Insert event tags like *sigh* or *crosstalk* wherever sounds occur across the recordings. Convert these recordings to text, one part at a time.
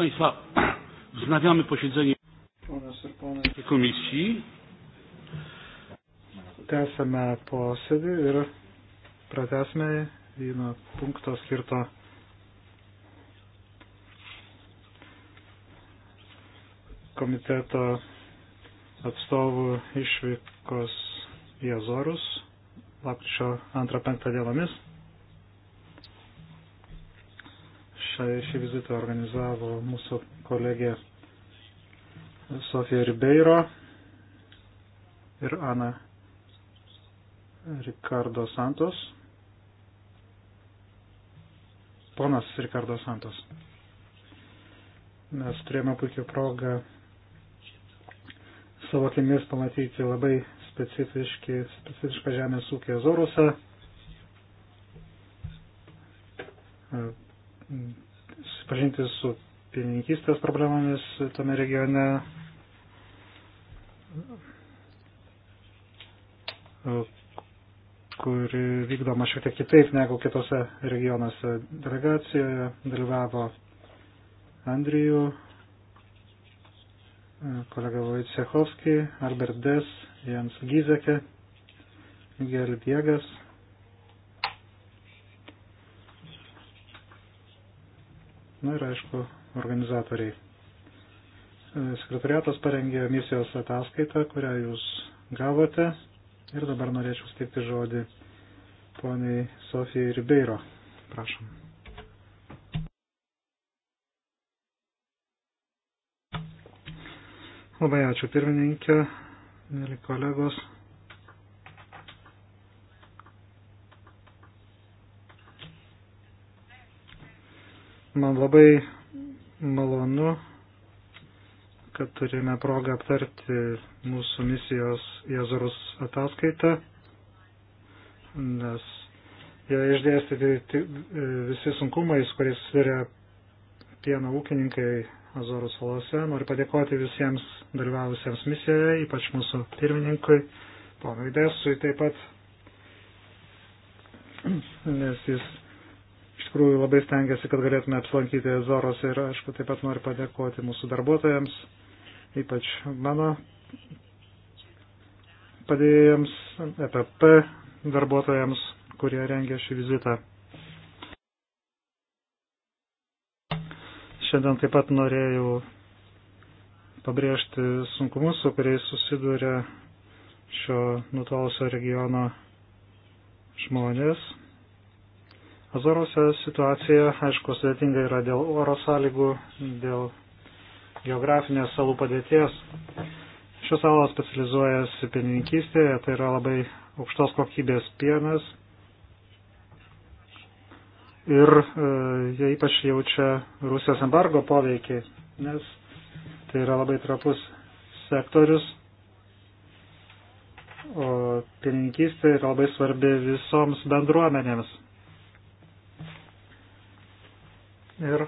Państwa, *clears throat* wznawiamy posiedzenie komisji. Tęsame posėdį ir pratesime jį nuo punkto skirto komiteto atstovų išvykos į Azorus lapkričio 2-5 dienomis. Šia, šį vizitą organizavo mūsų kolegė Sofija Ribeiro ir Ana Ricardo Santos. Ponas Ricardo Santos. Mes turėjome puikią progą savo akimis pamatyti labai specifišką žemės ūkį Azorose susipažinti su pieninkystės problemomis tame regione. kuri vykdoma šiek tiek kitaip negu kitose regionuose. Delegacijoje dalyvavo Andrijų, kolega Vojcechovski, Albert Des, Jans Gizekė, Miguel Viegas, Na ir aišku, organizatoriai. E, sekretariatas parengė misijos ataskaitą, kurią jūs gavote. Ir dabar norėčiau steikti žodį poniai Sofijai Ribeiro. Prašom. Labai ačiū pirmininkė, mėly kolegos. Man labai malonu, kad turime progą aptarti mūsų misijos Jezorus ataskaitą, nes joje išdėstyti e, visi sunkumai, su kuriais susiduria pieno ūkininkai Azorų salose. Noriu padėkoti visiems dalyvavusiems misijoje, ypač mūsų pirmininkui, ponui Desui taip pat, nes jis tikrųjų labai stengiasi, kad galėtume apsilankyti Zoros ir aišku taip pat noriu padėkoti mūsų darbuotojams, ypač mano padėjėjams, EPP darbuotojams, kurie rengė šį vizitą. Šiandien taip pat norėjau pabrėžti sunkumus, su kuriais susiduria šio nutolusio regiono žmonės Azorose situacija, aišku, sudėtinga yra dėl oro sąlygų, dėl geografinės salų padėties. Šios salos specializuojasi pienininkystėje, tai yra labai aukštos kokybės pienas. Ir e, jie ypač jaučia Rusijos embargo poveikį, nes tai yra labai trapus sektorius, o pienininkystė yra labai svarbi visoms bendruomenėms. ir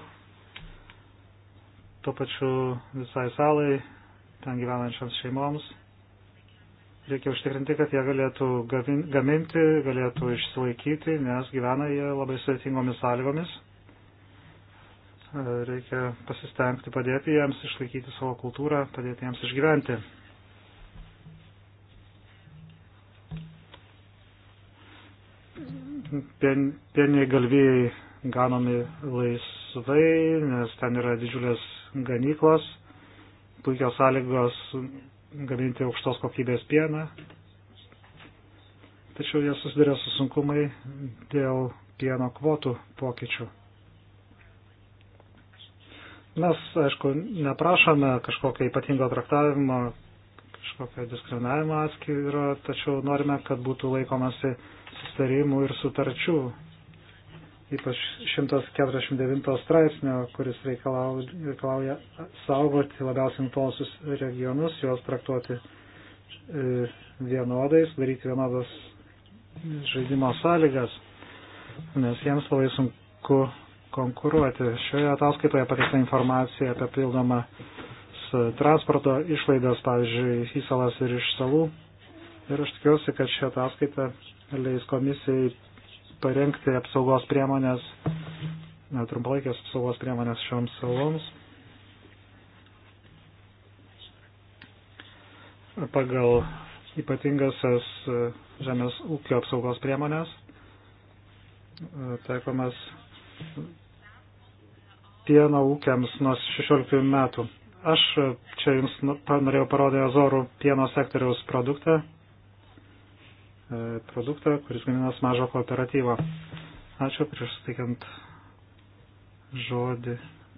tuo pačiu visai salai, ten gyvenančiams šeimoms. Reikia užtikrinti, kad jie galėtų gaminti, galėtų išsilaikyti, nes gyvena jie labai sudėtingomis sąlygomis. Reikia pasistengti padėti jiems išlaikyti savo kultūrą, padėti jiems išgyventi. Pieniai galvijai ganomi lais Prancūzai, nes ten yra didžiulės ganyklos, puikios sąlygos gaminti aukštos kokybės pieną. Tačiau jie susiduria su sunkumai dėl pieno kvotų pokyčių. Mes, aišku, neprašome kažkokio ypatingo traktavimo, kažkokio diskriminavimo atskiro, tačiau norime, kad būtų laikomasi sustarimų ir sutarčių ypač 149 straipsnio, kuris reikalauja saugoti labiausiai nutolusius regionus, juos traktuoti e, vienodai, sudaryti vienodas žaidimo sąlygas, nes jiems labai sunku konkuruoti. Šioje ataskaitoje pateikta informacija apie pildomą transporto išlaidas, pavyzdžiui, į salas ir iš salų. Ir aš tikiuosi, kad ši ataskaita leis komisijai parengti apsaugos priemonės, trumpalaikės apsaugos priemonės šioms saloms. pagal ypatingasias e, žemės ūkio apsaugos priemonės e, taikomas pieno ūkiams nuo 16 metų. Aš e, čia jums nu, norėjau parodyti Azorų pieno sektoriaus produktą. E, produktą, kuris gaminas mažo kooperatyvo. Ačiū prieš suteikiant žodį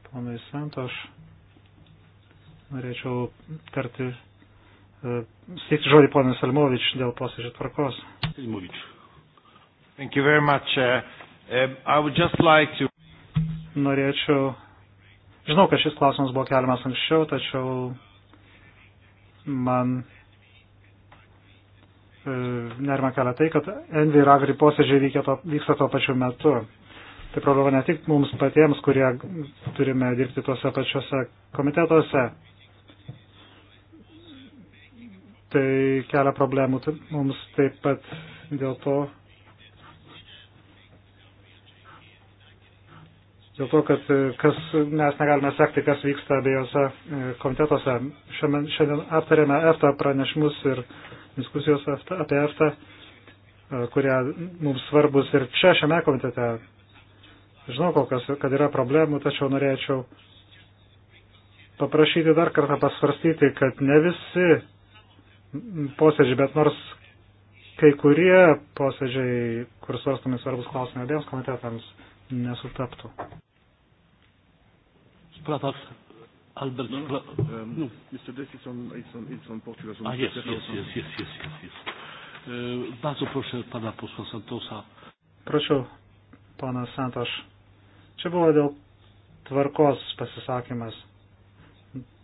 ponui Santo. Aš norėčiau tarti, e, suteikti žodį ponui Salmovič dėl posėdžio tvarkos. Salmovič. Thank you very much. Uh, um, I would just like to. Norėčiau. Žinau, kad šis klausimas buvo keliamas anksčiau, tačiau man E, nerima kelia tai, kad Envi ir Agri posėdžiai to, vyksta tuo pačiu metu. Tai problema ne tik mums patiems, kurie turime dirbti tuose pačiuose komitetuose. Tai kelia problemų mums taip pat dėl to, dėl to, kad e, kas, mes negalime sekti, kas vyksta abiejose e, komitetuose. Šiandien, šiandien aptarėme EFTA pranešimus ir diskusijos apie EFTA, e, kurie mums svarbus ir čia šiame komitete. Žinau, kokios, kad yra problemų, tačiau norėčiau paprašyti dar kartą pasvarstyti, kad ne visi posėdžiai, bet nors kai kurie posėdžiai, kur svarstami svarbus klausimai abiems komitetams, nesutaptų. Supratot. Albert no, no, um, no. Mr. Dess, it's on, it's on, it's on Portugal. So ah, yes, yes, yes, yes, yes, yes, yes. E, bardzo proszę pana posła Santosa. Prašau, panas Santoš. Čia buvo dėl tvarkos pasisakymas.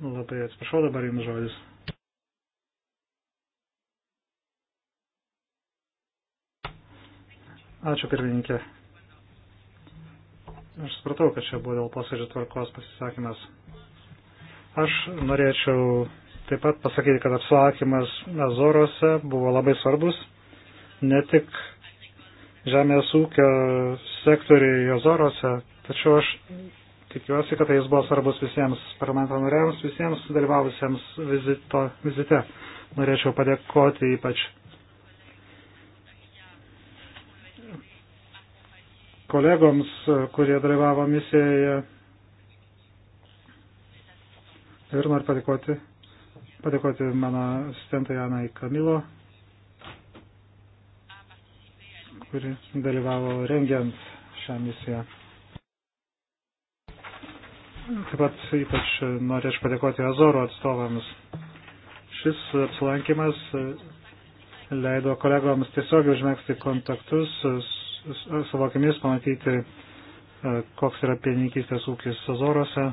Labai atsiprašau, dabar jums žodis. Ačiū pirmininkė. Aš supratau, kad čia buvo dėl posėdžio tvarkos pasisakymas. Aš norėčiau taip pat pasakyti, kad apsilankimas Azorose buvo labai svarbus, ne tik žemės ūkio sektoriai Azorose, tačiau aš tikiuosi, kad tai jis buvo svarbus visiems parlamento nariams, visiems dalyvavusiems vizito, vizite. Norėčiau padėkoti ypač kolegoms, kurie dalyvavo misijoje Ir noriu padėkoti, padėkoti mano asistentai Anai Kamilo, kuri dalyvavo rengiant šią misiją. Taip pat ypač norėčiau padėkoti Azoro atstovams. Šis apsilankimas leido kolegoms tiesiog užmėgsti kontaktus, savo akimis pamatyti, koks yra pienininkystės ūkis Azorose,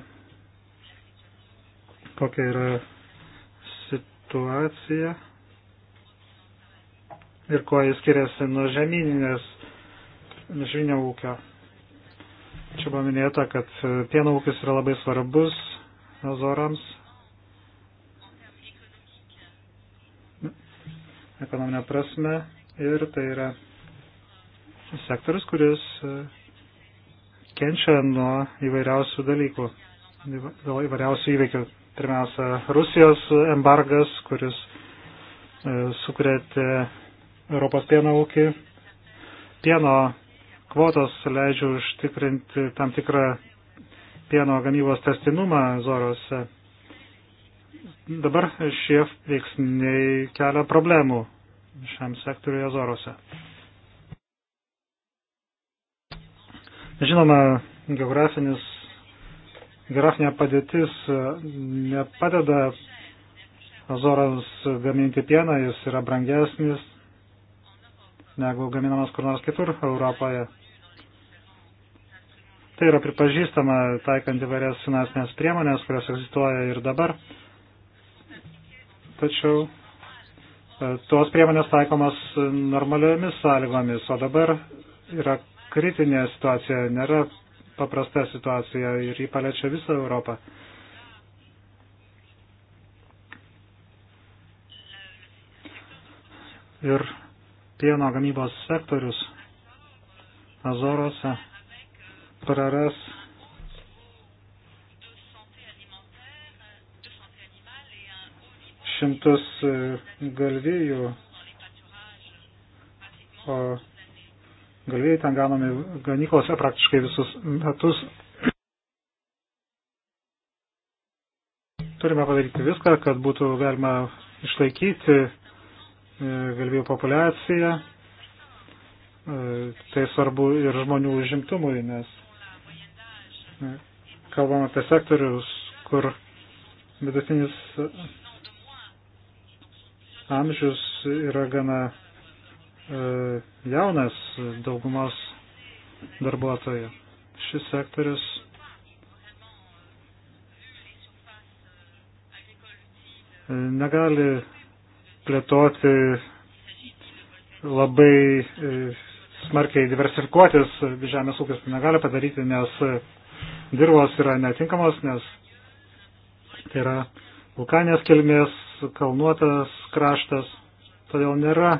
kokia yra situacija ir kuo jis skiriasi nuo žemyninės žvinio ūkio. Čia buvo minėta, kad pieno ūkis yra labai svarbus Azorams. ekonominė prasme ir tai yra sektorius, kuris e, kenčia nuo įvairiausių dalykų, įvairiausių įveikių. Pirmiausia, Rusijos embargas, kuris e, sukrėtė Europos pieno ūkį. Pieno kvotos leidžia užtikrinti tam tikrą pieno gamybos testinumą Zorose. Dabar šie veiksniai kelia problemų šiam sektoriui Azorose. Žinoma, geografinis grafinė padėtis e, nepadeda azorams gaminti pieną, jis yra brangesnis negu gaminamas kur nors kitur Europoje. Tai yra pripažįstama taikant įvairias finansinės priemonės, kurios egzistuoja ir dabar. Tačiau e, tuos priemonės taikomas normaliomis sąlygomis, o dabar yra kritinė situacija, nėra paprasta situacija ir jį paliečia visą Europą. Ir pieno gamybos sektorius Azorose praras šimtus galvijų, o galvėjai ten ganomi ganyklose praktiškai visus metus. Turime padaryti viską, kad būtų galima išlaikyti e, galvijų populiaciją. E, tai svarbu ir žmonių užimtumui, nes e, kalbam apie sektorius, kur vidutinis amžius yra gana E, jaunas daugumos darbuotojų. Šis sektorius negali plėtoti labai e, smarkiai diversifikuotis žemės ūkis tai negali padaryti, nes dirvos yra netinkamos, nes tai yra vulkanės kilmės, kalnuotas kraštas, todėl nėra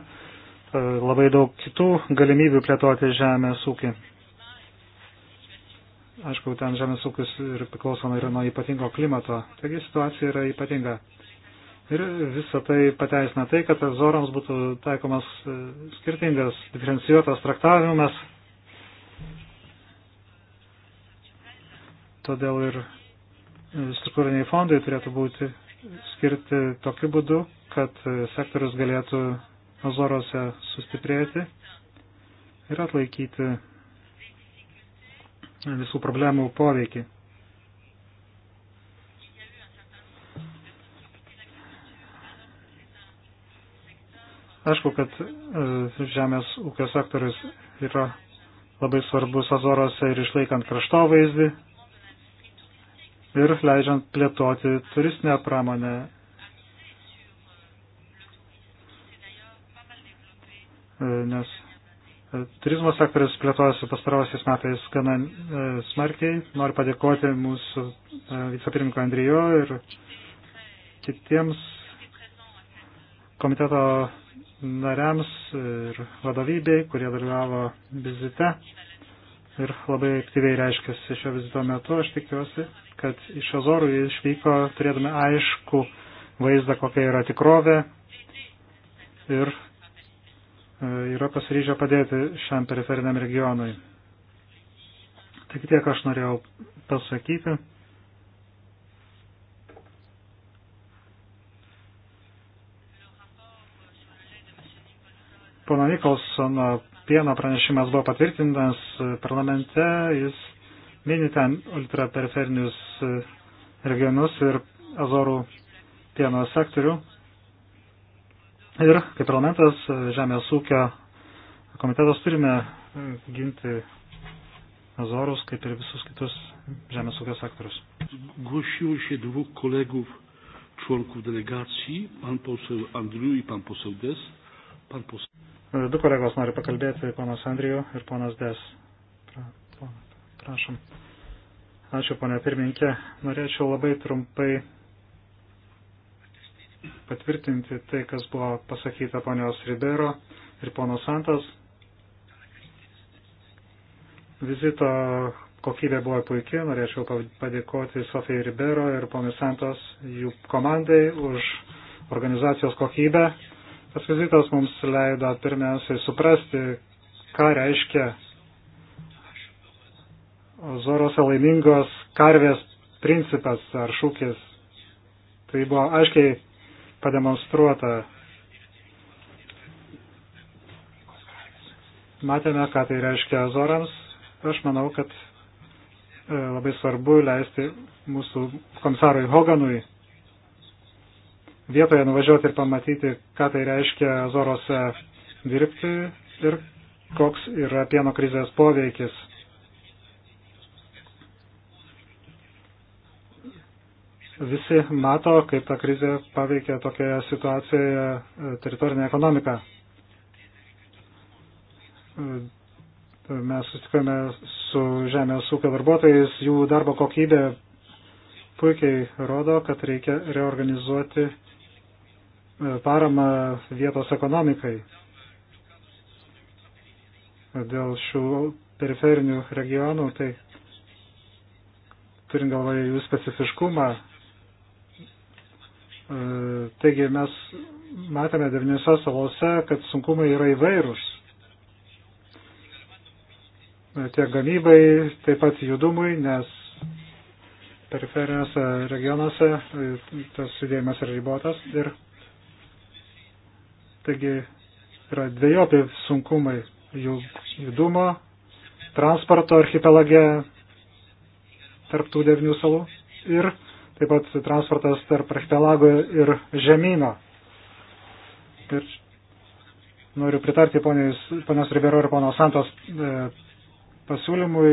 E, labai daug kitų galimybių plėtoti žemės ūkį. Aišku, ten žemės ūkis ir priklausoma yra nuo ypatingo klimato. Taigi situacija yra ypatinga. Ir visą tai pateisina tai, kad azorams būtų taikomas e, skirtingas diferencijuotas traktavimas. Todėl ir e, struktūriniai fondai turėtų būti skirti tokiu būdu, kad sektorius galėtų Azorose sustiprėti ir atlaikyti visų problemų poveikį. Aišku, kad e, žemės ūkio sektorius yra labai svarbus Azorose ir išlaikant kraštovaizdį ir leidžiant plėtoti turistinę pramonę E, nes e, turizmo sektorius plėtojasi pastarosiais metais gana e, smarkiai. Noriu padėkoti mūsų vicepirmininko Andrijo ir kitiems komiteto nariams ir vadovybei, kurie dalyvavo vizite ir labai aktyviai reiškėsi šio vizito metu. Aš tikiuosi, kad iš Azorų išvyko turėdami aišku vaizdą, kokia yra tikrovė ir E, yra pasiryžę padėti šiam periferiniam regionui. Tik tiek aš norėjau pasakyti. Pono Nikolsono pieno pranešimas buvo patvirtintas parlamente, jis mini ten ultraperiferinius regionus ir azorų pieno sektorių. Ir kaip parlamentas, Žemės ūkio komitetas turime ginti Azorus, kaip ir visus kitus Žemės ūkio sektorius. Głosiło dwóch kolegów, członków delegacji, pan poseł Andriu i pan poseł Des. Pan poseł... Du kolegos nori pakalbėti, ponas Andriu ir ponas Des. Pra, pra, prašom. Ačiū, ponė pirmininkė. Norėčiau labai trumpai patvirtinti tai, kas buvo pasakyta ponios Ribero ir pono Santos. Vizito kokybė buvo puikia, norėčiau padėkoti Sofijai Ribero ir ponui Santos jų komandai už organizacijos kokybę. Tas vizitas mums leido pirmiausiai suprasti, ką reiškia Zorose laimingos karvės principas ar šūkis. Tai buvo aiškiai pademonstruota. Matėme, ką tai reiškia Azorams. Aš manau, kad e, labai svarbu leisti mūsų komisarui Hoganui vietoje nuvažiuoti ir pamatyti, ką tai reiškia Azorose dirbti ir koks yra pieno krizės poveikis visi mato, kaip ta krizė paveikia tokioje situacijoje teritorinę ekonomiką. E, mes susitikome su žemės ūkio darbuotojais, jų darbo kokybė puikiai rodo, kad reikia reorganizuoti e, paramą vietos ekonomikai dėl šių periferinių regionų, tai turint galvoje jų specifiškumą, Taigi mes matome devyniose salose, kad sunkumai yra įvairūs. Tiek gamybai, taip pat judumui, nes periferinėse regionuose e, tas judėjimas yra ribotas. Ir taigi yra dviejopi sunkumai jų judumo, transporto archipelage tarptų devinių salų. Ir taip pat transportas tarp archipelago ir žemyno. Ir noriu pritarti ponios, ponios Ribero ir ponos Santos e, pasiūlymui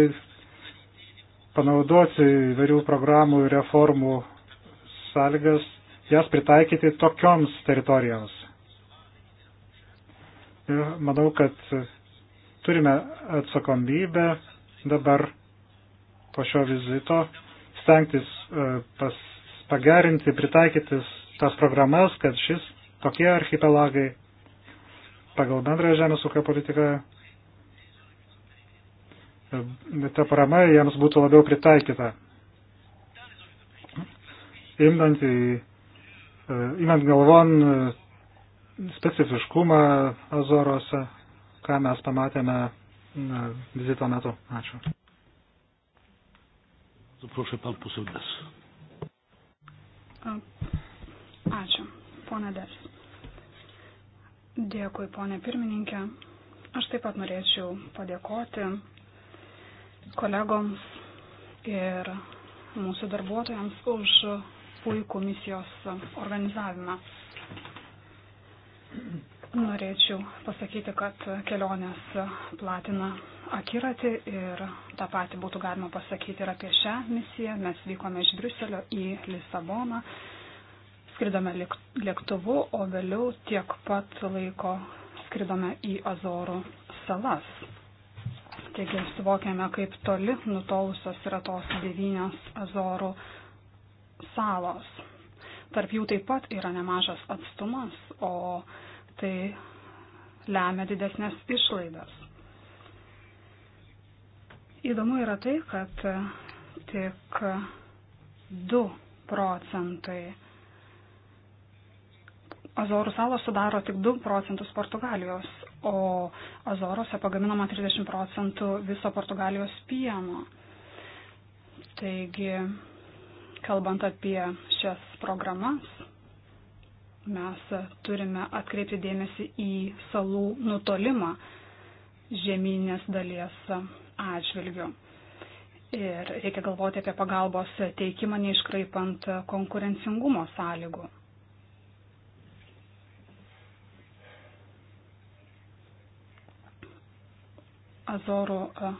panaudoti įvairių programų ir reformų sąlygas, jas pritaikyti tokioms teritorijoms. Ir manau, kad turime atsakomybę dabar po šio vizito stengtis E, pas, pagerinti, pritaikyti tas programas, kad šis tokie archipelagai pagal bendrąją žemės ūkio politiką, e, ta parama jiems būtų labiau pritaikyta. Imant, į, e, imant galvon specifiškumą Azorose, ką mes pamatėme vizito metu. Ačiū. Proszę, pan poseł Des. Ačiū, ponė Des. Dėkui, ponė pirmininkė. Aš taip pat norėčiau padėkoti kolegoms ir mūsų darbuotojams už puikų misijos organizavimą. Norėčiau pasakyti, kad kelionės platina akiratį ir tą patį būtų galima pasakyti ir apie šią misiją. Mes vykome iš Briuselio į Lisaboną, skridome lėktuvu, o vėliau tiek pat laiko skridome į Azorų salas. Taigi suvokėme, kaip toli nutolusios yra tos devynios Azorų salos. Tarp jų taip pat yra nemažas atstumas, o tai lemia didesnės išlaidas. Įdomu yra tai, kad tik 2 procentai Azorų salos sudaro tik 2 procentus Portugalijos, o Azorose pagaminama 30 procentų viso Portugalijos pieno. Taigi, kalbant apie šias programas, Mes turime atkreipti dėmesį į salų nutolimą žemynės dalies atžvilgių. Ir reikia galvoti apie pagalbos teikimą, neiškraipant konkurencingumo sąlygų. Azorų e,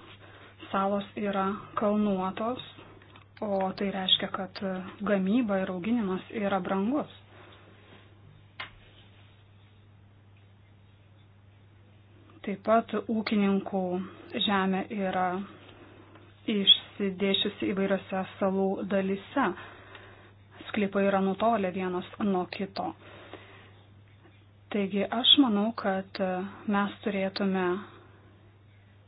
salos yra kalnuotos, o tai reiškia, kad gamyba ir auginimas yra brangus. Taip pat ūkininkų žemė yra išsidėšiusi įvairiose salų dalise. Sklypai yra nutolę vienas nuo kito. Taigi aš manau, kad mes turėtume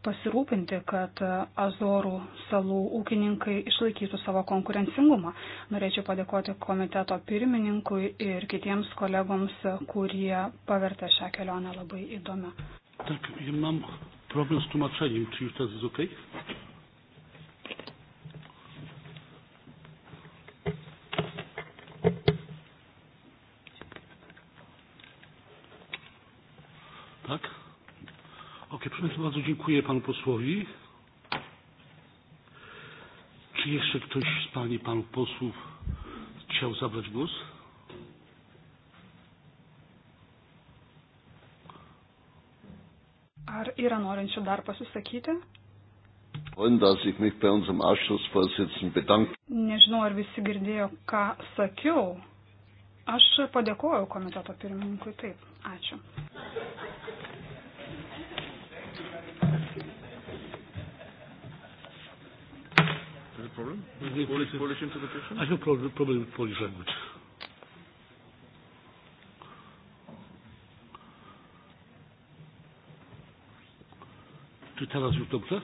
pasirūpinti, kad Azorų salų ūkininkai išlaikytų savo konkurencingumą. Norėčiau padėkoti komiteto pirmininkui ir kitiems kolegoms, kurie pavertė šią kelionę labai įdomią. Tak, mam problem z tłumaczeniem. Czy już teraz jest ok? Tak? Ok, proszę Państwa, bardzo dziękuję Panu posłowi. Czy jeszcze ktoś z Pani Panów posłów chciał zabrać głos? yra norinčių dar pasisakyti? Nežinau, ar visi girdėjo, ką sakiau. Aš padėkojau komiteto pirmininkui. Taip, ačiū. Is there a problem? Is there a Polish, Polish interpretation? I have a problem, problem with Polish language. teraz już dobrze?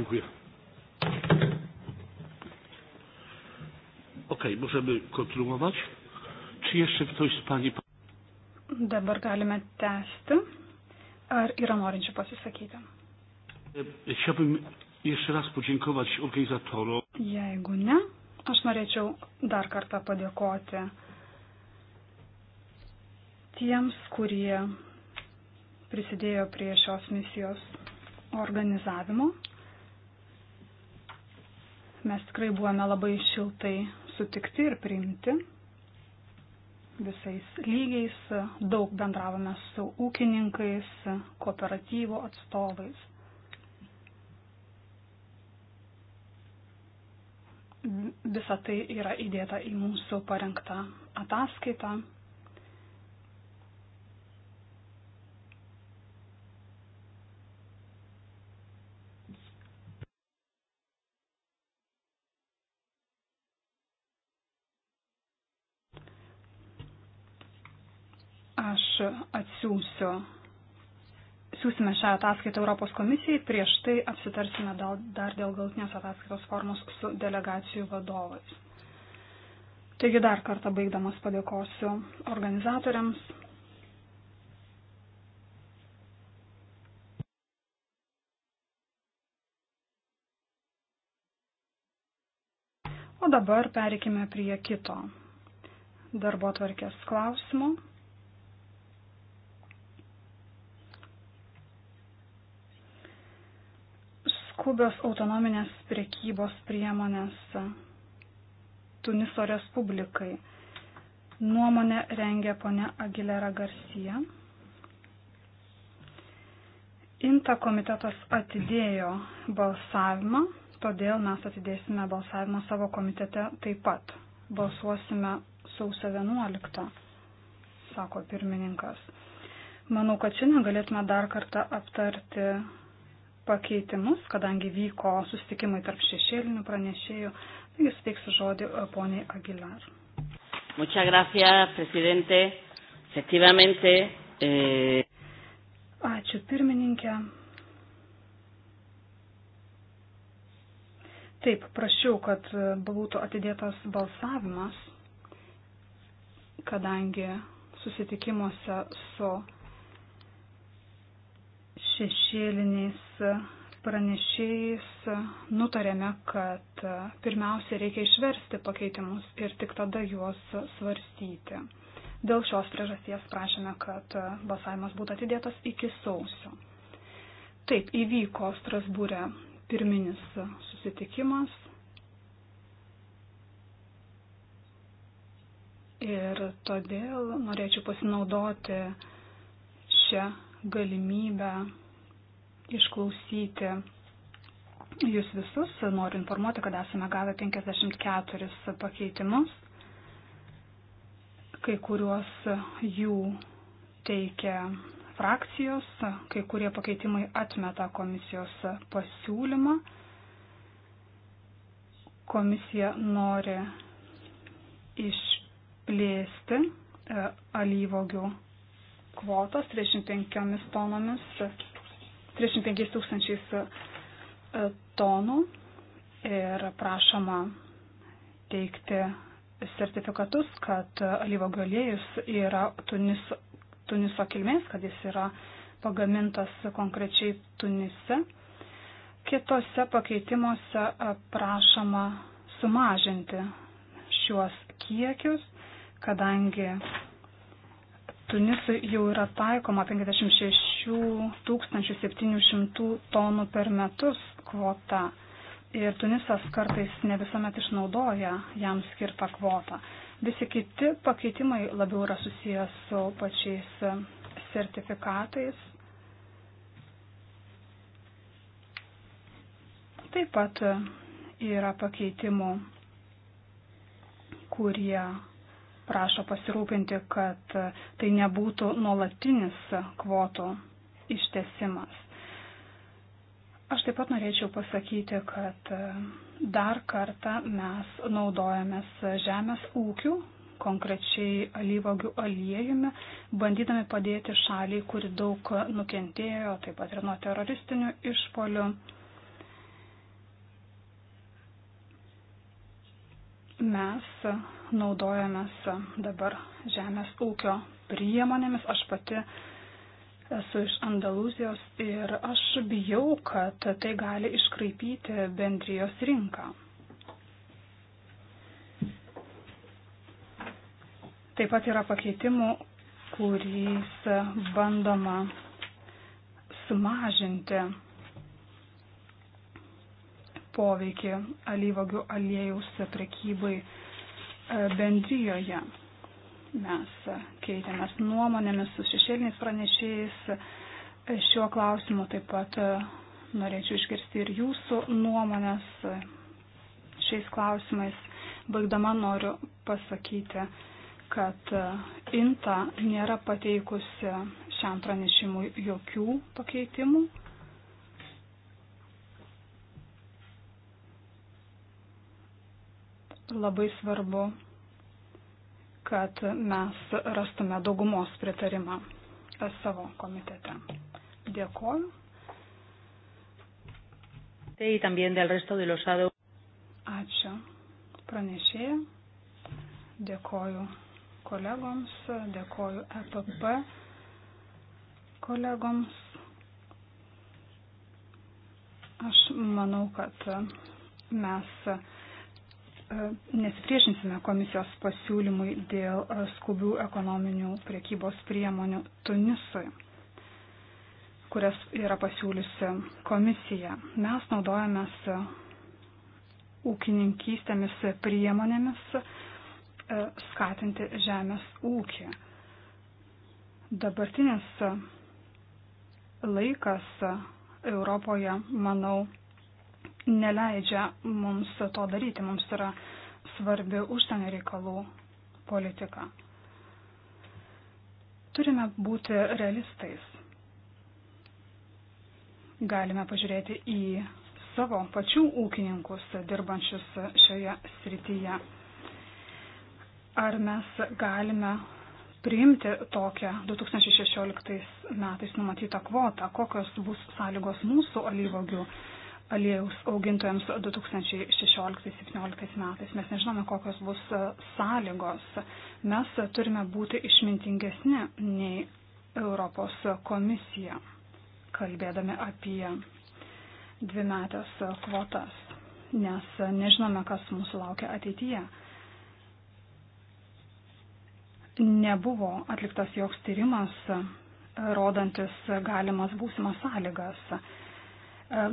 Dziękuję. Ok, możemy kontynuować. Czy jeszcze ktoś z Pani. Dabar galime tęsti. Ar yra norinčių pasisakyti? E, chciałbym jeszcze raz podziękować organizatorom. Jeigu ne, aš norėčiau dar kartą padėkoti tiems, kurie prisidėjo prie šios misijos organizavimo. Mes tikrai buvome labai šiltai sutikti ir priimti visais lygiais, daug bendravome su ūkininkais, kooperatyvo atstovais. Visa tai yra įdėta į mūsų parengtą ataskaitą. mėnesio siūsime šią ataskaitą Europos komisijai, prieš tai apsitarsime dar dėl galtinės ataskaitos formos su delegacijų vadovais. Taigi dar kartą baigdamas padėkosiu organizatoriams. O dabar perikime prie kito darbo atvarkės klausimo. Kubos autonominės priekybos priemonės Tuniso Respublikai. Nuomonę rengia ponia Aguilera Garcia. Inta komitetas atidėjo balsavimą, todėl mes atidėsime balsavimą savo komitete taip pat. Balsuosime sausio 11, sako pirmininkas. Manau, kad šiandien galėtume dar kartą aptarti pakeitimus, kadangi vyko susitikimai tarp šešėlinių pranešėjų. Taigi suteiksiu žodį e, poniai Aguilar. Muchas gracias, presidente. Efectivamente. Eh... Ačiū pirmininkė. Taip, prašiau, kad e, būtų atidėtas balsavimas, kadangi susitikimuose su šešėliniais pranešėjais nutarėme, kad pirmiausia reikia išversti pakeitimus ir tik tada juos svarstyti. Dėl šios priežasties prašėme, kad balsavimas būtų atidėtas iki sausio. Taip, įvyko Strasbūrė pirminis susitikimas. Ir todėl norėčiau pasinaudoti šią galimybę išklausyti jūs visus. Noriu informuoti, kad esame gavę 54 pakeitimus. Kai kuriuos jų teikia frakcijos, kai kurie pakeitimai atmeta komisijos pasiūlymą. Komisija nori išplėsti e, alyvogių kvotos 35 tonomis 35 tūkstančiais e, tonų ir prašoma teikti sertifikatus, kad alyvogių aliejus yra tunis, Tuniso kilmės, kad jis yra pagamintas konkrečiai Tunise. Kitose pakeitimuose e, prašoma sumažinti šiuos kiekius, kadangi Tunisui jau yra taikoma 56 6700 tonų per metus kvota. Ir Tunisas kartais ne visuomet išnaudoja jam skirtą kvotą. Visi kiti pakeitimai labiau yra susijęs su pačiais sertifikatais. Taip pat yra pakeitimų, kurie prašo pasirūpinti, kad tai nebūtų nuolatinis kvotų ištesimas. Aš taip pat norėčiau pasakyti, kad e, dar kartą mes naudojamės žemės ūkių, konkrečiai alyvogių aliejumi, bandydami padėti šaliai, kuri daug nukentėjo, taip pat ir nuo teroristinių išpolių. mes naudojamės dabar žemės ūkio priemonėmis. Aš pati esu iš Andalūzijos ir aš bijau, kad tai gali iškraipyti bendrijos rinką. Taip pat yra pakeitimų, kuriais bandoma sumažinti poveikį alyvogių aliejaus prekybai e, bendrijoje. Mes keitėmės nuomonėmis su šešėliniais pranešėjais šiuo klausimu. Taip pat e, norėčiau išgirsti ir jūsų nuomonės šiais klausimais. Baigdama noriu pasakyti, kad e, INTA nėra pateikusi šiam pranešimui jokių pakeitimų. Labai svarbu kad mes rastume daugumos pritarimą savo komitete. Dėkoju. Ačiū pranešėja. Dėkoju kolegoms, dėkoju EPP kolegoms. Aš manau, kad mes E, nesipriešinsime komisijos pasiūlymui dėl e, skubių ekonominių priekybos priemonių Tunisui, kurias yra pasiūliusi komisija. Mes naudojamės ūkininkystėmis priemonėmis e, skatinti žemės ūkį. Dabartinis laikas Europoje, manau, neleidžia mums to daryti. Mums yra svarbi užsienio reikalų politika. Turime būti realistais. Galime pažiūrėti į savo pačių ūkininkus dirbančius šioje srityje. Ar mes galime priimti tokią 2016 metais numatytą kvotą, kokios bus sąlygos mūsų alyvogių aliejaus augintojams 2016-2017 metais. Mes nežinome, kokios bus e, sąlygos. Mes turime būti išmintingesni nei Europos komisija, kalbėdami apie dvimetės kvotas, nes nežinome, kas mūsų laukia ateityje. Nebuvo atliktas joks tyrimas, rodantis galimas būsimas sąlygas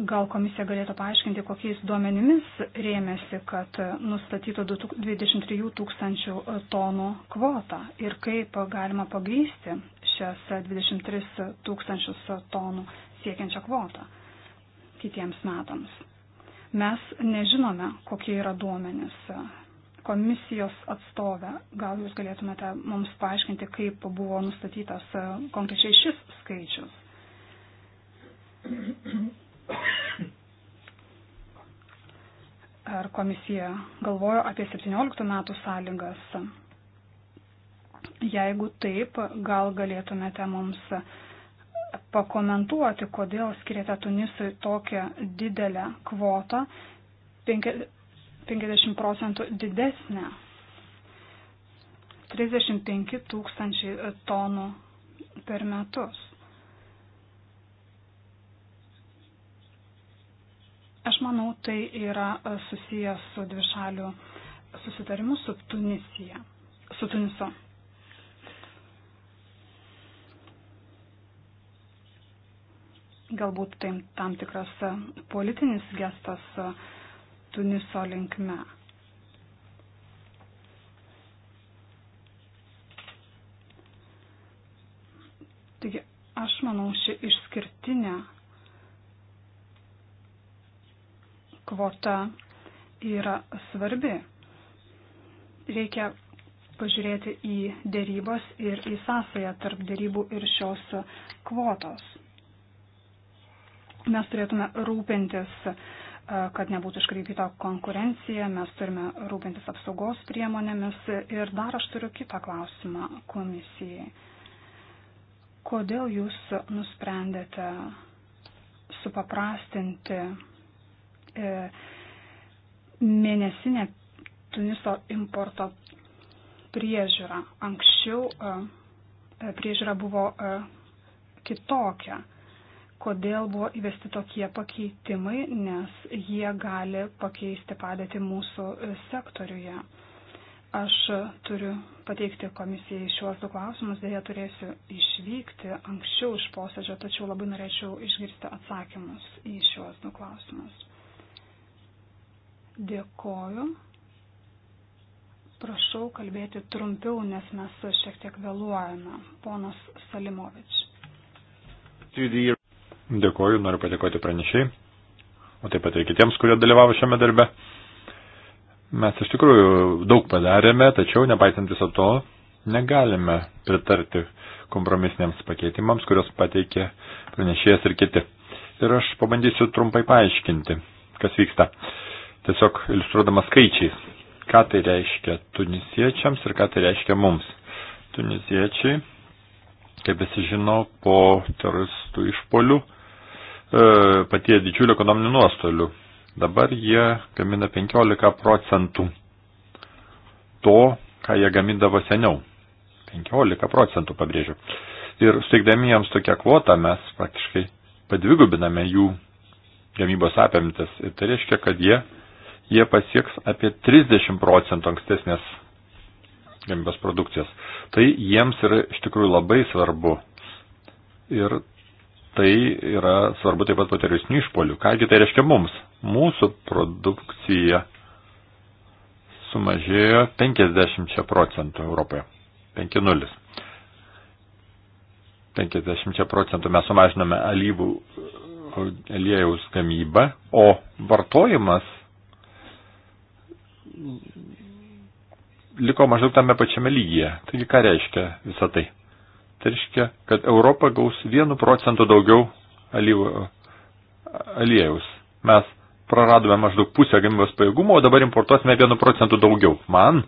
Gal komisija galėtų paaiškinti, kokiais duomenimis rėmėsi, kad nustatytų 23 tūkstančių e, tonų kvotą ir kaip galima pagrysti šias 23 tūkstančius e, tonų siekiančią kvotą kitiems metams. Mes nežinome, kokie yra duomenys. Komisijos atstovė, gal jūs galėtumėte mums paaiškinti, kaip buvo nustatytas e, konkrečiai šis skaičius. Ar komisija galvojo apie 17 metų sąlygas? Jeigu taip, gal galėtumėte mums pakomentuoti, kodėl skiriate Tunisui tokią didelę kvotą, 50 procentų didesnę, 35 tūkstančiai tonų per metus. Aš manau, tai yra e, susijęs su dvišaliu susitarimu su Tunisija, su Tunisu. Galbūt tai tam tikras e, politinis gestas e, Tuniso linkme. Taigi, aš manau, ši išskirtinė kvota yra svarbi. Reikia pažiūrėti į dėrybos ir į sąsąją tarp dėrybų ir šios kvotos. Mes turėtume rūpintis, e, kad nebūtų iškreipyta konkurencija, mes turime rūpintis apsaugos priemonėmis ir dar aš turiu kitą klausimą komisijai. Kodėl jūs nusprendėte supaprastinti E, mėnesinė Tuniso importo priežiūra. Anksčiau e, e, priežiūra buvo kitokia. Kodėl buvo įvesti tokie pakeitimai, nes jie gali pakeisti padėtį mūsų sektoriuje. Aš turiu pateikti komisijai šiuos du klausimus, dėja turėsiu išvykti anksčiau iš posėdžio, tačiau labai norėčiau išgirsti atsakymus į šiuos du klausimus. Dėkoju. Prašau kalbėti trumpiau, nes mes šiek tiek vėluojame. Ponas Salimovič. Dėkoju, noriu padėkoti pranešiai, o taip pat ir kitiems, kurie dalyvavo šiame darbe. Mes iš tikrųjų daug padarėme, tačiau nepaisant viso to, negalime pritarti kompromisiniams pakeitimams, kurios pateikė pranešėjas ir kiti. Ir aš pabandysiu trumpai paaiškinti, kas vyksta. Uh, tiesiog iliustruodamas skaičiais, ką tai reiškia tunisiečiams ir ką tai reiškia mums. Tunisiečiai, kaip visi žino, po teroristų išpolių e, patie didžiulį ekonominių nuostolių. Dabar jie gamina 15 procentų to, ką jie gamindavo seniau. 15 procentų, pabrėžiu. Ir suteikdami jiems tokią kvotą mes praktiškai padvigubiname jų gamybos apimtis. Ir tai reiškia, kad jie jie pasieks apie 30 procentų ankstesnės gamybos produkcijos. Tai jiems yra iš tikrųjų labai svarbu. Ir tai yra svarbu taip pat po teroristinių išpolių. Kągi tai reiškia mums? Mūsų produkcija sumažėjo 50 procentų Europoje. 5-0. 50 procentų mes sumažiname alyvų aliejaus gamybą, o vartojimas liko maždaug tame pačiame lygyje. Taigi ką reiškia visą tai? Tai reiškia, kad Europa gaus vienu procentu daugiau aliejaus. Mes praradome maždaug pusę gamybos pajėgumo, o dabar importuosime vienu procentu daugiau. Man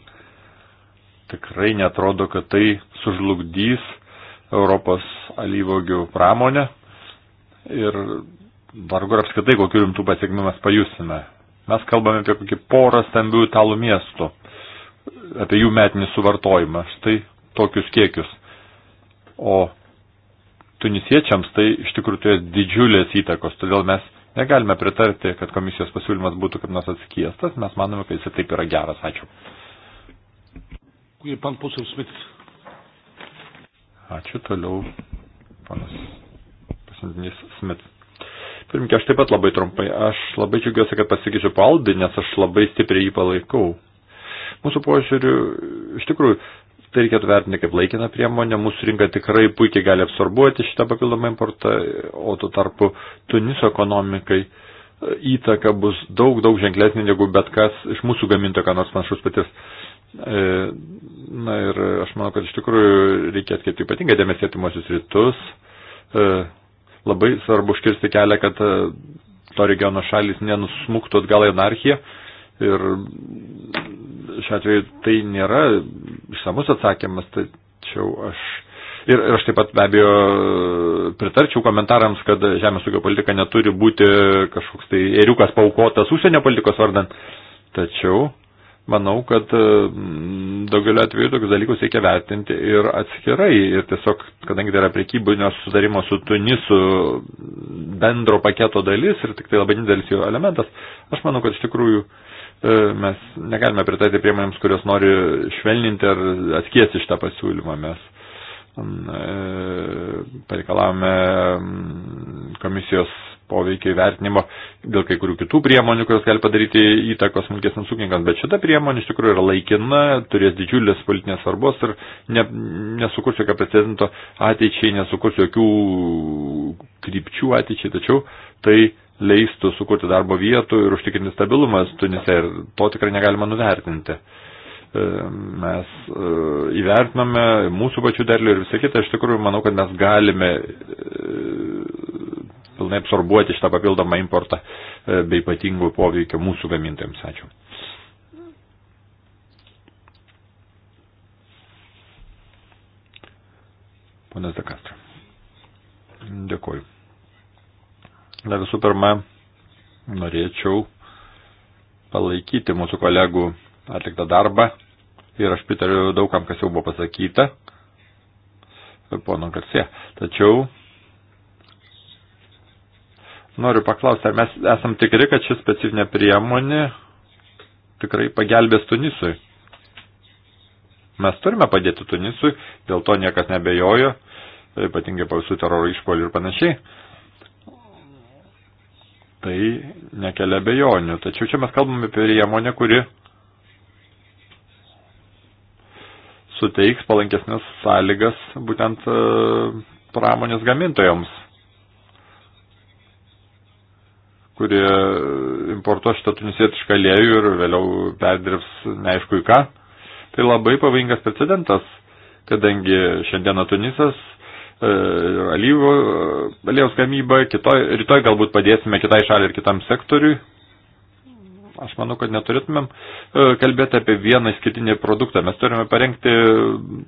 tikrai netrodo, kad tai sužlugdys Europos alyvogių pramonę ir vargu ar apskaitai kokiu rimtų pasiekmių mes pajusime Mes kalbame apie kokį porą stambių italų miestų, apie jų metinį suvartojimą, štai tokius kiekius. O tunisiečiams tai iš tikrųjų turės didžiulės įtakos, todėl mes negalime pritarti, kad komisijos pasiūlymas būtų kaip nors atskiestas, mes manome, kad jis taip yra geras. Ačiū. Ačiū toliau, panas pasamdinis Smith. Pirmkia, aš taip pat labai trumpai. Aš labai džiugiuosi, kad pasikeičiu paldį, nes aš labai stipriai jį palaikau. Mūsų požiūriu, iš tikrųjų, tai reikėtų vertinti kaip laikiną priemonę. Mūsų rinka tikrai puikiai gali absorbuoti šitą papildomą importą, o tuo tarpu Tuniso ekonomikai e, įtaka bus daug, daug ženklesnė negu bet kas iš mūsų gaminto, ką nors panašus patys. E, na ir aš manau, kad iš tikrųjų reikia atkreipti ypatingą dėmesį atimuosius rytus e, Labai svarbu užkirsti kelią, kad e, to regiono šalis nenusmuktų atgal į anarchiją. Ir šiuo atveju tai nėra išsamus atsakymas, tačiau aš. Ir, ir aš taip pat be abejo e, pritarčiau komentarams, kad žemės ūkio politika neturi būti kažkoks tai eriukas paukotas užsienio politikos vardan. Tačiau manau, kad e, daugelio atveju tokius dalykus reikia vertinti ir atskirai. Ir tiesiog, kadangi tai yra prekybinio sudarimo su Tunisu bendro paketo dalis ir tik tai labai didelis jo elementas, aš manau, kad iš tikrųjų e, mes negalime pritaikyti priemonėms, kurios nori švelninti ar atskiesti šitą pasiūlymą. Mes e, pareikalavome komisijos poveikio įvertinimo, dėl kai kurių kitų priemonių, kurios gali padaryti įtakos smulkesnėms ūkininkams, bet šita priemonė iš tikrųjų yra laikina, turės didžiulės politinės svarbos ir ne, nesukurs jokio precedento ateičiai, nesukurs jokių krypčių ateičiai, tačiau tai leistų sukurti darbo vietų ir užtikrinti stabilumą Tunise ir to tikrai negalima nuvertinti e, mes e, įvertiname mūsų pačių derlių ir visą kitą, aš tikrųjų manau, kad mes galime e, pilnai absorbuoti šitą papildomą importą e, bei ypatingų poveikio mūsų gamintojams. Ačiū. Ponas Dekastra. Dėkuoju. Na visų pirma, norėčiau palaikyti mūsų kolegų atliktą darbą ir aš pritariu daugam, kas jau buvo pasakyta, pono Garsė. Tačiau Noriu paklausti, ar mes esam tikri, kad ši specifinė priemonė tikrai pagelbės Tunisui? Mes turime padėti Tunisui, dėl to niekas nebejojo, ypatingai po visų teroro išpolių ir panašiai. Tai nekelia bejonių. Tačiau čia mes kalbame apie priemonę, kuri suteiks palankesnės sąlygas būtent e, pramonės gamintojams kurie importuos šitą tunisietišką aliejų ir vėliau perdirbs neaišku į ką. Tai labai pavojingas precedentas, kadangi šiandieną Tunisas e, ir alyvų, aliejaus gamyba, kitoj, rytoj galbūt padėsime kitai šaliai ir kitam sektoriui. Aš manau, kad neturėtumėm e, kalbėti apie vieną skirtinį produktą. Mes turime parengti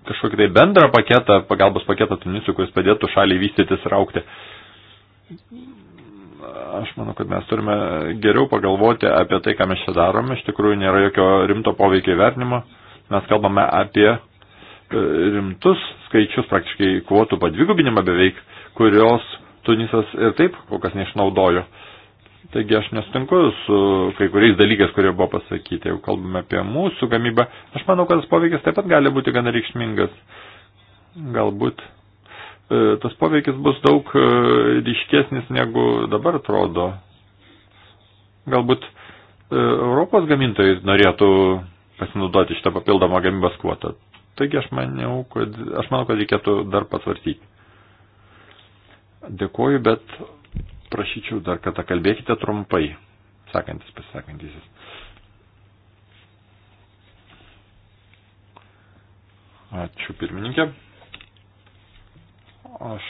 kažkokį tai bendrą paketą, pagalbos paketą Tunisui, kuris padėtų šaliai vystytis ir aukti aš manau, kad mes turime geriau pagalvoti apie tai, ką mes čia darome. Iš tikrųjų, nėra jokio rimto poveikio vertinimo. Mes kalbame apie e, rimtus skaičius, praktiškai kvotų padvigubinimą beveik, kurios Tunisas ir taip kol kas neišnaudojo. Taigi aš nesutinku su kai kuriais dalykais, kurie buvo pasakyti. Jau kalbame apie mūsų gamybą. Aš manau, kad tas poveikis taip pat gali būti gana reikšmingas. Galbūt E, tas poveikis bus daug e, ryškesnis negu dabar atrodo. Galbūt e, Europos gamintojai norėtų pasinaudoti šitą papildomą gamybos kvotą. Taigi aš, maniau, kad, aš manau, kad reikėtų dar pasvarstyti. Dėkuoju, bet prašyčiau dar kartą kalbėkite trumpai, sakantis pasisakantysis. Ačiū pirmininkė. Aš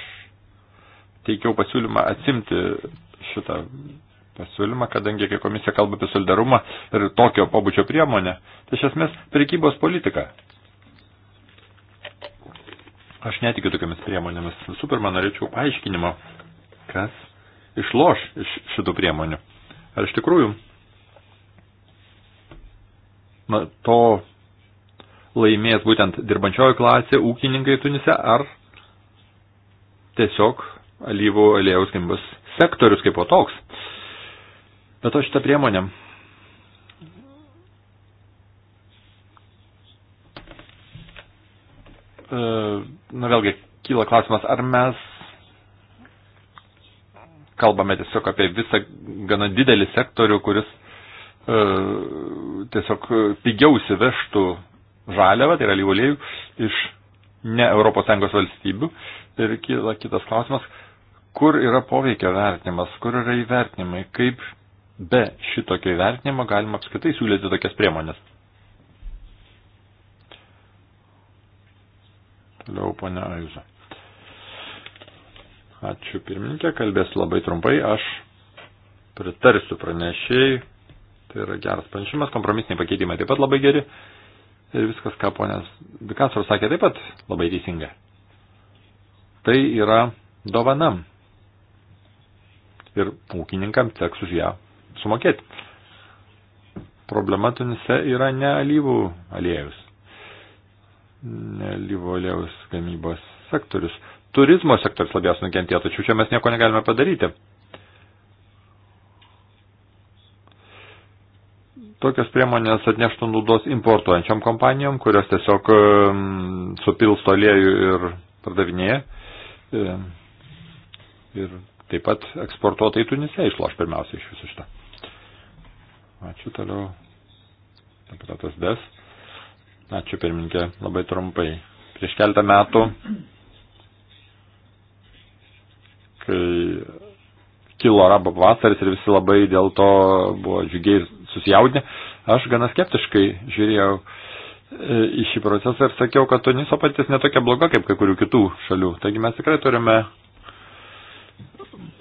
teikiau pasiūlymą atsimti šitą pasiūlymą, kadangi kai komisija kalba apie solidarumą ir tokio pobūdžio priemonę, tai iš esmės prekybos politika. Aš netikiu tokiamis priemonėmis. Visų pirma, norėčiau paaiškinimo, kas išloš iš šitų priemonių. Ar iš tikrųjų na, to laimės būtent dirbančioji klasė, ūkininkai Tunise, ar tiesiog alyvų aliejaus gamybos sektorius kaip o toks. Bet to šitą priemonę e, na vėlgi, kyla klausimas, ar mes kalbame tiesiog apie visą gana didelį sektorių, kuris uh, tiesiog pigiau įsivežtų žaliavą, tai yra lyvolėjų, iš ne ES valstybių. Ir kyla kitas klausimas, kur yra poveikio vertinimas, kur yra įvertinimai, kaip be šitokio įvertinimo galima apskaitai siūlyti tokias priemonės. Toliau, ponia Aiza. Ačiū pirmininkė, kalbės labai trumpai, aš pritarsiu pranešėjai, tai yra geras pranešimas, kompromisiniai pakeitimai taip pat labai geri. Uh, Ir viskas, ką ponės Bikasar sakė, taip pat labai teisinga. Tai yra dovana. Ir ūkininkam teks už ją sumokėti. Problema Tunise yra ne alyvų aliejus. Ne alyvų aliejus gamybos sektorius. Turizmo sektorius labiausiai nukentėjo, tačiau čia mes nieko negalime padaryti. tokios priemonės atneštų naudos importuojančiom kompanijom, kurios tiesiog supilsto aliejų ir pardavinėja. Ir taip pat eksportuotojai Tunise išloš pirmiausia iš viso šito. Ačiū toliau. Deputatas Des. Ačiū pirmininkė, labai trumpai. Prieš keltą metų, kai kilo arabo vasaris ir visi labai dėl to buvo džiugiai susijaudinę. Aš gana skeptiškai žiūrėjau e, į šį procesą ir sakiau, kad Tuniso patys netokia bloga kaip kai kurių kitų šalių. Taigi mes tikrai turime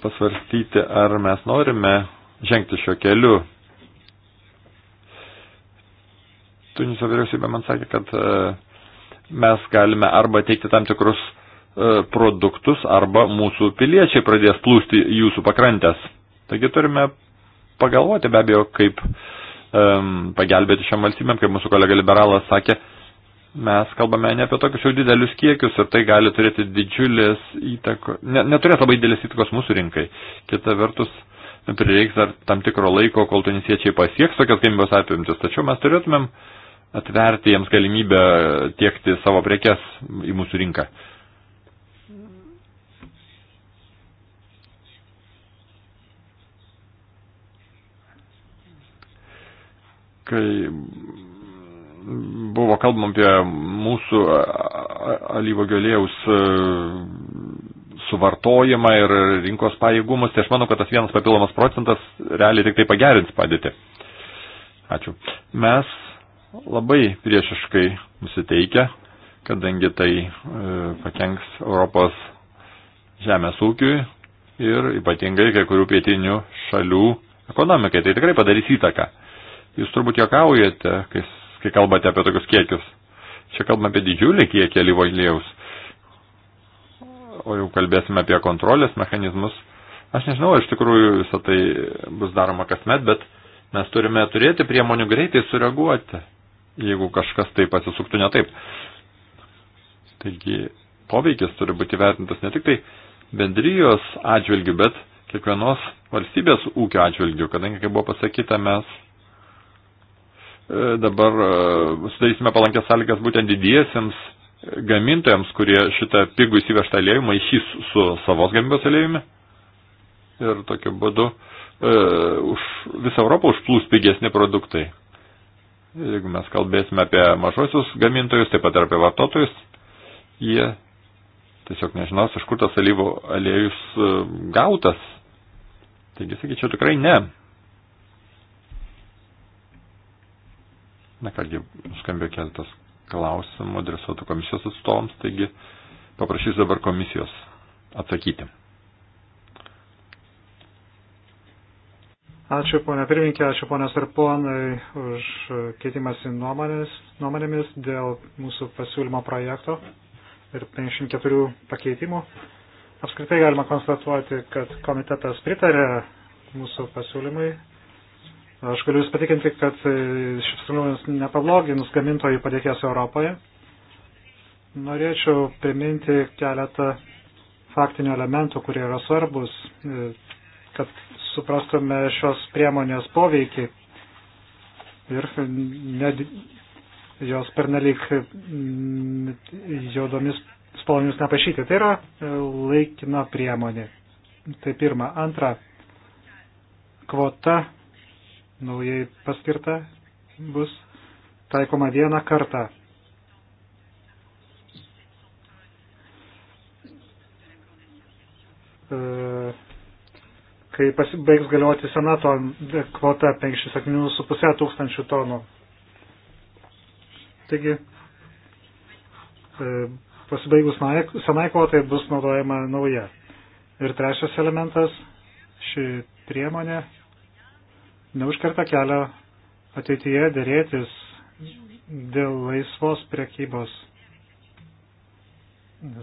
pasvarstyti, ar mes norime žengti šio keliu. Tuniso vyriausybė man sakė, kad e, mes galime arba teikti tam tikrus e, produktus, arba mūsų piliečiai pradės plūsti jūsų pakrantės. Taigi turime pagalvoti be abejo, kaip um, pagelbėti šiam valstybėm, kaip mūsų kolega liberalas sakė, mes kalbame ne apie tokius jau didelius kiekius ir tai gali turėti didžiulės įtakos, ne, neturės labai didelės įtakos mūsų rinkai. Kita vertus, prireiks dar tam tikro laiko, kol tunisiečiai pasieks tokias gamybos apimtis, tačiau mes turėtumėm atverti jiems galimybę tiekti savo prekes į mūsų rinką. kai buvo kalbama apie mūsų alyvogėlėjaus e, suvartojimą ir rinkos pajėgumus, tai aš manau, kad tas vienas papildomas procentas realiai tik tai pagerins padėtį. Ačiū. Mes labai priešiškai nusiteikę, kadangi tai e, pakenks Europos žemės ūkiui ir ypatingai kai kurių pietinių šalių ekonomikai. Tai tikrai padarys įtaką. Jūs turbūt jokaujate, kai, kai kalbate apie tokius kiekius. Čia kalbame apie didžiulį kiekį alyvo aliejaus. O jau kalbėsime apie kontrolės mechanizmus. Aš nežinau, iš tikrųjų visą tai bus daroma kasmet, bet mes turime turėti priemonių greitai sureaguoti, jeigu kažkas tai pasisuktų ne taip. Taigi, poveikis turi būti vertintas ne tik tai bendrijos atžvilgių, bet kiekvienos valstybės ūkio atžvilgių, kadangi, kaip buvo pasakyta, mes dabar e, sudarysime palankės sąlygas būtent didiesiems gamintojams, kurie šitą pigų įsivežtą aliejų maišys su savos gamybos aliejumi. Ir tokiu būdu e, už visą Europą užplūs pigesni produktai. Jeigu mes kalbėsime apie mažosius gamintojus, taip pat ir apie vartotojus, jie tiesiog nežinos, iš kur tas alyvų aliejus e, gautas. Taigi, sakyčiau, tikrai ne. Na kągi, skambėjo keletas klausimų adresuotų komisijos atstovams, taigi paprašysiu dabar komisijos atsakyti. Ačiū ponia pirminkė, ačiū ponios ir ponai už keitimąsi nuomonės, nuomonėmis dėl mūsų pasiūlymo projekto ir 54 pakeitimų. Apskritai galima konstatuoti, kad komitetas pritarė mūsų pasiūlymui Aš galiu Jūs patikinti, kad šis siūlymas nepablogins gamintojų padėties Europoje. Norėčiau priminti keletą faktinių elementų, kurie yra svarbus, e, kad suprastume šios priemonės poveikį ir ne, jos pernelyg jodomis spalvomis nepašyti. Tai yra e, laikina priemonė. Tai pirma. Antra, kvota naujai paskirta bus taikoma vieną kartą. E, kai pasibaigs galioti senato kvota 57,5 tūkstančių tonų. Taigi, e, pasibaigus senai kvotai bus naudojama nauja. Ir trečias elementas, ši priemonė neužkerta kelio ateityje dėrėtis dėl laisvos prekybos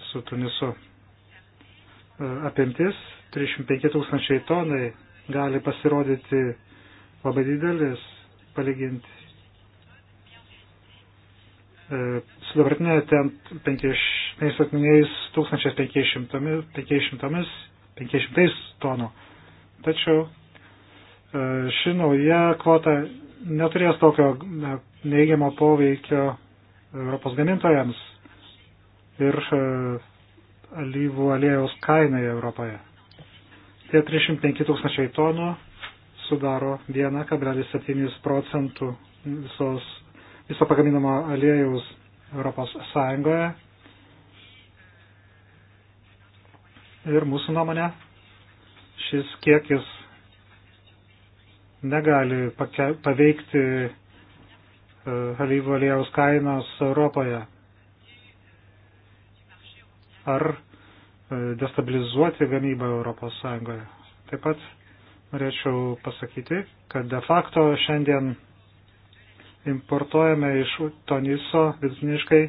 su Tunisu. E, apimtis 35 tūkstančiai tonai gali pasirodyti labai didelis, palyginti e, su dabartinė ten 1500 tonų. Tačiau E, ši nauja kvota neturės tokio neįgiamo poveikio Europos gamintojams ir e, alyvų aliejaus kainai Europoje. Tie 305 tūkstančiai tonų sudaro 1,7 procentų visos, viso pagaminamo aliejaus Europos Sąjungoje. Ir mūsų nuomonė, šis kiekis negali pake, paveikti e, alyvų aliejaus kainos Europoje. Ar e, destabilizuoti gamybą Europos Sąjungoje. Taip pat norėčiau pasakyti, kad de facto šiandien importuojame iš Tuniso vidutiniškai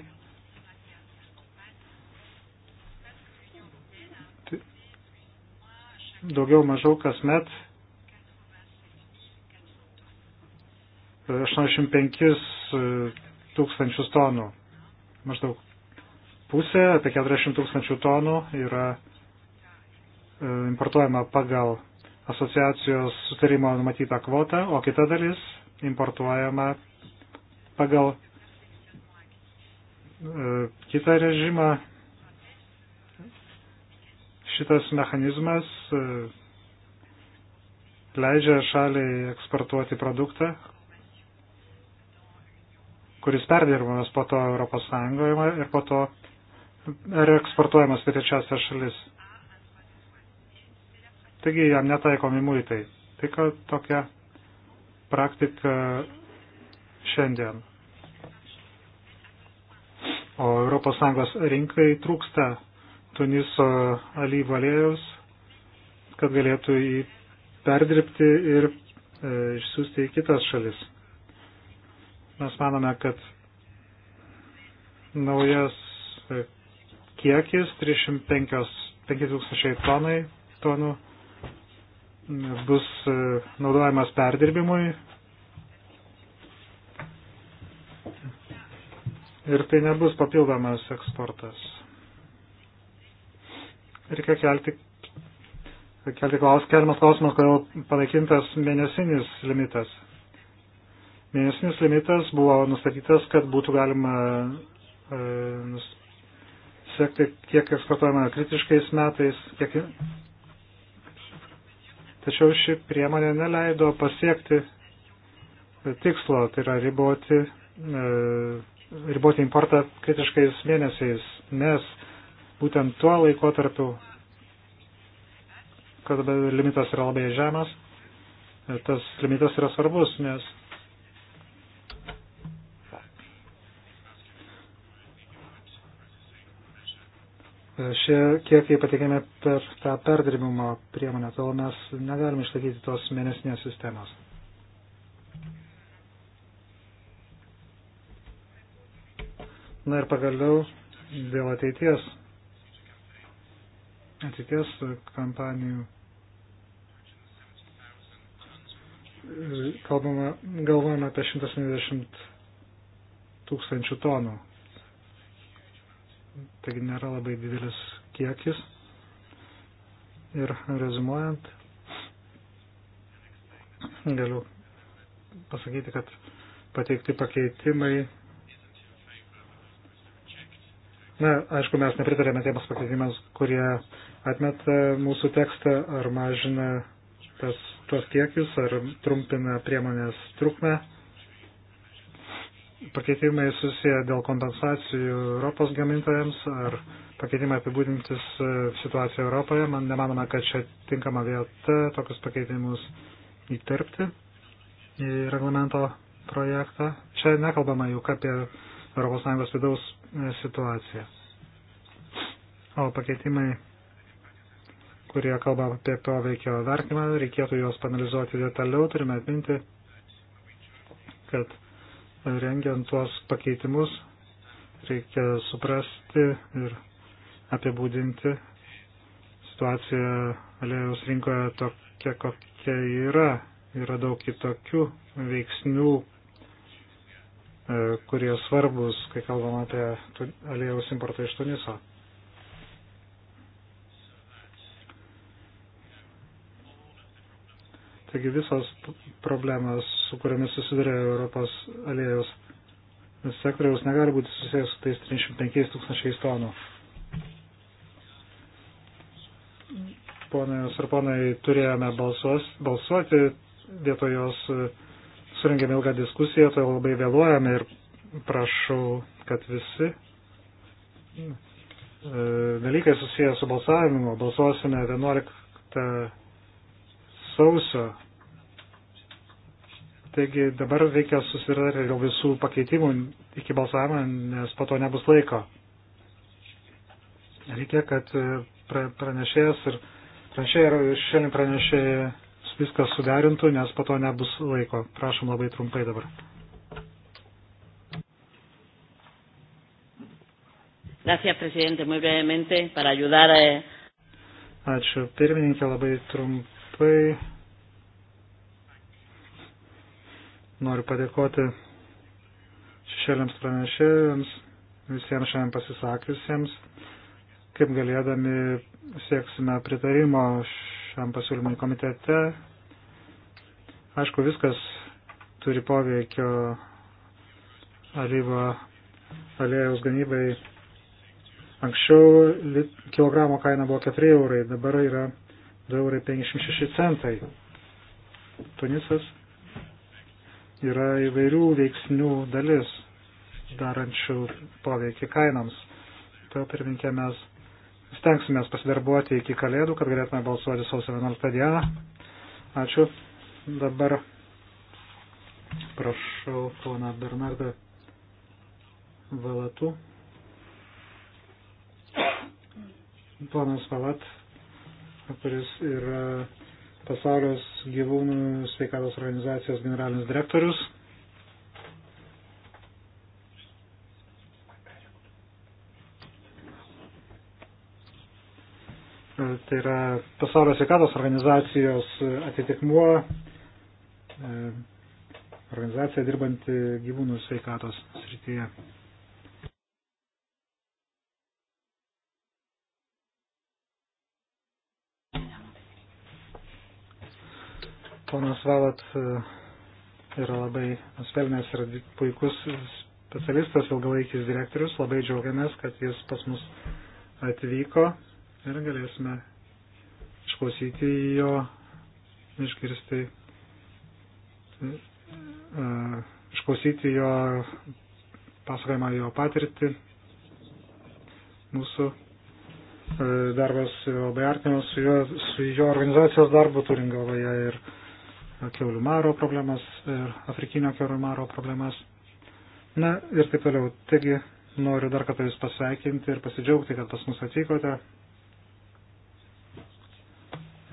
daugiau mažiau kasmet 85 e, tūkstančius tonų. Maždaug pusė, apie 40 tūkstančių tonų yra e, importuojama pagal asociacijos sutarimo numatytą kvotą, o kita dalis importuojama pagal e, kitą režimą. Šitas mechanizmas leidžia šaliai eksportuoti produktą, kuris perdirbamas po to Europos Sąjungoje ir po to ir eksportuojamas į trečiasią šalis. Taigi jam netaikomi muitai. Tik tokia praktika šiandien. O ES rinkai trūksta Tuniso alyvų aliejaus, kad galėtų jį perdirbti ir e, išsiųsti į kitas šalis. Mes manome, kad naujas kiekis 3500 tonai, tonų bus e, naudojamas perdirbimui. Ir tai nebus papildomas eksportas. Reikia kelti, kelti klaus, keliamas klausimas, kodėl panaikintas mėnesinis limitas. Mėnesinis limitas buvo nustatytas, kad būtų galima e, sekti, kiek eksportuojama kritiškais metais, kiek... Tačiau ši priemonė neleido pasiekti tikslo, tai yra riboti, e, riboti importą kritiškais mėnesiais, nes būtent tuo laikotarpiu, kad limitas yra labai žemas, e, tas limitas yra svarbus, nes Šie kiekiai patikėme per tą perdirbimo priemonę, tol mes negalime išlaikyti tos mėnesinės sistemos. Na ir pagaliau dėl ateities, ateities kampanijų. Kalbama, galvojame apie 170 tūkstančių tonų taigi nėra labai didelis kiekis. Ir rezumuojant, galiu pasakyti, kad pateikti pakeitimai. Na, aišku, mes nepritarėme tiems pakeitimams, kurie atmeta mūsų tekstą ar mažina tas, tuos kiekius ar trumpina priemonės trukmę pakeitimai susiję dėl kompensacijų Europos gamintojams ar pakeitimai apibūdintis e, situaciją Europoje. Man nemanoma, kad čia tinkama vieta tokius pakeitimus įterpti į reglamento projektą. Čia nekalbama juk apie ES vidaus e, situaciją. O pakeitimai, kurie kalba apie poveikio vertinimą, reikėtų juos panalizuoti detaliau. Turime atminti, kad rengiant tuos pakeitimus reikia suprasti ir apibūdinti situaciją alėjos rinkoje tokia, kokia yra. Yra daug kitokių veiksnių, e, kurie svarbus, kai kalbam apie alėjaus importą iš Tuniso. Taigi visos problemas, su kuriamis susiduria Europos alėjos sektoriaus, negali būti susijęs su tais 35 tūkstančiais tonų. Ponios ir ponai, turėjome balsuos, balsuoti, vietoj jos e, surinkėme ilgą diskusiją, to labai vėluojame ir prašau, kad visi e, dalykai susijęs su balsavimu. Balsuosime 11 sausio. Taigi dabar reikia susidaryti dėl visų pakeitimų iki balsavimo, nes po to nebus laiko. Reikia, kad e, pranešėjas ir pranešėjai ir šiandien pranešėjai viską suderintų, nes po to nebus laiko. Prašom labai trumpai dabar. Gracias, presidente, muy brevemente, para ayudar a... Ačiū, pirmininkė, labai trumpai tikslai. Noriu padėkoti šešėliams pranešėjams, visiems šiandien pasisakiusiems, kaip galėdami sieksime pritarimo šiam pasiūlymui komitete. Aišku, viskas turi poveikio alyvo aliejaus gamybai Anksčiau kilogramo kaina buvo 4 eurai, dabar yra 2,56 centai. Tunisas yra įvairių veiksnių dalis darančių poveikį kainoms. Todėl pirminkė mes stengsime pasidarbuoti iki kalėdų, kad galėtume balsuoti sausio 11 dieną. Ačiū. Dabar prašau poną Bernardą Valatų. Ponas Valat kuris yra pasaulios gyvūnų sveikatos organizacijos generalinis direktorius. Tai yra pasaulio sveikatos organizacijos atitikmuo, e, organizacija dirbanti gyvūnų sveikatos srityje. ponas Valat e, yra labai nuspelnęs ir puikus specialistas, ilgalaikis direktorius. Labai džiaugiamės, kad jis pas mus atvyko ir galėsime išklausyti jo, išgirsti, uh, išklausyti jo pasakojimą, jo patirtį. Mūsų e, darbas labai artimas su jo, su jo organizacijos darbu, turim galvoje ir uh, keulių maro problemas ir afrikinio keulių maro problemas. Na ir taip toliau. Taigi noriu dar kartą Jūs pasveikinti ir pasidžiaugti, kad pas mus atvykote.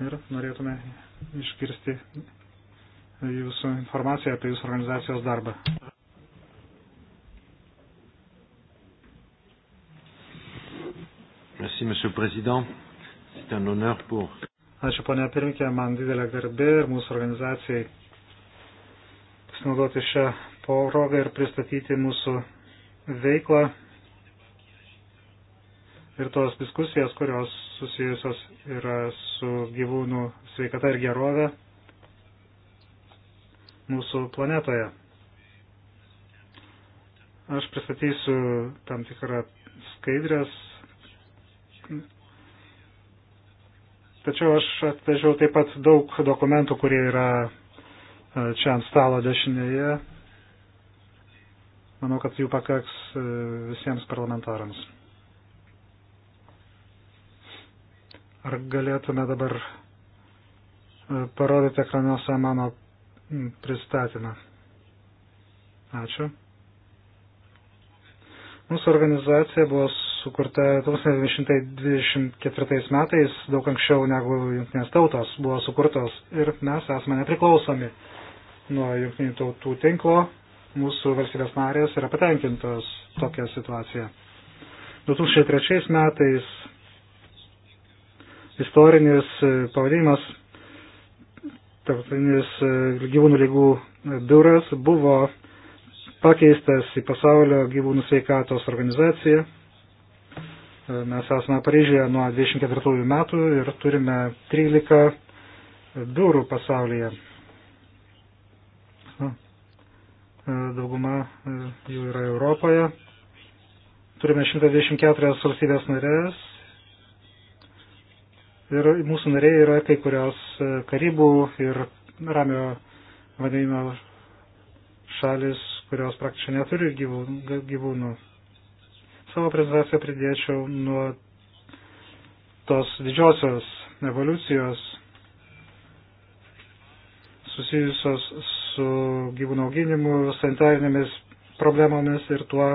Ir norėtume iškirsti Jūsų informaciją apie Jūsų organizacijos darbą. Merci, Monsieur le Président. C'est un honneur pour. Ačiū, ponia pirmininkė, man didelė garbė ir mūsų organizacijai pasinaudoti šią progą ir pristatyti mūsų veiklą ir tos diskusijas, kurios susijusios yra su gyvūnų sveikata ir gerove mūsų planetoje. Aš pristatysiu tam tikrą skaidrės Tačiau aš atvežiau taip pat daug dokumentų, kurie yra e, čia ant stalo dešinėje. Manau, kad jų pakaks e, visiems parlamentarams. Ar galėtume dabar e, parodyti ekranuose mano pristatymą? Ačiū. Mūsų organizacija buvo sukurta 1924 metais, daug anksčiau negu jungtinės tautos buvo sukurtos ir mes esame nepriklausomi nuo jungtinių tautų tinklo, mūsų valstybės narės yra patenkintos tokia situacija. 2003 metais istorinis pavadinimas Tarptautinis gyvūnų lygų biuras buvo pakeistas į pasaulio gyvūnų sveikatos organizaciją. Mes esame Paryžyje nuo 24 metų ir turime 13 biurų pasaulyje. E, dauguma e, jų yra Europoje. Turime 124 valstybės narės. Ir mūsų nariai yra kai kurios e, Karibų ir Ramio vandenino šalis, kurios praktiškai neturi gyvūnų. gyvūnų savo prezentaciją pridėčiau nuo tos didžiosios evoliucijos susijusios su gyvūnų auginimu, sanitarinėmis problemomis ir tuo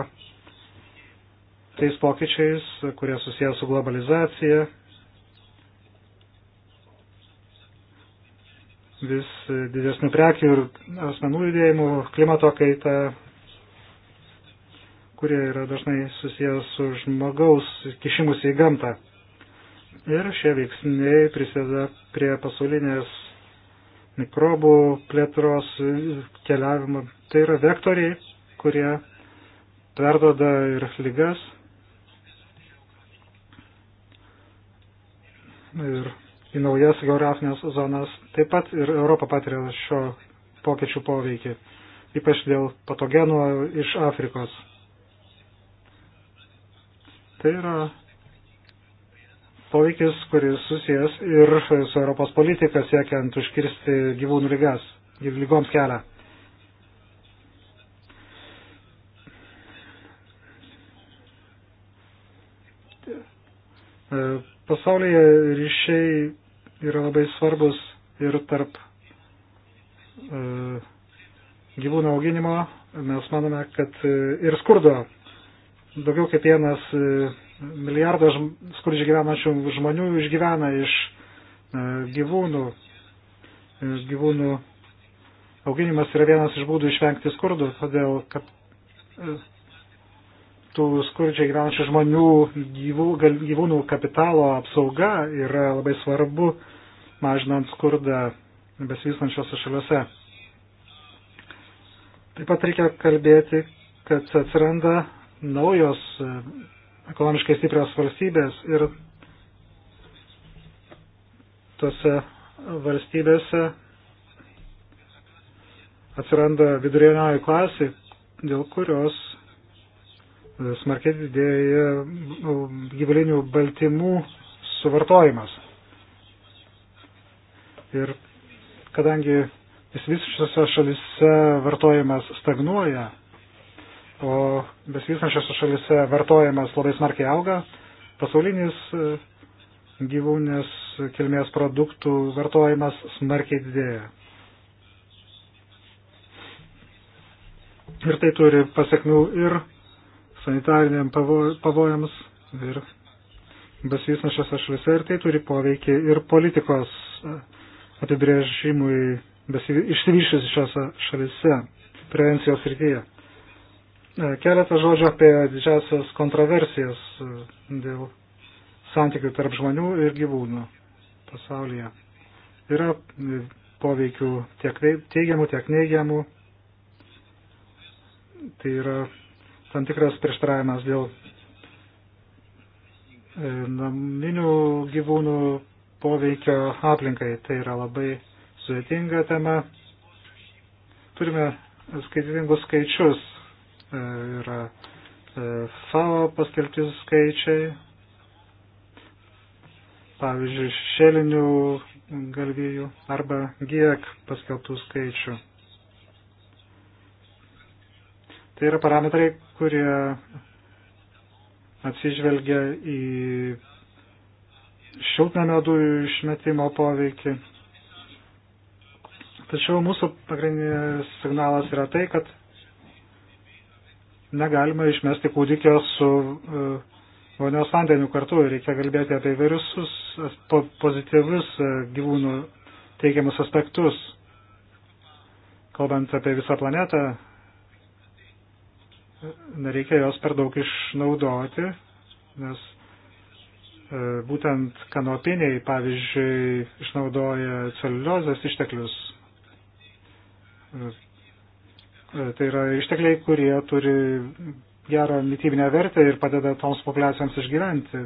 tais pokyčiais, kurie susijęs su globalizacija. vis didesnių prekių ir asmenų judėjimų, klimato kaita, kurie yra dažnai susijęs su žmogaus kišimus į gamtą. Ir šie veiksniai prisideda prie pasaulinės mikrobų plėtros keliavimo. Tai yra vektoriai, kurie perdoda ir lygas. Ir į naujas geografinės zonas taip pat ir Europą patiria šio pokyčių poveikį, ypač dėl patogenų iš Afrikos. Tai yra poveikis, kuris susijęs ir su Europos politika siekiant užkirsti gyvūnų lygas, lygoms kelią. Pasaulyje ryšiai yra labai svarbus ir tarp e, gyvūnų auginimo. Mes manome, kad e, ir skurdo Daugiau kaip vienas e, milijardas skurdžiai gyvenančių žmonių išgyvena iš e, gyvūnų. E, gyvūnų auginimas yra vienas iš būdų išvengti skurdų, todėl kad tų skurdžiai gyvenančių žmonių gyvų, gyvūnų kapitalo apsauga yra labai svarbu, mažinant skurdą besivystančiose šaliuose. Taip pat reikia kalbėti, kad atsiranda naujos e, ekonomiškai stiprios valstybės ir tose valstybėse atsiranda vidurinioji klasė, dėl kurios e, smarkiai didėja e, gyvulinių baltymų suvartojimas. Ir kadangi vis visose šalise vartojimas stagnuoja, o besivystančiose šalise vartojimas labai smarkiai auga. Pasaulinis e, gyvūnės kilmės produktų vartojimas smarkiai didėja. Ir tai turi pasiekmių ir sanitariniam pavojams, ir besivystančiose šalise, ir tai turi poveikį ir politikos e, apibrėžimui išsivyščiusiose šalise prevencijos rytyje. E, keletą žodžių apie didžiasias kontroversijas e, dėl santykių tarp žmonių ir gyvūnų pasaulyje. Yra e, poveikių tiek teigiamų, tiek neigiamų. Tai yra tam tikras prieštaravimas dėl naminių gyvūnų poveikio aplinkai. Tai yra labai sudėtinga tema. Turime skaitingus skaičius E, yra e, FAO paskelbti skaičiai, pavyzdžiui, šešėlinių galvijų arba GIEK paskelbtų skaičių. Tai yra parametrai, kurie atsižvelgia į šiltnamio dujų išmetimo poveikį. Tačiau mūsų pagrindinis signalas yra tai, kad negalima išmesti kūdikio su e, vonios vandeniu kartu. Reikia kalbėti apie įvairius pozityvius e, gyvūnų teigiamus aspektus. Kalbant apie visą planetą, nereikia jos per daug išnaudoti, nes e, būtent kanopiniai, pavyzdžiui, išnaudoja celiuliozės išteklius E, tai yra ištekliai, kurie turi gerą mytybinę vertę ir padeda toms populiacijoms išgyventi.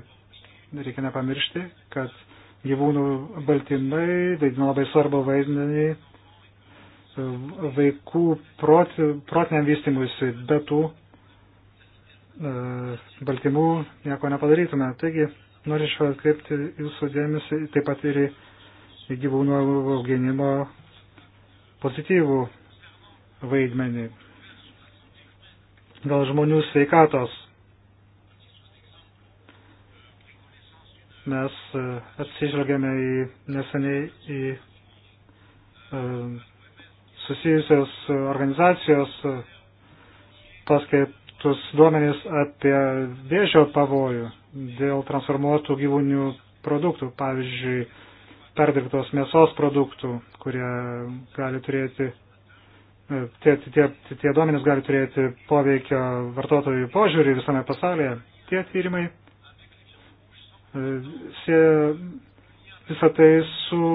Reikia nepamiršti, kad gyvūnų baltymai vaidina labai svarbu vaidmenį e, vaikų prot, protiniam vystimuisi, be tų e, baltymų nieko nepadarytume. Taigi, norėčiau atkreipti jūsų dėmesį taip pat ir į gyvūnų auginimo pozityvų vaidmenį dėl žmonių sveikatos. Mes e, atsižvelgėme į neseniai į e, susijusios organizacijos e, paskaitus duomenys apie vėžio pavojų dėl transformuotų gyvūnių produktų, pavyzdžiui, perdirbtos mėsos produktų, kurie gali turėti E, tie, tie, tie duomenys gali turėti poveikio vartotojų požiūrį visame pasaulyje. Tie tyrimai e, sie visą tai su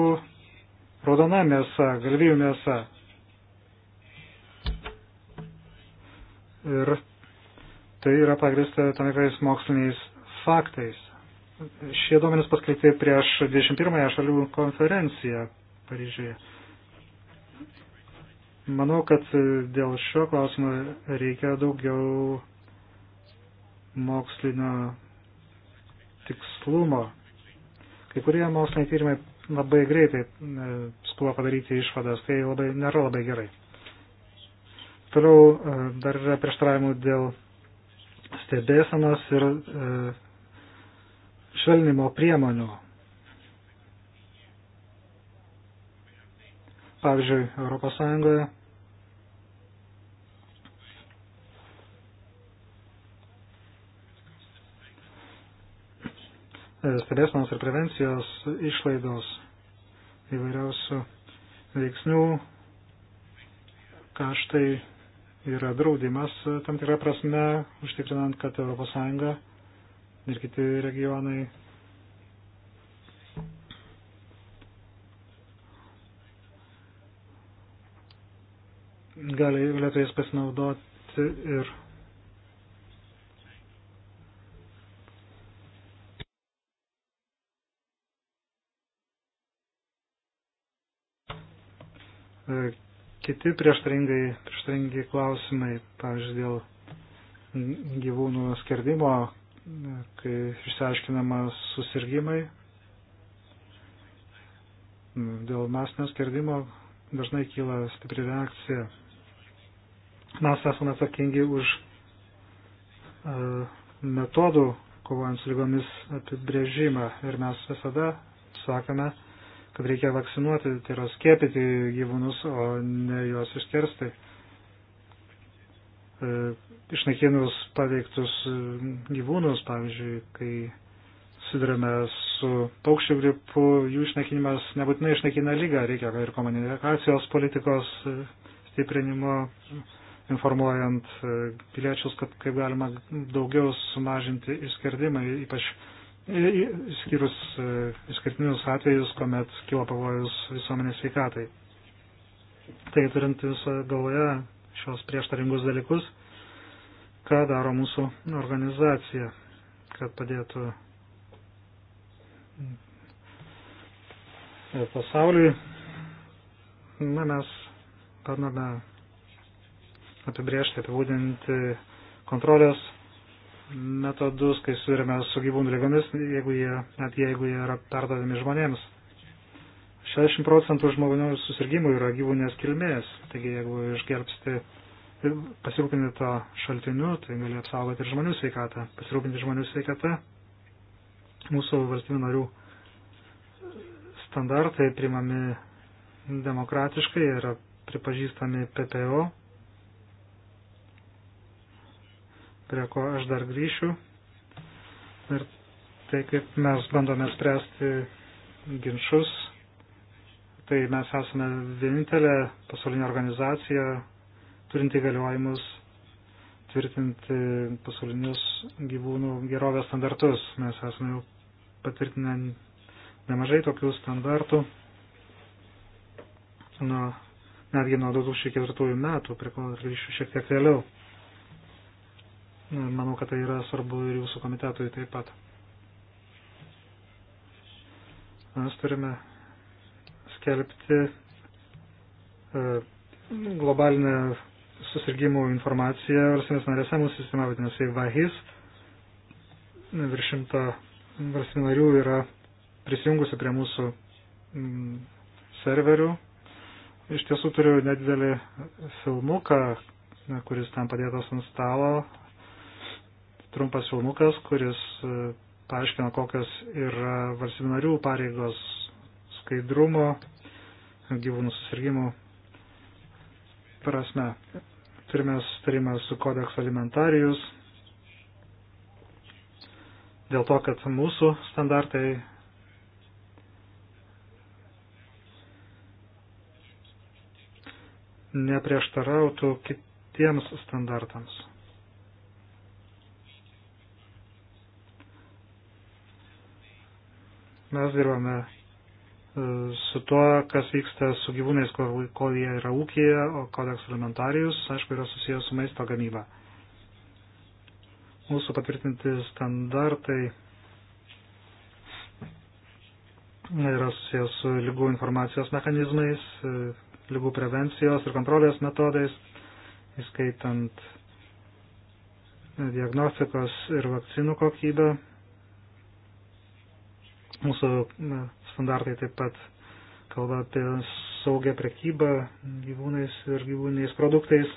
raudona mėsa, galvijų mėsa. Ir tai yra pagrįsta tam tikrais moksliniais faktais. Šie duomenys paskaitė prieš 21-ąją šalių konferenciją Paryžiuje. Manau, kad dėl šio klausimo reikia daugiau mokslinio tikslumo. Kai kurie moksliniai tyrimai labai greitai e, skuba padaryti išvadas, tai labai, nėra labai gerai. Toliau e, dar yra prieštaravimų dėl stebėsenos ir e, švelnimo priemonių. Pavyzdžiui, Europos Sąjungoje stebėsnos ir prevencijos išlaidos įvairiausių veiksnių kaštai yra draudimas tam tikrą prasme, užtikrinant, kad ES ir kiti regionai gali galėtų jais pasinaudoti ir e, kiti prieštaringai, prieštaringi klausimai, pavyzdžiui, dėl gyvūnų skerdimo, e, kai išsiaiškinama susirgymai, mm, dėl masinio skerdimo dažnai kyla stipri reakcija. Mes esame atsakingi už e, metodų kovojant su lygomis apibrėžimą ir mes visada sakome, kad reikia vakcinuoti, tai yra skiepyti gyvūnus, o ne juos iškersti. E, išnaikinus paveiktus e, gyvūnus, pavyzdžiui, kai susidurime su paukščių gripu, jų išnaikinimas nebūtinai išnaikina lygą, reikia ir komunikacijos politikos stiprinimo, informuojant e, piliečius, kad kaip galima daugiau sumažinti išskirdimą, ypač e, išskyrus e, išskirtinius atvejus, kuomet kilo pavojus visuomenės sveikatai. Tai turint visą galvoje šios prieštaringus dalykus, ką daro mūsų organizacija, kad padėtų pasauliui. Na, mes bandome apibriežti, apibūdinti kontrolės metodus, kai sudarėme su gyvūnų lygomis, jeigu jie, net jeigu jie yra perdodami žmonėms. 60 procentų žmonių susirgymų yra gyvūnės kilmės, taigi jeigu išgerbsti pasirūpinti to šaltiniu, tai gali apsaugoti ir žmonių sveikatą. Pasirūpinti žmonių sveikatą mūsų valstybių narių standartai primami demokratiškai, yra pripažįstami PPO prie ko aš dar grįšiu. Ir tai, kaip mes bandome spręsti ginčius, tai mes esame vienintelė pasaulinė organizacija turinti įgaliojimus tvirtinti pasaulinius gyvūnų gerovės standartus. Mes esame jau patvirtinę nemažai tokių standartų nuo netgi nuo 2004 metų, prie ko grįšiu šiek tiek vėliau. Manau, kad tai yra svarbu ir jūsų komitetui taip pat. Mes turime skelbti e, globalinę susirgymų informaciją valstybės narėse mūsų sistema vadinasi VAHIS. Virš šimto valstybių narių yra prisijungusi prie mūsų mm, serverių. Iš tiesų turiu nedidelį filmuką, kuris tam padėtas ant stalo, trumpas filmukas, kuris e, paaiškina, kokios yra valstybių narių pareigos skaidrumo, gyvūnų susirgymų prasme. Turime sutarimą su kodeks alimentarijus dėl to, kad mūsų standartai neprieštarautų kitiems standartams. Mes dirbame e, su tuo, kas vyksta su gyvūnais, kol, kol jie yra ūkija, o kodeks elementarijus, aišku, yra susijęs su maisto gamyba. Mūsų patvirtinti standartai yra susijęs su lygų informacijos mechanizmais, e, lygų prevencijos ir kontrolės metodais, įskaitant diagnostikos ir vakcinų kokybę Mūsų standartai taip pat kalba apie saugią prekybą gyvūnais ir gyvūniniais produktais.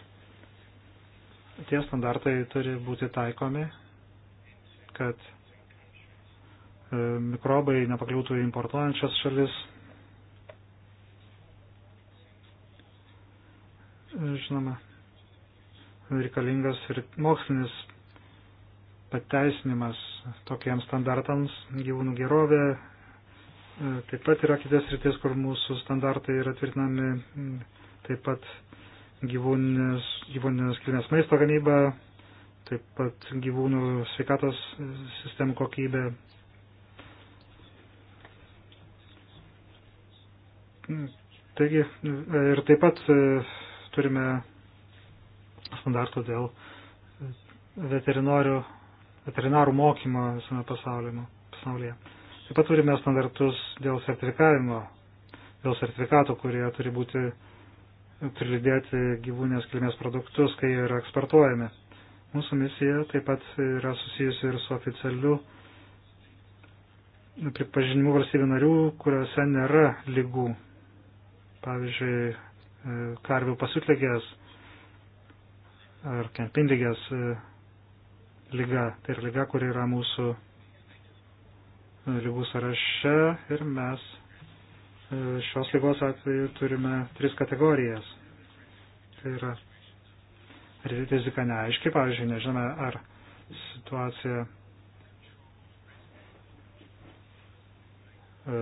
Tie standartai turi būti taikomi, kad e, mikrobai nepakliūtų į importuojančias šalis. Žinoma, reikalingas ir mokslinis pateisinimas tokiems standartams, gyvūnų gerovė, e, taip pat yra kitas rytis, kur mūsų standartai yra tvirtinami, taip pat gyvūnės, gyvūnės kilmės maisto gamyba, taip pat gyvūnų sveikatos sistemų kokybė. Taigi, e, ir taip pat e, turime standartų dėl veterinorių veterinarų mokymą visame pasaulyje. Taip pat turime standartus dėl sertifikavimo, dėl sertifikatų, kurie turi būti, turi lydėti gyvūnės kilmės produktus, kai jie yra eksportuojami. Mūsų misija taip pat yra susijusi ir su oficialiu pripažinimu valstybių narių, kuriuose nėra lygų. Pavyzdžiui, e, karvių pasitlygės ar kempindygės e, lyga. Tai yra lyga, kuri yra mūsų e, lygų sąraše ir mes e, šios lygos atveju turime tris kategorijas. Tai yra rizika neaiški, pavyzdžiui, nežinome, ar situacija e,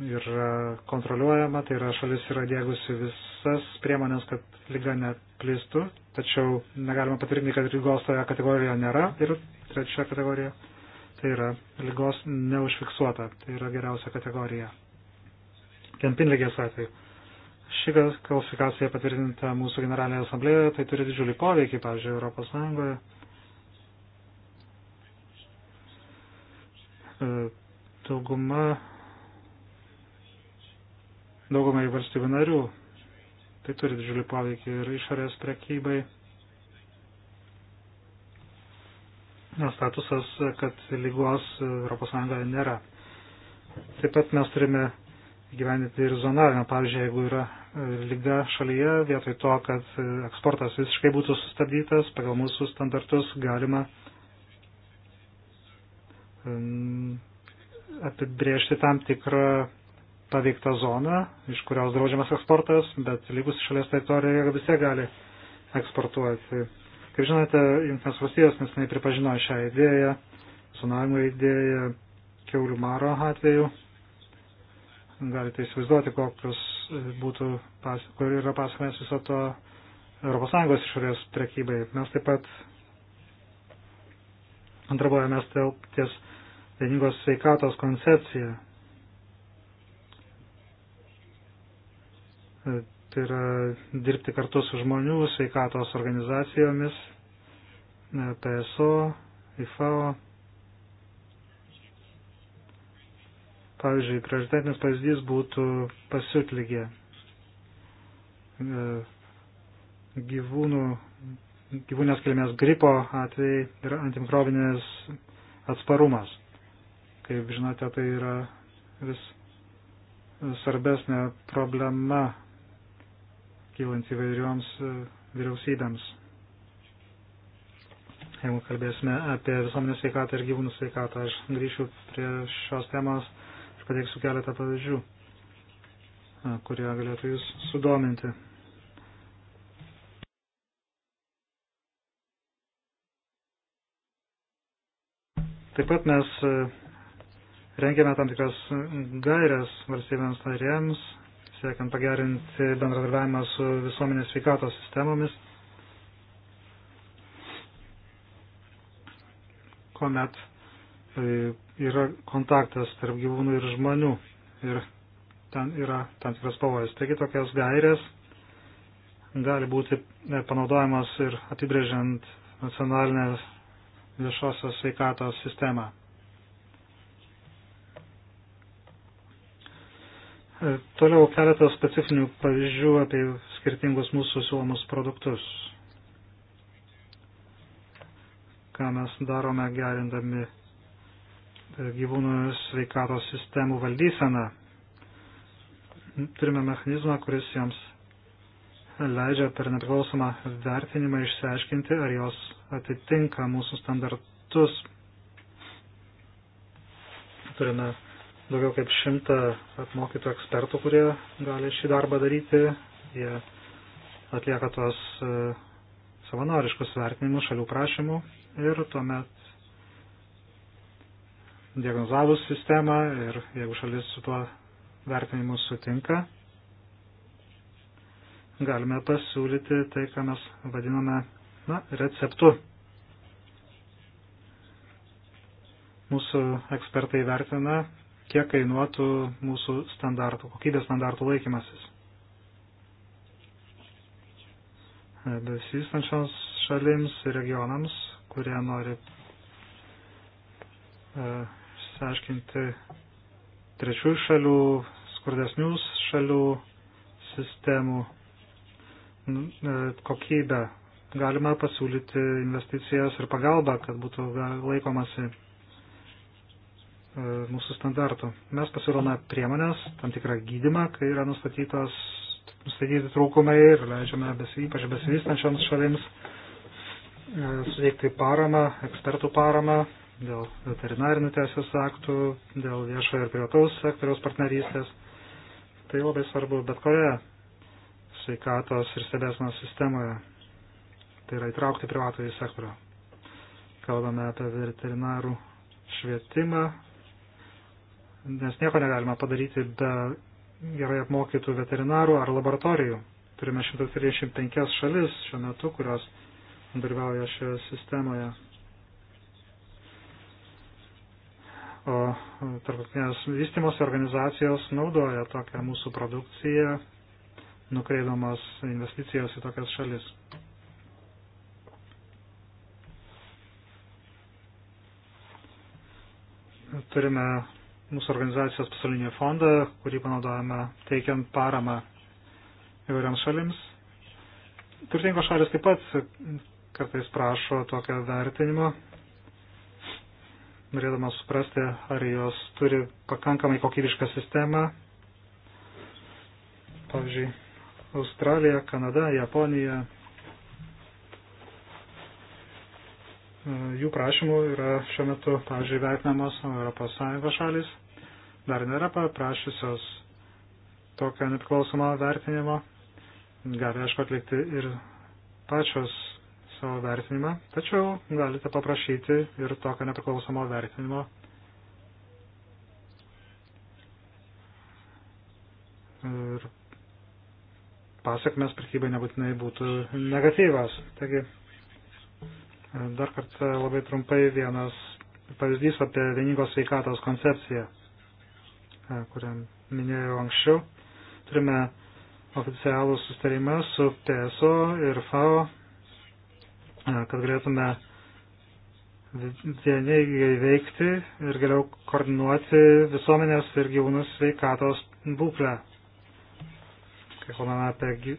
yra kontroliuojama, tai yra šalis yra dėgusi visas priemonės, kad lyga neplistų, tačiau negalima patvirtinti, kad lygos toje kategorijoje nėra. Ir trečia kategorija, tai yra lygos neužfiksuota, tai yra geriausia kategorija. Kempinlygės atveju. Ši klasifikacija patvirtinta mūsų generalinėje asamblėje, tai turi didžiulį poveikį, pavyzdžiui, Europos Sąjungoje. E, dauguma daugumai valstybių narių. Tai turi didžiulį poveikį ir išorės prekybai. Statusas, kad lygos ES nėra. Taip pat mes turime gyveninti ir zonavimą. Pavyzdžiui, jeigu yra lyga šalyje, vietoj to, kad eksportas visiškai būtų sustabdytas, pagal mūsų standartus galima mm, apibriežti tam tikrą paveiktą zoną, iš kurios draudžiamas eksportas, bet lygus šalies teritorijoje vis tiek gali eksportuoti. Kaip žinote, Junktinės valstijos nesinai pripažino šią idėją, tsunamio idėją, keulių maro atveju. Galite įsivaizduoti, kokios e, būtų, pas, kur yra pasakojęs viso to ES išorės prekybai. Mes taip pat darbojamės ties vieningos sveikatos koncepcija Tai yra dirbti kartu su žmonių sveikatos organizacijomis, e, PSO, IFAO. Pavyzdžiui, prioritetinis pavyzdys būtų pasiutlygė e, gyvūnų, gyvūnės kilmės gripo atvejai ir antimikrobinės atsparumas. Kaip žinote, tai yra vis svarbesnė problema kylant įvairioms e, vyriausybėms. Jeigu kalbėsime apie visuomenės sveikatą ir gyvūnų sveikatą, aš grįšiu prie šios temos ir pateiksiu keletą pavyzdžių, e, kurie galėtų jūs sudominti. Taip pat mes e, rengiame tam tikras gairias valstybėms narėms siekiant pagerinti bendradarbiavimą su visuomenės sveikatos sistemomis, kuomet e, yra kontaktas tarp gyvūnų ir žmonių ir ten yra tam tikras pavojus. Taigi tokias gairės gali būti e, panaudojamas ir apibrėžiant nacionalinę viešosios sveikatos sistemą. E, toliau keletas specifinių pavyzdžių apie skirtingus mūsų siūlomus produktus. Ką mes darome gerindami e, gyvūnų sveikatos sistemų valdyseną. Turime mechanizmą, kuris joms leidžia per nepriklausomą vertinimą išsiaiškinti, ar jos atitinka mūsų standartus. Turime daugiau kaip šimtą apmokytų ekspertų, kurie gali šį darbą daryti. Jie atlieka tuos e, savanoriškus vertinimus šalių prašymų ir tuomet diagnozavus sistemą ir jeigu šalis su tuo vertinimu sutinka, galime pasiūlyti tai, ką mes vadiname na, receptu. Mūsų ekspertai vertina kiek kainuotų mūsų standartų, kokybės standartų laikymasis. E, Besistančioms šalims ir regionams, kurie nori e, išsiaiškinti trečių šalių, skurdesnių šalių sistemų e, kokybę. Galima pasiūlyti investicijas ir pagalbą, kad būtų laikomasi E, mūsų standartų. Mes pasiūlome priemonės, tam tikrą gydimą, kai yra nustatytos, nustatyti trūkumai ir leidžiame bes, ypač besivystančioms šalims e, suteikti paramą, ekspertų paramą dėl veterinarinių teisės aktų, dėl viešojo ir privataus sektoriaus partnerystės. Tai labai svarbu bet kurioje sveikatos ir stebėsnos sistemoje. Tai yra įtraukti privatų į sektorių. Kalbame apie veterinarų švietimą, nes nieko negalima padaryti be gerai apmokytų veterinarų ar laboratorijų. Turime 135 šalis šiuo metu, kurios dalyvauja šioje sistemoje. O tarptautinės vystimos organizacijos naudoja tokią mūsų produkciją, nukreidamas investicijos į tokias šalis. Turime mūsų organizacijos pasaulinį fondą, kurį panaudojame teikiant paramą įvairiams šalims. Turtingos šalis taip pat kartais prašo tokio vertinimo, norėdamas suprasti, ar jos turi pakankamai kokybišką sistemą. Pavyzdžiui, Australija, Kanada, Japonija, jų prašymų yra šiuo metu, pavyzdžiui, vertinamos ES šalis, dar nėra paprašysios tokio nepriklausomo vertinimo, gali, aišku, atlikti ir pačios savo vertinimą, tačiau galite paprašyti ir tokio nepriklausomo vertinimo. Ir pasiekmes prekybai nebūtinai būtų negatyvas. Taigi, Dar kartą labai trumpai vienas pavyzdys apie vieningos sveikatos koncepciją, kurią minėjau anksčiau. Turime oficialų sustarimą su PSO ir FAO, kad galėtume vieniai veikti ir geriau koordinuoti visuomenės ir gyvūnų sveikatos būklę. Kai kalbame apie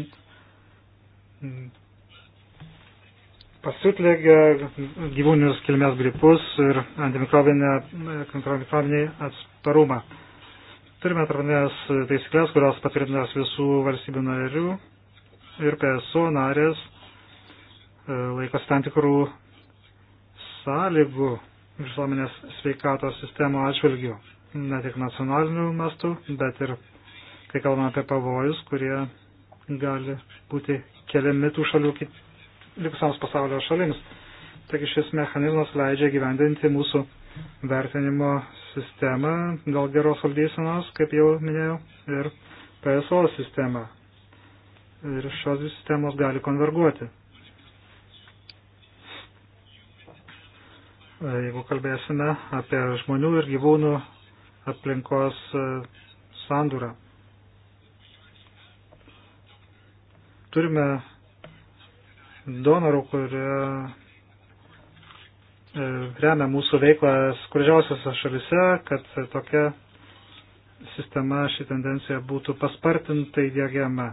e, pasiutligę, gyvūninius kilmės gripus ir antimikrobinį atsparumą. Turime atravinės taisyklės, kurios patvirtinės visų valstybių narių ir PSO narės e, laikas tam tikrų sąlygų visuomenės sveikatos sistemo atžvilgių, ne tik nacionalinių mastų, bet ir kai kalbame apie pavojus, kurie gali būti keliami tų šalių kit likusiams pasaulio šalims. Taigi šis mechanizmas leidžia gyvendinti mūsų vertinimo sistemą dėl geros valdysenos, kaip jau minėjau, ir PSO sistemą. Ir šios dvi sistemos gali konverguoti. Jeigu kalbėsime apie žmonių ir gyvūnų aplinkos e, sandūrą. Turime donorų, kurie e, remia mūsų veiklą skurdžiausiose šalise, kad tokia sistema ši tendencija būtų paspartintai dėgiama.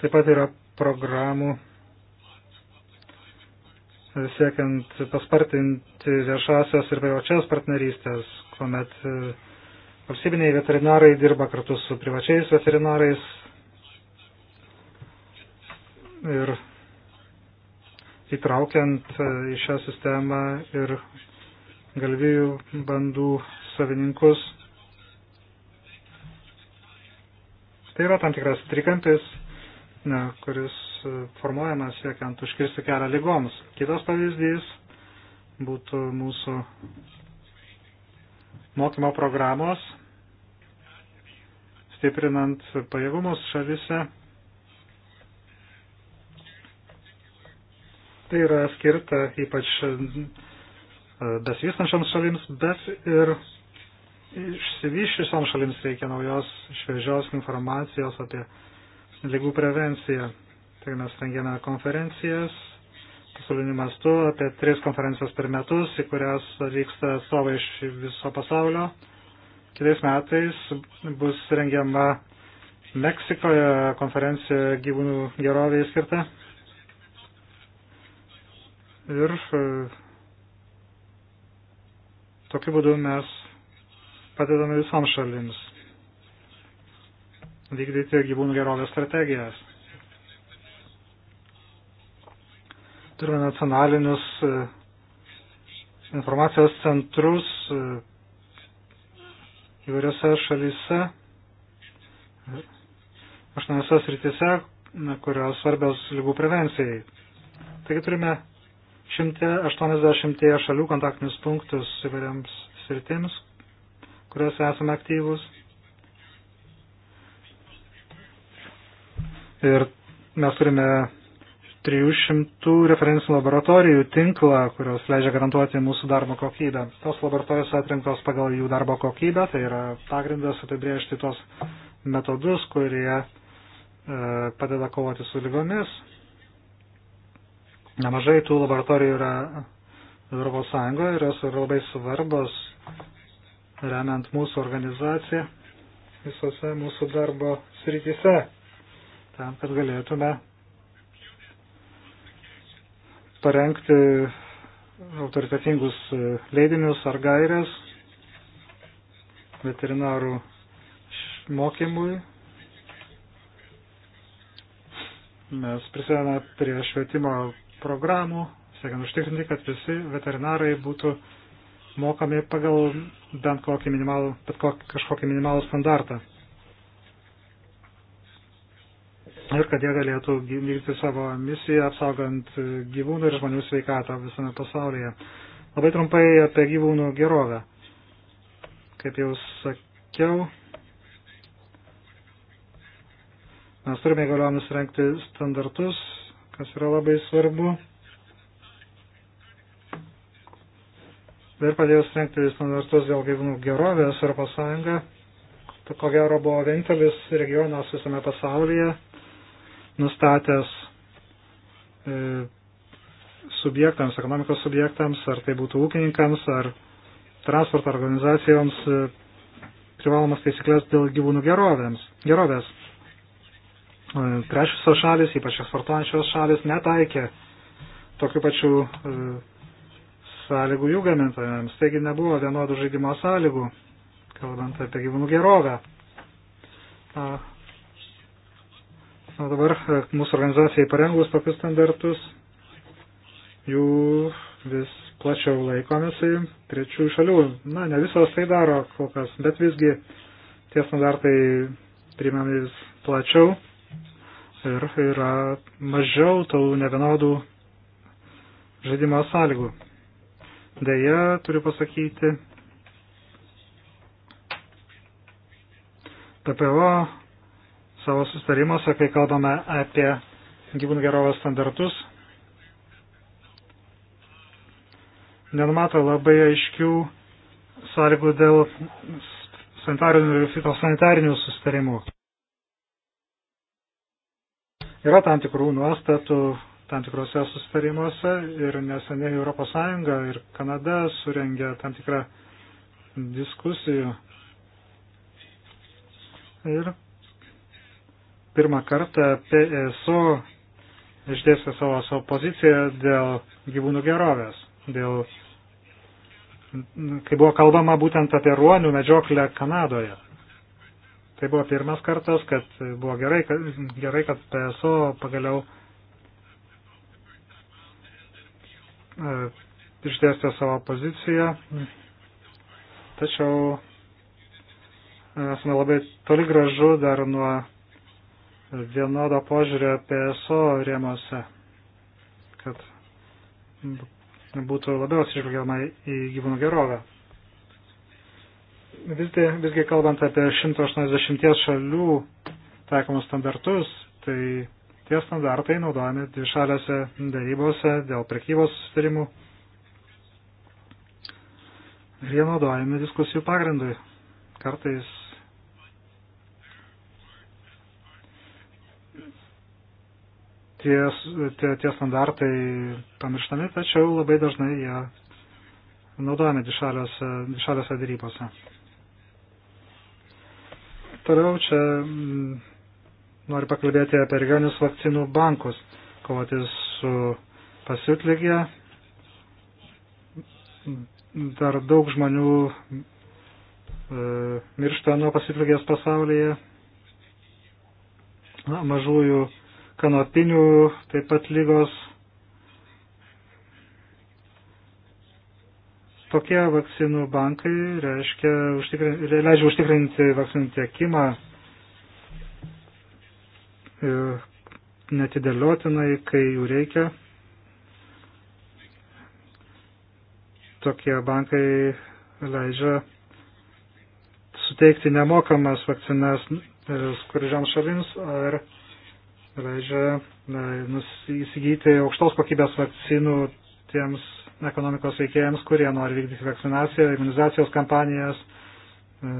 Taip pat yra programų e, siekiant paspartinti viešasios ir privačias partnerystės, kuomet e, valstybiniai veterinarai dirba kartu su privačiais veterinarais, ir įtraukiant e, į šią sistemą ir galvijų bandų savininkus. Tai yra tam tikras trikampis, ne, kuris e, formuojamas siekiant užkirsti kelią lygoms. Kitas pavyzdys būtų mūsų mokymo programos, stiprinant pajėgumus šalise Tai yra skirta ypač e, besivystančioms šalims, bet ir išsivyščiusioms šalims reikia naujos šviežios informacijos apie lygų prevenciją. Tai mes rengiame konferencijas pasauliniu mastu, apie tris konferencijos per metus, į kurias vyksta atstovai iš viso pasaulio. Kitais metais bus rengiama Meksikoje konferencija gyvūnų geroviai skirta. Ir e, tokiu būdu mes padedame visoms šalims vykdyti gyvūnų gerovės strategijas. Turime nacionalinius e, informacijos centrus e, įvairiose šalyse, aštuoniose srityse, kurios svarbios lygų prevencijai. Taigi turime 180 šalių kontaktinius punktus įvairiams sritims, kuriuose esame aktyvus. Ir mes turime 300 referencinių laboratorijų tinklą, kurios leidžia garantuoti mūsų darbo kokybę. Tos laboratorijos atrinktos pagal jų darbo kokybę, tai yra pagrindas apibriežti tos metodus, kurie e, padeda kovoti su lygomis, Nemažai tų laboratorijų yra Europos Sąjungoje ir jos yra labai svarbos remiant mūsų organizaciją visose mūsų darbo srityse, tam, kad galėtume parengti autoritetingus leidinius ar gairias veterinarų mokymui. Mes prisėdame prie švietimo programų, siekiant užtikrinti, kad visi veterinarai būtų mokami pagal bent kokį minimalų, bet kokį, kažkokį minimalų standartą. Ir kad jie galėtų vykdyti savo misiją apsaugant gyvūnų ir žmonių sveikatą visame pasaulyje. Labai trumpai apie gyvūnų gerovę. Kaip jau sakiau, mes turime įgaliojimus rengti standartus kas yra labai svarbu. Ir padėjus rengti standartus dėl gyvūnų gerovės Europos Sąjunga, tai ko gero buvo vienintelis regionas visame pasaulyje nustatęs e, subjektams, ekonomikos subjektams, ar tai būtų ūkininkams, ar transporto organizacijoms e, privalomas taisyklės dėl gyvūnų gerovėms, gerovės. E, trečiosios šalis, ypač eksportuojančios šalis, netaikė tokių pačių e, sąlygų jų gamintojams. Taigi nebuvo vienodų žaidimo sąlygų, kalbant apie gyvūnų gerovę. Na, dabar e, mūsų organizacijai parengus tokius standartus, jų vis plačiau laikomėsi trečių šalių. Na, ne visos tai daro kol kas, bet visgi tie standartai primami vis plačiau ir yra mažiau tų nevienodų žaidimo sąlygų. Deja, turiu pasakyti, PPO savo sustarimuose, kai kalbame apie gyvūnų gerovės standartus, nenumato labai aiškių sąlygų dėl sanitarinių ir fitosanitarinių sustarimų. Yra tam tikrų nuostatų tam tikrose sustarimuose ir neseniai ES ir Kanada surengė tam tikrą diskusijų. Ir pirmą kartą PSO išdėstė savo, savo poziciją dėl gyvūnų gerovės, dėl, kai buvo kalbama būtent apie ruonių medžioklę Kanadoje. Tai buvo pirmas kartas, kad buvo gerai, kad, gerai, kad PSO pagaliau e, išdėstė savo poziciją, tačiau e, esame labai toli gražu dar nuo vienodo požiūrio PSO rėmose, kad būtų labiau atsižvelgiama į gyvūnų gerovę. Visgi, visgi kalbant apie 180 šalių taikomus standartus, tai tie standartai naudojami dvišaliuose darybose dėl prekybos sustarimų. Ir jie naudojami diskusijų pagrindui. Kartais tie, tie, tie standartai pamirštami, tačiau labai dažnai jie naudojami dvišaliuose darybose. Toliau čia mm, noriu pakalbėti apie regionius vakcinų bankus, kovoti su pasiutlygė. Dar daug žmonių e, miršta nuo pasiutlygės pasaulyje. Na, mažųjų kanopinių taip pat lygos Tokie vakcinų bankai reiškia, užtikrin, leidžia užtikrinti vakcinų tiekimą e, netidėliotinai, kai jų reikia. Tokie bankai leidžia suteikti nemokamas vakcinas e, skurdžiams šalims ar leidžia e, na, įsigyti aukštos kokybės vakcinų tiems ekonomikos veikėjams, kurie nori vykdyti vakcinaciją, imunizacijos kampanijas e,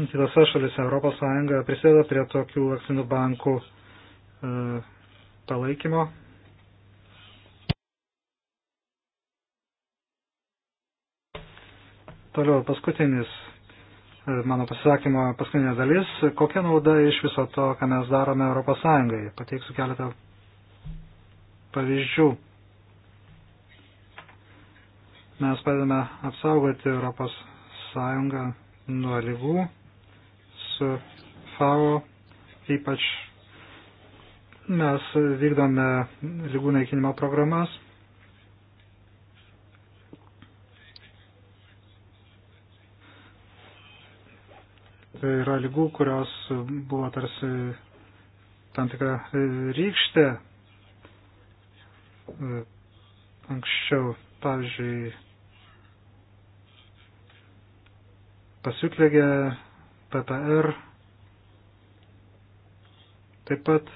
kitose šalise. Europos Sąjunga prisideda prie tokių vakcinų bankų e, palaikymo. Toliau paskutinis e, mano pasisakymo paskutinė dalis. Kokia nauda iš viso to, ką mes darome Europos Sąjungai? Pateiksiu keletą pavyzdžių mes padedame apsaugoti Europos Sąjungą nuo lygų su FAO, ypač mes vykdome lygų naikinimo programas. Tai yra lygų, kurios buvo tarsi tam tikra rykštė e, anksčiau. Pavyzdžiui, pasiutlėgė PPR. Taip pat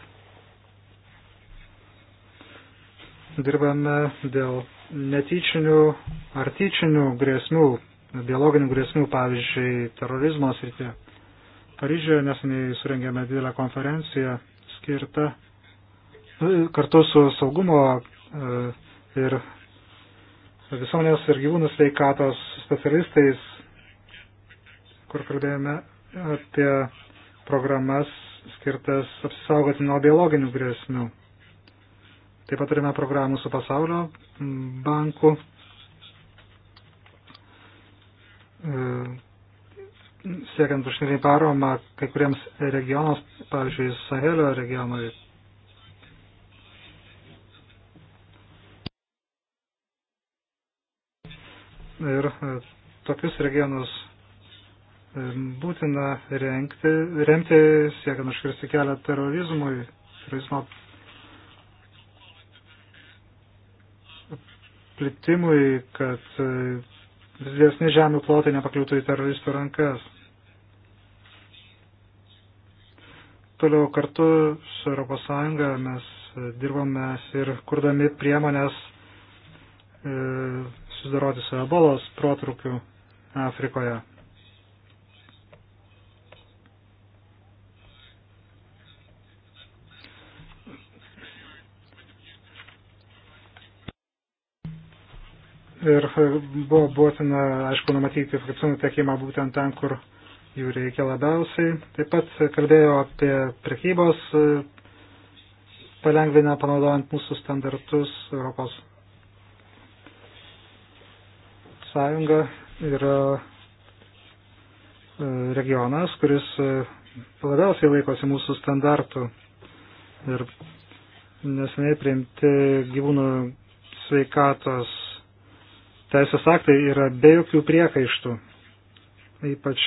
dirbame dėl netyčinių ar tyčinių grėsmių, biologinių grėsmių, pavyzdžiui, terorizmo srityje. Paryžioje neseniai surengėme didelę konferenciją skirtą e, kartu su saugumo e, ir visuomenės ir gyvūnų sveikatos specialistais, kur kalbėjome apie programas skirtas apsisaugoti nuo biologinių grėsmių. Taip pat turime programų su pasaulio banku, e, siekiant užtikrinti paromą kai kuriems regionams, pavyzdžiui, Sahelio regionui, ir e, tokius regionus e, būtina renkti, remti, siekiant užkirsti kelią terorizmui, terorizmo plitimui, kad vis e, dėsni žemių plotai nepakliūtų į teroristų rankas. Toliau kartu su ES mes dirbame ir kurdami priemonės susidaroti su ebolos protrukiu Afrikoje. Ir buvo būtina, aišku, numatyti vakcinų tiekimą būtent ten, kur jų reikia labiausiai. Taip pat kalbėjau apie prekybos palengvinę panaudojant mūsų standartus Europos Sąjunga yra e, regionas, kuris e, labiausiai laikosi mūsų standartų ir neseniai priimti gyvūnų sveikatos teisės aktai yra be jokių priekaištų, ypač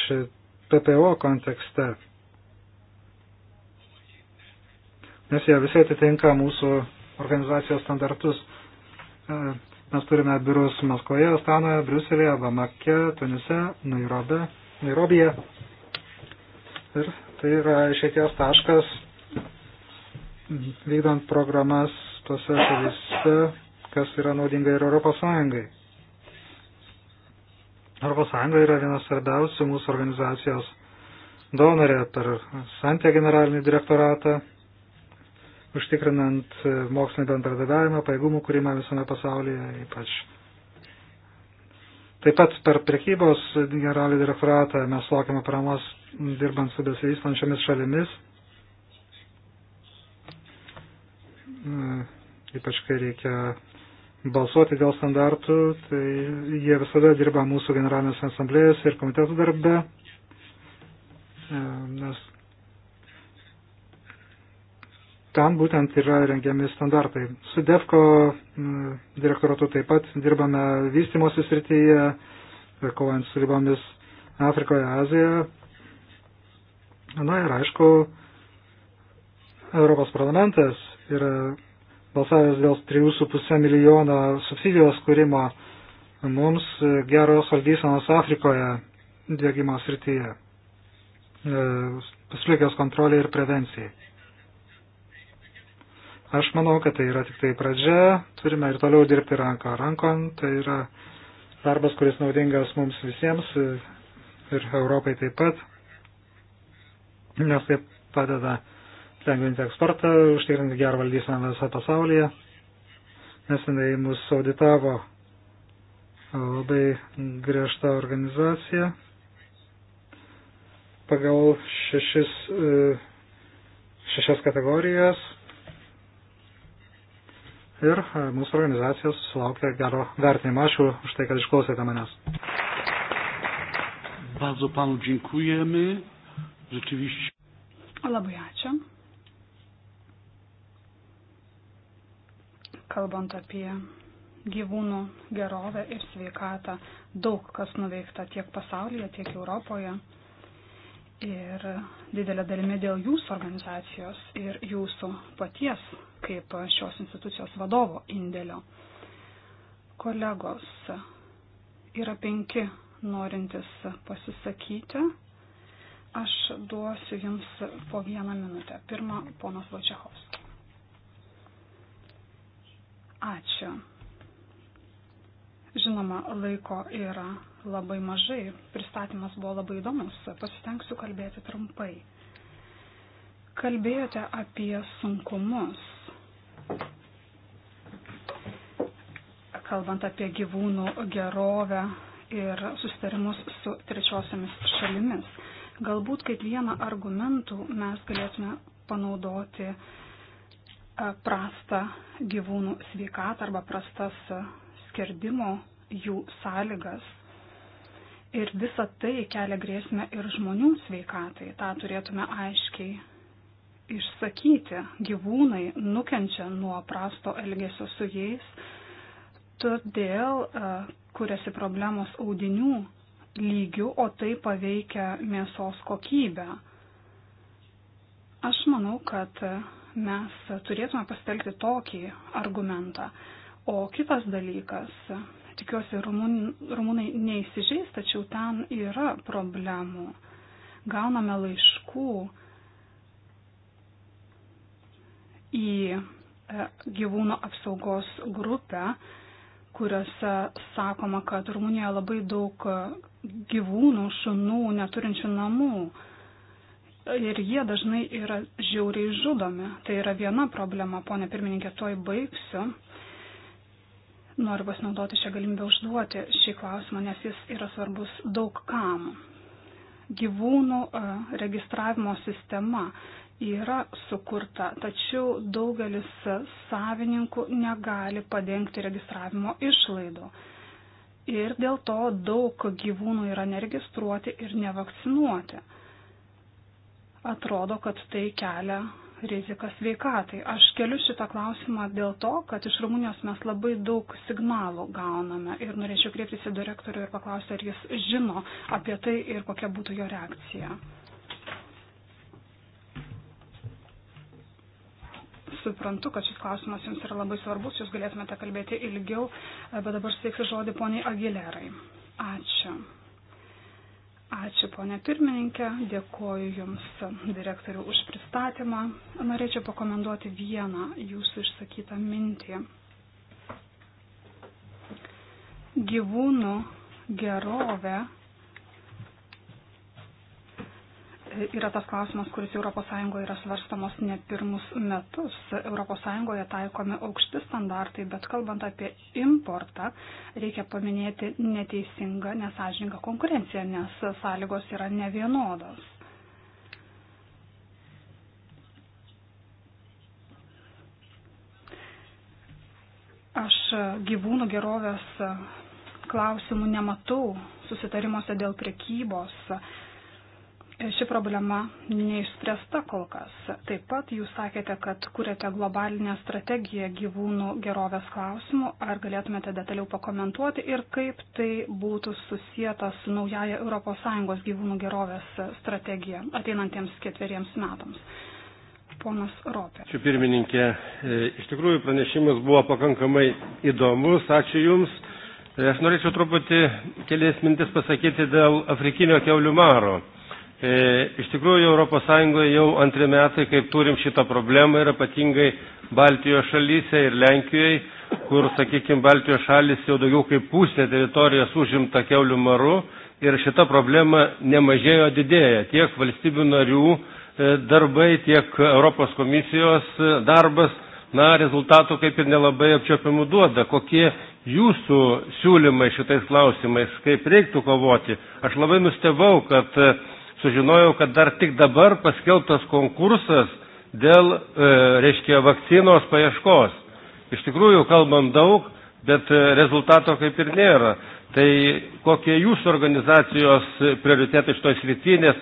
PPO kontekste. Nes jie visi atitinka mūsų organizacijos standartus. E, Mes turime biurus Maskvoje, Astanoje, Briuselėje, Bamake, Tunise, Nairobe, Nairobije. Ir tai yra išėties taškas vykdant programas tose šalyse, kas yra naudinga ir Europos Sąjungai. Europos Sąjunga yra viena svarbiausių mūsų organizacijos donorė per Santė generalinį direktoratą užtikrinant e, mokslinį bendradarbiavimą, pajėgumų kūrimą visame pasaulyje ypač. Taip pat per prekybos generalinį direktoratą mes laukiame paramos dirbant su besivystančiomis šalimis, e, ypač kai reikia balsuoti dėl standartų, tai jie visada dirba mūsų generalinės asamblėjos ir komitetų darbe, e, nes Ten būtent yra rengiami standartai. Su DEFCO direktoratu taip pat dirbame vystimosi srityje, kovojant su ribomis Afrikoje, Azijoje. Na ir aišku, Europos parlamentas yra balsavęs dėl 3,5 milijono subsidijos kūrimo mums geros valdysenos Afrikoje dėgymo srityje, e, pasilikęs kontrolė ir prevencijai. Aš manau, kad tai yra tik tai pradžia, turime ir toliau dirbti ranką rankon, tai yra darbas, kuris naudingas mums visiems ir Europai taip pat, nes tai padeda lengvinti eksportą, užtikrinti gerą valdyseną visą pasaulyje, nes jinai mus auditavo labai griežta organizacija pagal šešis, e, šešias kategorijas ir e, mūsų organizacijos susilaukė gero vertinimo. Ačiū už tai, kad išklausėte manęs. Bardzo panu dziękujemy. Rzeczywiście. Labai ačiū. Kalbant apie gyvūnų gerovę ir sveikatą, daug kas nuveikta tiek pasaulyje, tiek Europoje. Ir didelė dalimi dėl jūsų organizacijos ir jūsų paties kaip šios institucijos vadovo indėlio. Kolegos, yra penki norintys pasisakyti. Aš duosiu jums po vieną minutę. Pirma, ponas Vačiahovs. Ačiū. Žinoma, laiko yra labai mažai. Pristatymas buvo labai įdomus. Pasistengsiu kalbėti trumpai. Kalbėjote apie sunkumus kalbant apie gyvūnų gerovę ir susitarimus su trečiosiamis šalimis. Galbūt kaip vieną argumentų mes galėtume panaudoti e, prastą gyvūnų sveikatą arba prastas e, skerdimo jų sąlygas. Ir visa tai kelia grėsmę ir žmonių sveikatai. Ta turėtume aiškiai išsakyti. Gyvūnai nukenčia nuo prasto elgesio su jais, todėl e, kuriasi problemos audinių lygių, o tai paveikia mėsos kokybę. Aš manau, kad e, mes turėtume pasitelkti tokį argumentą. O kitas dalykas, tikiuosi, rumūnai neįsižeis, tačiau ten yra problemų. Gauname laiškų, į e, gyvūnų apsaugos grupę, kuriuose sakoma, kad Rumunijoje labai daug e, gyvūnų, šunų neturinčių namų. Ir jie dažnai yra žiauriai žudomi. Tai yra viena problema, ponė pirmininkė, toj baigsiu. Noriu pasinaudoti šią galimybę užduoti šį klausimą, nes jis yra svarbus daug kam. Gyvūnų e, registravimo sistema yra sukurta, tačiau daugelis savininkų negali padengti registravimo išlaidų. Ir dėl to daug gyvūnų yra neregistruoti ir nevakcinuoti. Atrodo, kad tai kelia riziką sveikatai. Aš keliu šitą klausimą dėl to, kad iš Rumunijos mes labai daug signalų gauname ir norėčiau kreiptis į direktorių ir paklausti, ar jis žino apie tai ir kokia būtų jo reakcija. suprantu, kad šis klausimas jums yra labai svarbus, jūs galėtumėte kalbėti ilgiau, bet dabar suteiksiu žodį poniai Agilerai. Ačiū. Ačiū, ponė pirmininkė, dėkoju Jums, direktoriu, už pristatymą. Norėčiau pakomenduoti vieną Jūsų išsakytą mintį. Gyvūnų gerovė yra tas klausimas, kuris ES yra svarstamos ne pirmus metus. ES taikomi aukšti standartai, bet kalbant apie importą, reikia paminėti neteisingą, nesažininką konkurenciją, nes sąlygos yra nevienodos. Aš gyvūnų gerovės klausimų nematau susitarimuose dėl prekybos ši problema neišspręsta kol kas. Taip pat jūs sakėte, kad kuriate globalinę strategiją gyvūnų gerovės klausimų. Ar galėtumėte detaliau pakomentuoti ir kaip tai būtų susijęta su naujaja ES gyvūnų gerovės strategija ateinantiems ketveriems metams? Ponas Ropė. Ačiū pirmininkė. E, iš tikrųjų pranešimas buvo pakankamai įdomus. Ačiū Jums. E, aš norėčiau truputį kelias mintis pasakyti dėl afrikinio keulių maro. E, iš tikrųjų, ES jau antri metai, kaip turim šitą problemą ir ypatingai Baltijos šalyse ir Lenkijoje, kur, sakykime, Baltijos šalis jau daugiau kaip pusė teritorijos užimta keulių maru ir šita problema nemažėjo didėja. Tiek valstybių narių e, darbai, tiek Europos komisijos e, darbas, na, rezultatų kaip ir nelabai apčiopiamų duoda. Kokie jūsų siūlymai šitais klausimais, kaip reiktų kovoti? Aš labai nustebau, kad sužinojau, kad dar tik dabar paskelbtas konkursas dėl, e, reiškia, vakcinos paieškos. Iš tikrųjų, kalbam daug, bet e, rezultato kaip ir nėra. Tai kokie jūsų organizacijos prioritetai šitoje srityje, nes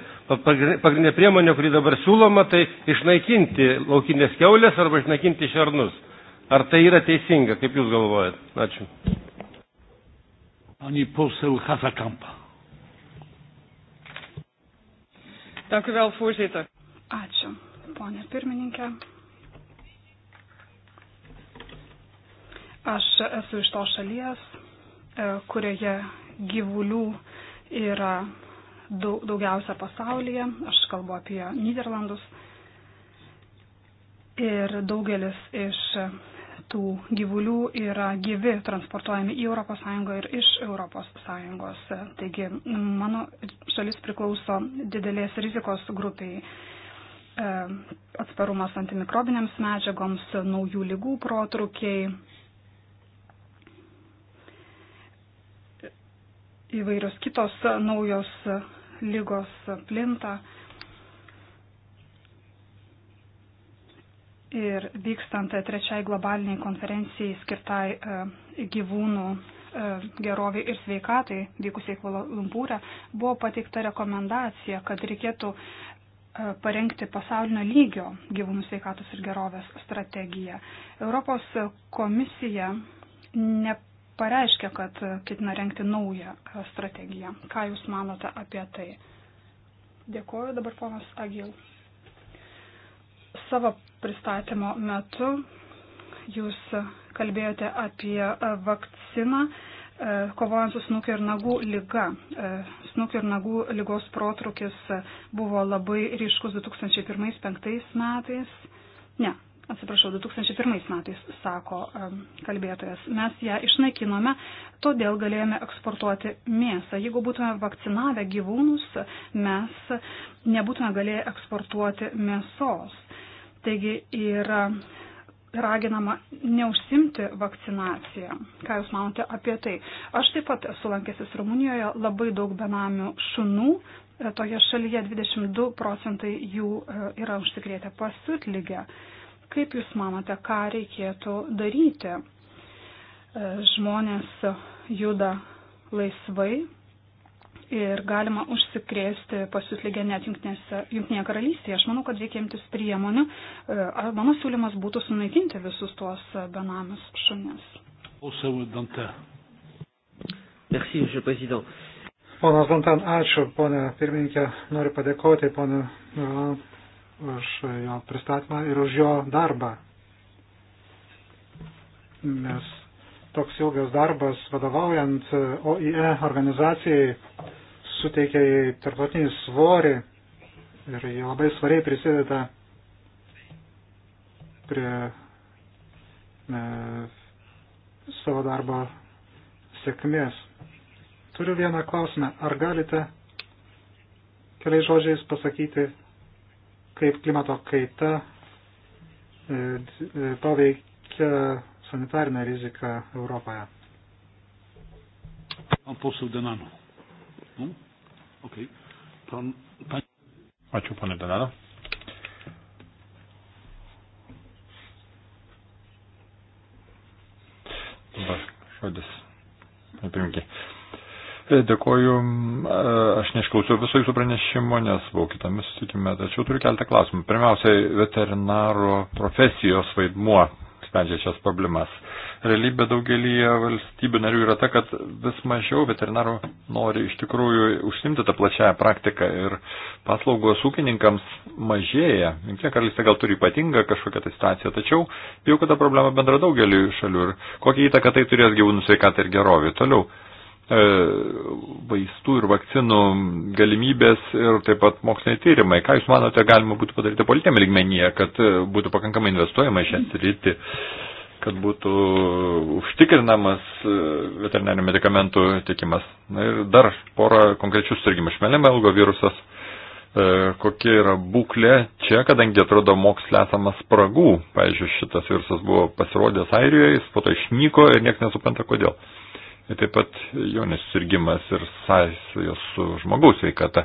pagrindinė priemonė, kuri dabar siūloma, tai išnaikinti laukinės keulės arba išnaikinti šernus. Ar tai yra teisinga, kaip jūs galvojat? Ačiū. Pani posel Hazakampa. Dank u wel, voorzitter. Ačiū, ponė pirmininkė. Aš esu iš tos šalies, e, kurioje gyvulių yra daugiausia pasaulyje. Aš kalbu apie Niderlandus. Ir daugelis iš tų gyvulių yra gyvi, transportuojami į ES ir iš ES. Taigi mano šalis priklauso didelės rizikos grupiai e, atsparumas antimikrobinėms medžiagoms, naujų lygų protrukiai, įvairios kitos naujos lygos plinta. Ir vykstant trečiai globaliniai konferencijai skirtai e, gyvūnų e, geroviai ir sveikatai, vykusiai Kvalumpūrė, buvo pateikta rekomendacija, kad reikėtų e, parengti pasaulinio lygio gyvūnų sveikatos ir gerovės strategiją. Europos komisija nepareiškia, kad ketina rengti naują strategiją. Ką Jūs manote apie tai? Dėkuoju dabar ponas Agil. Savo pristatymo metu jūs kalbėjote apie e, vakciną e, kovojant su snukio ir nagų lyga. E, snukio ir nagų lygos protrukis buvo labai ryškus 2001-2005 metais. Ne, atsiprašau, 2001 metais, sako kalbėtojas. Mes ją išnaikinome, todėl galėjome eksportuoti mėsą. Jeigu būtume vakcinavę gyvūnus, mes nebūtume galėję eksportuoti mėsos. Taigi yra raginama neužsimti vakcinaciją. Ką Jūs manote apie tai? Aš taip pat esu lankęsis Rumunijoje, labai daug benamių šunų. E, toje šalyje 22 procentai jų e, yra užsikrėtę pasiutlygę. Kaip Jūs manote, ką reikėtų daryti? E, žmonės juda laisvai, ir galima užsikrėsti pasiutlygę net Junktinėje karalystėje. Aš manau, kad reikia imtis priemonių. E, mano siūlymas būtų sunaikinti visus tuos e, benamius šunis. Merci, monsieur président. Ponas Dantan, ačiū, ponė pirmininkė. Noriu padėkoti ponė e, už jo pristatymą ir už jo darbą. Nes toks ilgas darbas vadovaujant OIE organizacijai suteikia jai tarptautinį svorį ir jie labai svariai prisideda prie e, savo darbo sėkmės. Turiu vieną klausimą. Ar galite keliais žodžiais pasakyti, kaip klimato kaita e, e, paveikia sanitarinę riziką Europoje? Ant posūdė nano. Hmm? Okay. Pan, pan... Ačiū, ponė Danada. Dabar žodis. Pirmkė. Dėkoju, aš neišklausiau viso jūsų pranešimo, nes buvau kitame susitikime, tačiau turiu keltą klausimų. Pirmiausiai, veterinaro profesijos vaidmuo sprendžia šios problemas. Realybė daugelį valstybių narių yra ta, kad vis mažiau veterinarų nori iš tikrųjų užsimti tą plačiąją praktiką ir paslaugos ūkininkams mažėja. Jungtinė karalystė gal turi ypatingą kažkokią tai situaciją, tačiau jau kada problema bendra daugeliu šalių ir kokią įtaką tai turės gyvūnų sveikatai ir gerovį. Toliau E, vaistų ir vakcinų galimybės ir taip pat moksliniai tyrimai. Ką Jūs manote, galima būtų padaryti politinėme lygmenyje, kad e, būtų pakankamai investuojama šią sritį, kad būtų užtikrinamas e, veterinarių medikamentų tiekimas. Na ir dar porą konkrečių susirgymų. Šmelimelgo virusas, kokia yra būklė čia, kadangi atrodo mokslė esamas spragų. Pavyzdžiui, šitas virusas buvo pasirodęs Airijoje, jis po to išnyko ir niekas nesupranta kodėl. Ir taip pat jo nesirgymas ir sąsajos su žmogaus sveikata.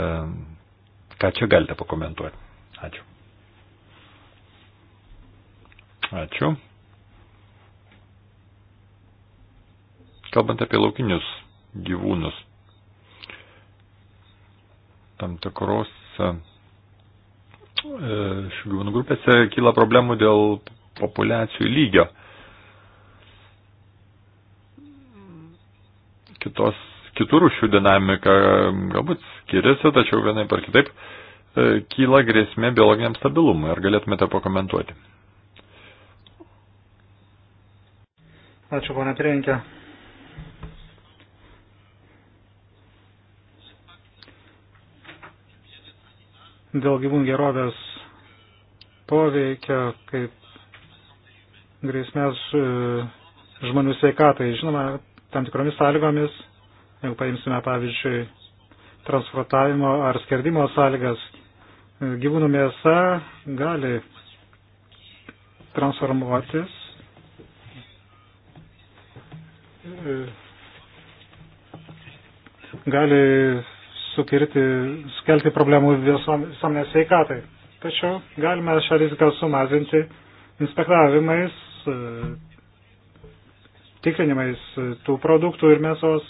E, ką čia galite pakomentuoti? Ačiū. Ačiū. Kalbant apie laukinius gyvūnus, tam tikros e, šių gyvūnų grupėse kyla problemų dėl populiacijų lygio. kitos, kitų rušių dinamika um, galbūt skiriasi, tačiau vienai par kitaip e, kyla grėsmė biologiniam stabilumui. Ar galėtumėte pakomentuoti? Ačiū, ponė Pirinkė. Dėl gyvūnų gerovės poveikia, kaip grėsmės e, žmonių sveikatai. Žinoma, tam tikromis sąlygomis, jeigu paimsime pavyzdžiui transportavimo ar skerdimo sąlygas, e, gyvūnų mėsa gali transformuotis. E, gali sukirti, skelti problemų visuomenės sveikatai. Tačiau galime šią riziką sumažinti inspektavimais, e, tikrinimais tų produktų ir mėsos,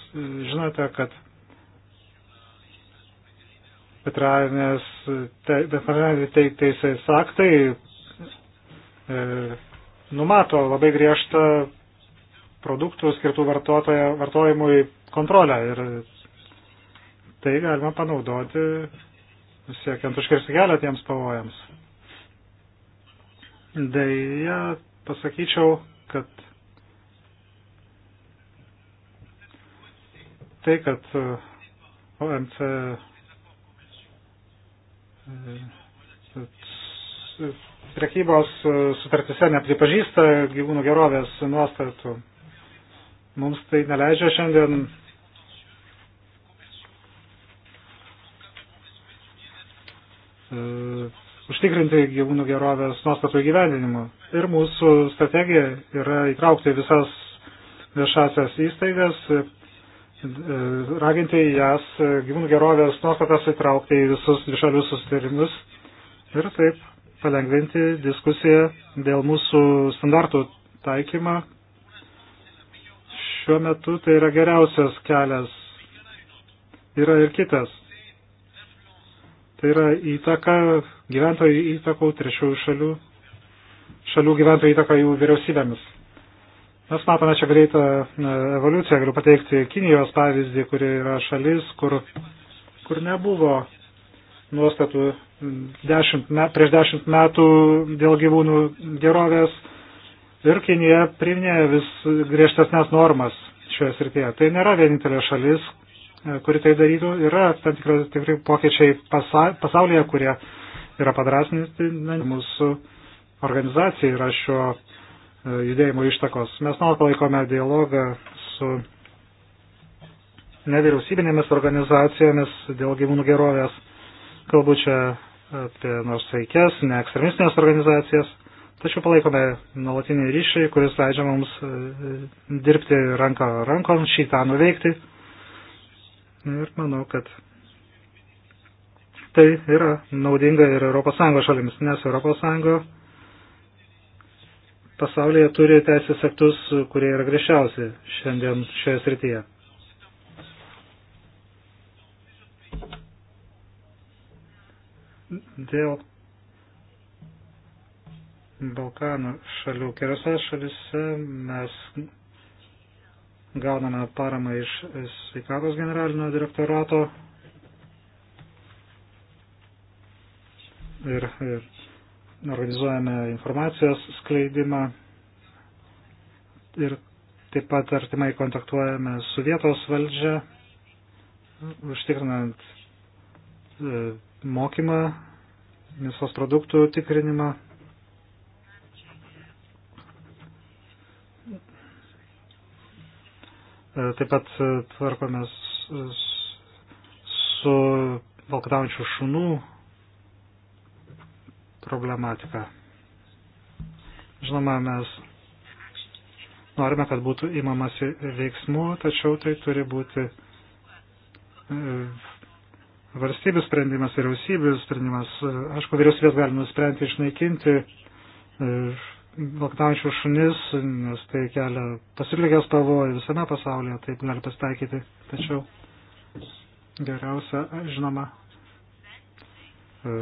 žinote, kad veterinarinės te, te, teisės aktai e, numato labai griežtą produktų skirtų vartotoje, vartojimui kontrolę ir tai galima panaudoti siekiant užkirsti kelią tiems pavojams. Deja, pasakyčiau, kad tai, kad e, OMC e, e, prekybos sutartise nepripažįsta gyvūnų gerovės nuostatų. Mums tai neleidžia šiandien užtikrinti gyvūnų gerovės nuostatų įgyvendinimu. Ir mūsų strategija yra įtraukti visas viešasias įstaigas, raginti jas e, gyvūnų gerovės nuostatas įtraukti į visus dvišalius susitarimus ir taip palengvinti diskusiją dėl mūsų standartų taikymą. Šiuo metu tai yra geriausias kelias. Yra ir kitas. Tai yra įtaka, gyventojų įtakų, trečiųjų šalių, šalių gyventojų įtaka jų vyriausybėmis. Mes matome čia greitą evoliuciją, galiu pateikti Kinijos pavyzdį, kuri yra šalis, kur, kur nebuvo nuostatų dešimt met, prieš dešimt metų dėl gyvūnų gerovės ir Kinija priminėja vis griežtesnės normas šioje srityje. Tai nėra vienintelė šalis, e, kuri tai darytų. Yra tam tikri, tikri pokyčiai pasa, pasaulyje, kurie yra padrasninti. Mūsų organizacija yra šio E, judėjimo ištakos. Mes nuolat palaikome dialogą su nevyriausybinėmis organizacijomis dėl gyvūnų gerovės. Kalbu čia apie nors veikės, ne ekstremistinės organizacijas, tačiau palaikome nuolatinį ryšį, kuris leidžia mums e, dirbti ranką rankom, šitą nuveikti. Ir manau, kad tai yra naudinga ir ES šalims, nes ES pasaulyje turi teisės aktus, kurie yra griežčiausi šiandien šioje srityje. Dėl Balkanų šalių. Keliose šalise mes gauname paramą iš sveikatos generalinio direktorato ir, ir organizuojame informacijos skleidimą ir taip pat artimai kontaktuojame su vietos valdžia, užtikrinant e, mokymą, mėsos produktų tikrinimą. E, taip pat e, tvarkomės su valkataujančių šunų problematiką. Žinoma, mes norime, kad būtų įmamasi veiksmų, tačiau tai turi būti e, valstybių sprendimas, vyriausybių sprendimas. Aišku, vyriausybės gali nusprendti išnaikinti e, valknaujančių šunis, nes tai kelia pasilikęs pavojų visame pasaulyje, taip gali pasitaikyti. Tačiau geriausia, žinoma, e,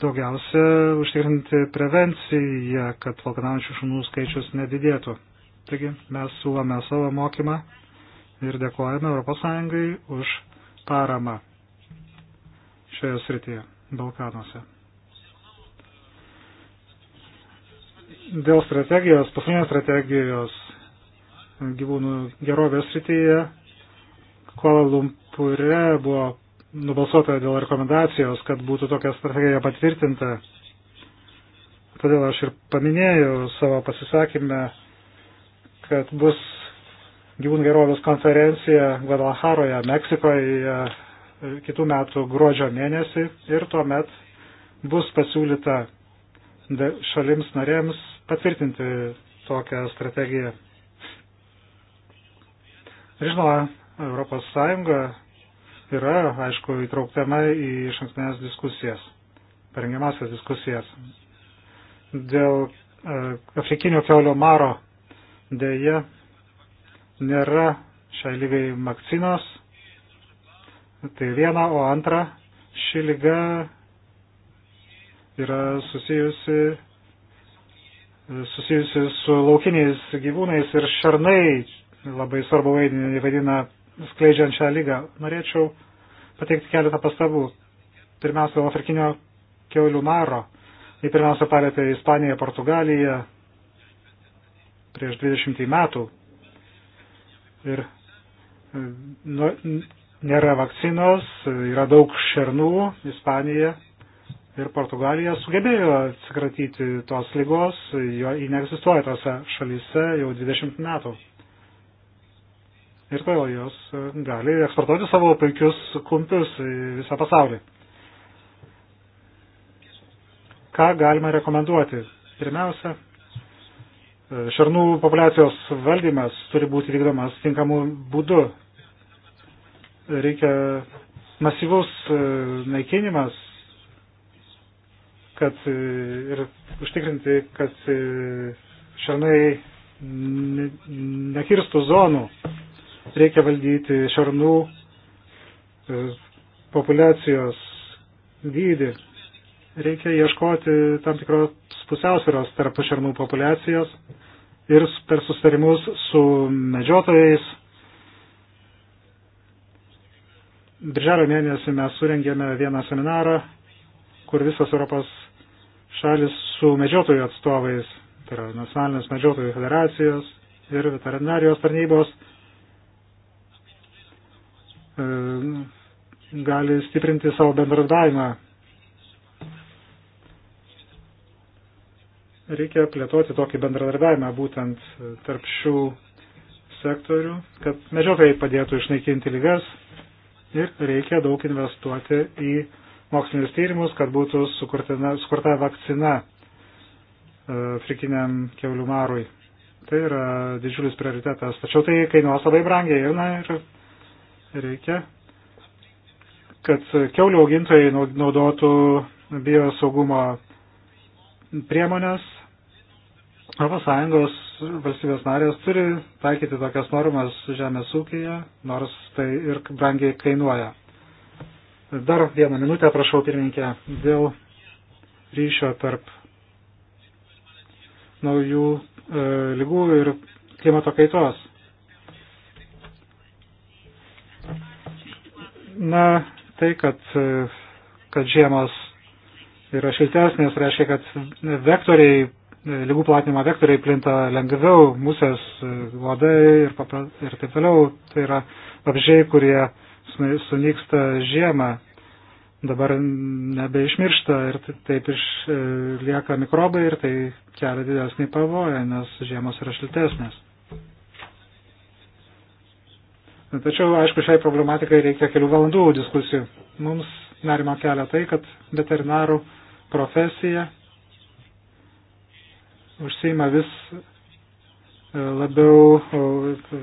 daugiausia užtikrinti prevenciją, kad valkanaujančių šunų skaičius nedidėtų. Taigi mes siūlome savo mokymą ir dėkojame ES už paramą šioje srityje, Balkanuose. Dėl strategijos, pasaulinės strategijos gyvūnų gerovės srityje, Kuala Lumpure buvo nubalsuota dėl rekomendacijos, kad būtų tokia strategija patvirtinta. Todėl aš ir paminėjau savo pasisakymę, kad bus gyvūnų gerovės konferencija Guadalajaroje, Meksikoje e, kitų metų gruodžio mėnesį ir tuomet bus pasiūlyta šalims narėms patvirtinti tokią strategiją. Žinoma, Europos Sąjunga yra, aišku, įtrauktama į išankstinės diskusijas, parengiamasias diskusijas. Dėl e, afrikinio keulio maro dėja nėra šiai lygai vakcinos. Tai viena, o antra, ši lyga yra susijusi, susijusi su laukiniais gyvūnais ir šarnai labai svarbu vaidinį vaidina skleidžiant šią lygą. Norėčiau pateikti keletą pastabų. Pirmiausia, afrikinio keulių maro. Jį pirmiausia palėtė Ispaniją, Portugaliją prieš 20 metų. Ir e, nu, nėra vakcinos, yra daug šernų, Ispanija ir Portugalija sugebėjo atsikratyti tos lygos, jo, ji neegzistuoja tose šalyse jau 20 metų ir todėl jos e, gali eksportuoti savo puikius kumpius į visą pasaulį. Ką galima rekomenduoti? Pirmiausia, e, šarnų populiacijos valdymas turi būti vykdomas tinkamu būdu. Reikia masyvus e, naikinimas, kad ir užtikrinti, kad šarnai nekirstų zonų reikia valdyti šarnų e, populiacijos dydį. Reikia ieškoti tam tikros pusiausvėros tarp šarnų populiacijos ir per sustarimus su medžiotojais. Birželio mėnesį mes surengėme vieną seminarą, kur visos Europos šalis su medžiotojų atstovais, tai yra nacionalinės medžiotojų federacijos ir veterinarijos tarnybos E, gali stiprinti savo bendradavimą. Reikia plėtoti tokį bendradarbiavimą būtent tarp šių sektorių, kad medžiotojai padėtų išnaikinti lygas ir reikia daug investuoti į mokslinius tyrimus, kad būtų sukurtina, sukurta vakcina e, afrikiniam keulių marui. Tai yra didžiulis prioritetas, tačiau tai kainuos labai brangiai. Na, ir reikia, kad keulių augintojai naudotų biosaugumo priemonės. Europos Sąjungos valstybės narės turi taikyti tokias normas žemės ūkėje, nors tai ir brangiai kainuoja. Dar vieną minutę, prašau, pirmininkė, dėl ryšio tarp naujų e, lygų ir klimato kaitos. Na, tai, kad, kad žiemos yra šiltesnės, tai reiškia, kad vektoriai, lygų platinimo vektoriai plinta lengviau, musės, uodai ir, ir taip toliau. Tai yra vabžiai, kurie sunyksta žiemą, dabar nebeišmiršta ir taip išlieka e, mikrobai ir tai kelia didesnį pavoją, nes žiemos yra šiltesnės. Tačiau, aišku, šiai problematikai reikia kelių valandų diskusijų. Mums nerima kelia tai, kad veterinarų profesija užsima vis e, labiau e,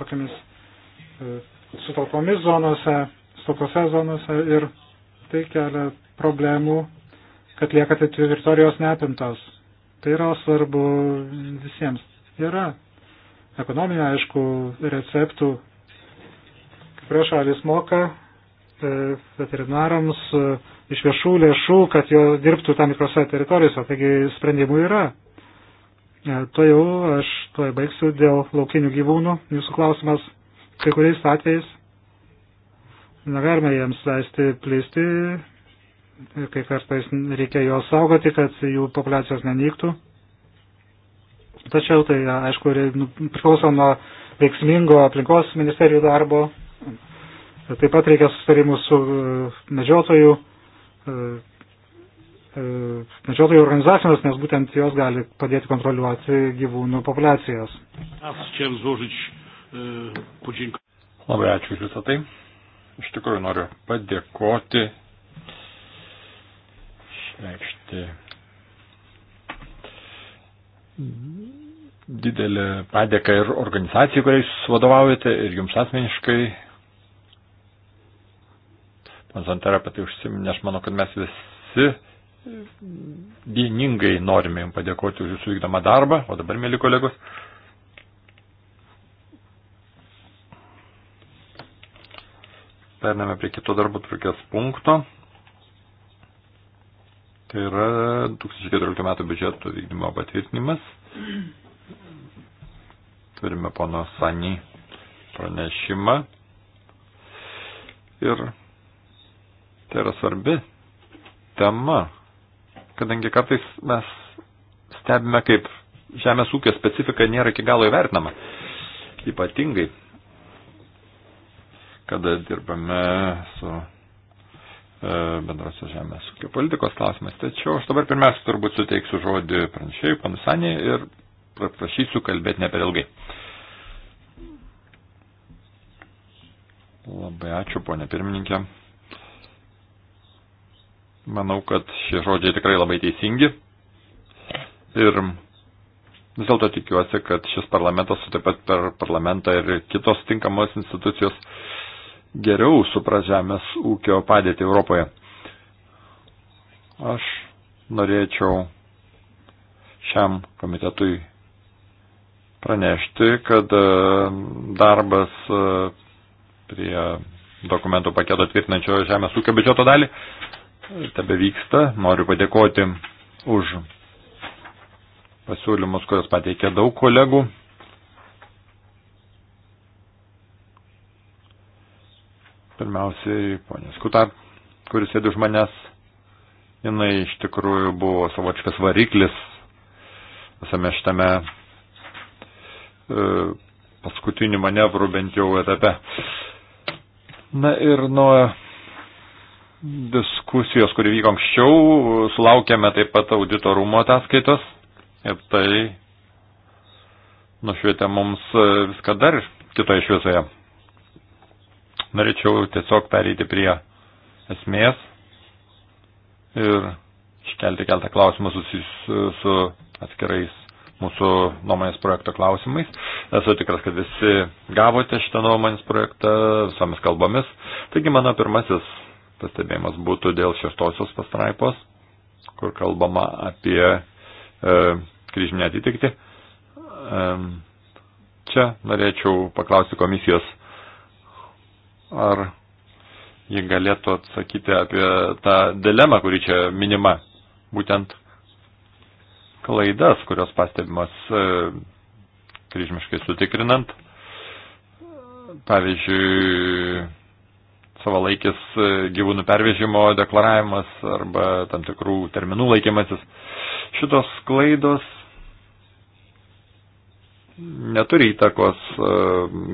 tokiamis e, sutalpomis zonose, stokose zonose ir tai kelia problemų, kad lieka teritorijos neapimtos. Tai yra svarbu visiems. Yra ekonominio, aišku, receptų Kai kurios šalis moka e, veterinarams e, iš viešų lėšų, kad jo dirbtų tam tikrose teritorijose, taigi sprendimų yra. E, to jau aš to baigsiu dėl laukinių gyvūnų. Jūsų klausimas, kai kuriais atvejais negalime jiems leisti plisti, kai kartais reikia juos saugoti, kad jų populiacijos nenyktų. Tačiau tai, aišku, priklauso nuo veiksmingo aplinkos ministerijų darbo Taip pat reikia sustarimų su e, medžiotojų, e, e, medžiotojų organizacijomis, nes būtent jos gali padėti kontroliuoti gyvūnų populiacijas. Labai ačiū už visą tai. Iš tikrųjų noriu padėkoti, išreikšti didelį padėką ir organizacijai, kuriais vadovaujate, ir jums asmeniškai Mazantera apie tai užsiminė, aš manau, kad mes visi vieningai norime jums padėkoti už jūsų vykdomą darbą, o dabar, mėly kolegos, pername prie kito darbo trukės punkto. Tai yra 2014 metų biudžeto vykdymo patvirtinimas. Turime pono Sanį pranešimą. Ir Tai yra svarbi tema, kadangi kartais mes stebime, kaip žemės ūkio specifika nėra iki galo įvertinama. Ypatingai, kada dirbame su e, bendrosios žemės ūkio politikos klausimais. Tačiau aš dabar pirmiausia turbūt suteiksiu žodį pranešėjui, panusanį ir prašysiu kalbėti ne per ilgai. Labai ačiū, ponė pirmininkė. Manau, kad šie žodžiai tikrai labai teisingi. Ir vis dėlto tikiuosi, kad šis parlamentas, taip pat per parlamentą ir kitos tinkamos institucijos geriau supras žemės ūkio padėtį Europoje. Aš norėčiau šiam komitetui pranešti, kad e, darbas e, prie dokumentų paketo tvirtinančio žemės ūkio biudžeto dalį tebe vyksta. Noriu padėkoti už pasiūlymus, kurios pateikė daug kolegų. Pirmiausiai, ponės Kutar, kuris sėdi už manęs, jinai iš tikrųjų buvo savočkas variklis visame šitame e, paskutinių manevrų bent jau etape. Na ir nuo diskusijos, kuri vyko anksčiau, sulaukėme taip pat auditorumo ataskaitos ir tai nušvietė mums viską dar kitoje šviesoje. Norėčiau tiesiog pereiti prie esmės ir iškelti keltą klausimą susijusiu su atskirais mūsų nuomonės projekto klausimais. Esu tikras, kad visi gavote šitą nuomonės projektą visomis kalbomis. Taigi mano pirmasis pastebėjimas būtų dėl šeštosios pastraipos, kur kalbama apie e, kryžminę atitikti. E, čia norėčiau paklausti komisijos, ar ji galėtų atsakyti apie tą dilemą, kuri čia minima, būtent klaidas, kurios pastebimas e, kryžmiškai sutikrinant. Pavyzdžiui, savalaikis e, gyvūnų pervežimo deklaravimas arba tam tikrų terminų laikymasis. Šitos klaidos neturi įtakos e,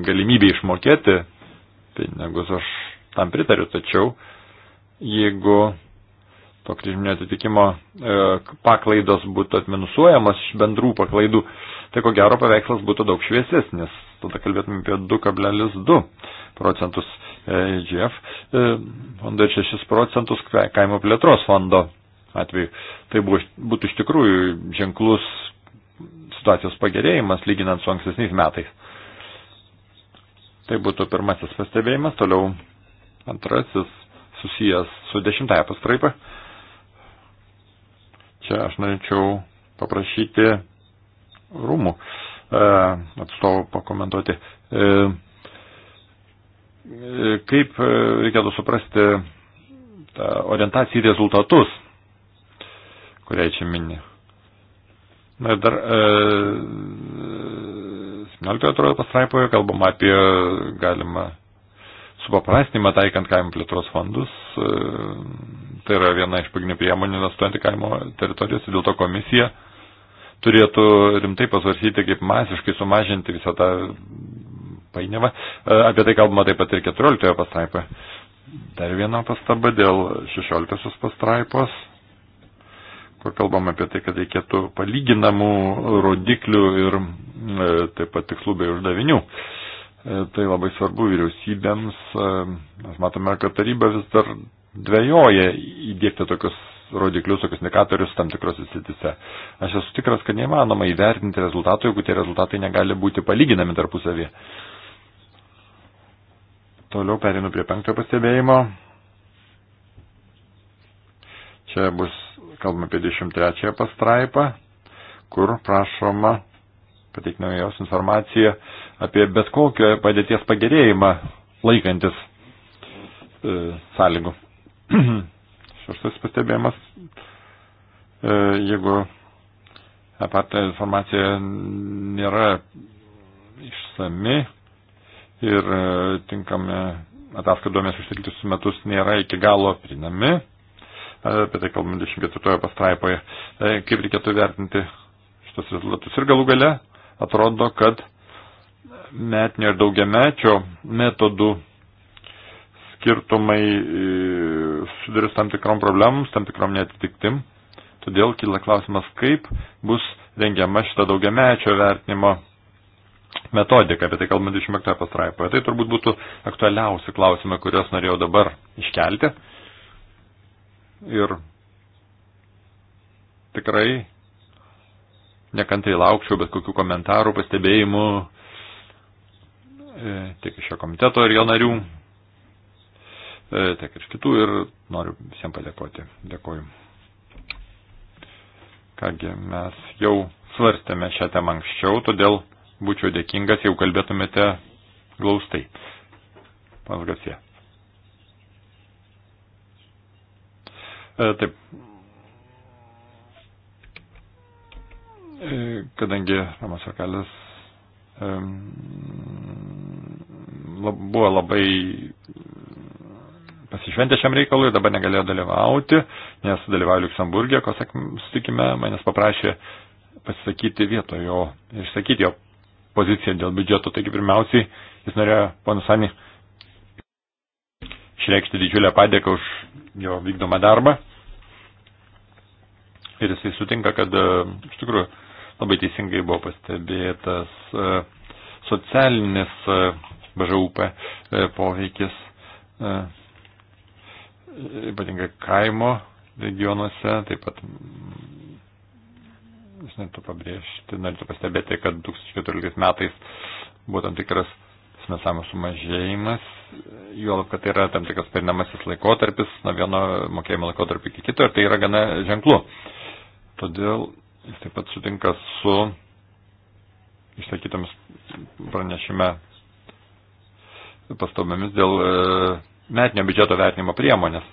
galimybė išmokėti pinigus, aš tam pritariu, tačiau jeigu to kryžminio atitikimo e, paklaidos būtų atminusuojamas iš bendrų paklaidų, tai ko gero paveikslas būtų daug šviesesnis. Tada kalbėtume apie 2,2 procentus IGF, e, e, fondo 6 procentus kaimo plėtros fondo atveju. Tai buvo, būtų iš tikrųjų ženklus situacijos pagerėjimas lyginant su ankstesniais metais. Tai būtų pirmasis pastebėjimas, toliau antrasis susijęs su dešimtąją pastraipą čia aš norėčiau paprašyti rūmų e, atstovų pakomentuoti. E, e kaip reikėtų suprasti tą orientaciją į rezultatus, kurią čia mini. Na ir dar e, 17 atrodo pastraipoje kalbama apie galimą supaprastinimą taikant kaimų plėtros fondus. E, Tai yra viena iš pagrindinių priemonių investuojant į kaimo teritorijas ir dėl to komisija turėtų rimtai pasvarsyti, kaip masiškai sumažinti visą tą painiavą. E, apie tai kalbama taip pat ir 14 pastraipoje. Dar viena pastaba dėl 16 pastraipos, kur kalbam apie tai, kad reikėtų palyginamų rodiklių ir e, taip pat tikslų bei uždavinių. E, tai labai svarbu vyriausybėms. Mes matome, kad taryba vis dar dvėjoja įdėkti tokius rodiklius, tokius indikatorius tam tikrose sitise. Aš esu tikras, kad neįmanoma įvertinti rezultatų, jeigu tie rezultatai negali būti palyginami tarpusavį. Toliau perinu prie penktojo pastebėjimo. Čia bus kalbama apie 23 pastraipą, kur prašoma pateikti naujos informaciją apie bet kokio padėties pagerėjimą laikantis e, sąlygų. Šeštas pastebėjimas, e, jeigu aparta informacija nėra išsami ir e, tinkami ataskaitų duomenys užtikrintus metus nėra iki galo prinami, e, apie tai kalbam 24 pastraipoje, kaip reikėtų vertinti šitos rezultatus. Ir galų gale atrodo, kad metinio ir daugiamečio metodų skirtumai susiduria su tam tikrom problemams, tam tikrom netitiktim. Todėl kyla klausimas, kaip bus rengiama šita daugiamečio vertinimo metodika, apie tai kalbant 25 pastraipoje. Tai turbūt būtų aktualiausi klausimai, kuriuos norėjau dabar iškelti. Ir tikrai nekantai laukčiau bet kokių komentarų, pastebėjimų e, tiek iš šio komiteto ir jo narių, E, tiek ir iš kitų ir noriu visiems padėkoti. Dėkoju. Kągi, mes jau svarstėme šią temą anksčiau, todėl būčiau dėkingas, jeigu kalbėtumėte glaustai. Panas Gasie. E, taip. E, kadangi Ramas Arkalis e, lab, buvo labai pasišventė šiam reikalui, dabar negalėjo dalyvauti, nes dalyvauju Luksemburgė, ko sutikime, manęs paprašė pasisakyti vietojo ir išsakyti jo poziciją dėl biudžeto. Taigi pirmiausiai jis norėjo, ponas Sani, išreikšti didžiulę padėką už jo vykdomą darbą. Ir jisai sutinka, kad e, iš tikrųjų labai teisingai buvo pastebėtas e, socialinis e, BŽUP poveikis ypatingai kaimo regionuose, taip pat aš norėtų pabrėžti, norėtų pastebėti, kad 2014 metais buvo tam tikras finansavimo sumažėjimas, juolab, kad tai yra tam tikras perinamasis laikotarpis, nuo vieno mokėjimo laikotarpio iki kito ir tai yra gana ženklu. Todėl jis taip pat sutinka su išsakytomis pranešime pastobomis dėl e, metinio biudžeto vertinimo priemonės.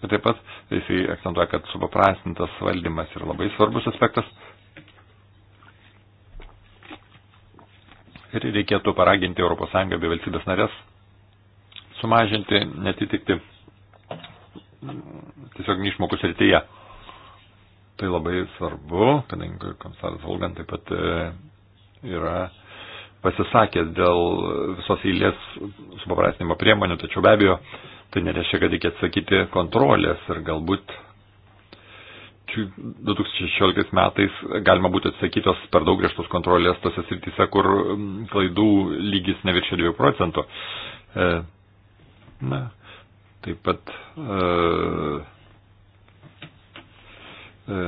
Ir taip pat jisai akcentuoja, kad supaprastintas valdymas yra labai svarbus aspektas. Ir reikėtų paraginti ES bei valstybės narės sumažinti netitikti tiesiog neišmokų srityje. Tai labai svarbu, kadangi komisaras Volgan taip pat e, yra pasisakė dėl visos eilės supaprastinimo priemonių, tačiau be abejo, tai nereiškia, kad reikia atsakyti kontrolės ir galbūt 2016 metais galima būtų atsakytos per daug griežtos kontrolės tose srityse, kur klaidų lygis neviršia 2 procentų. E, na, taip pat. E, e,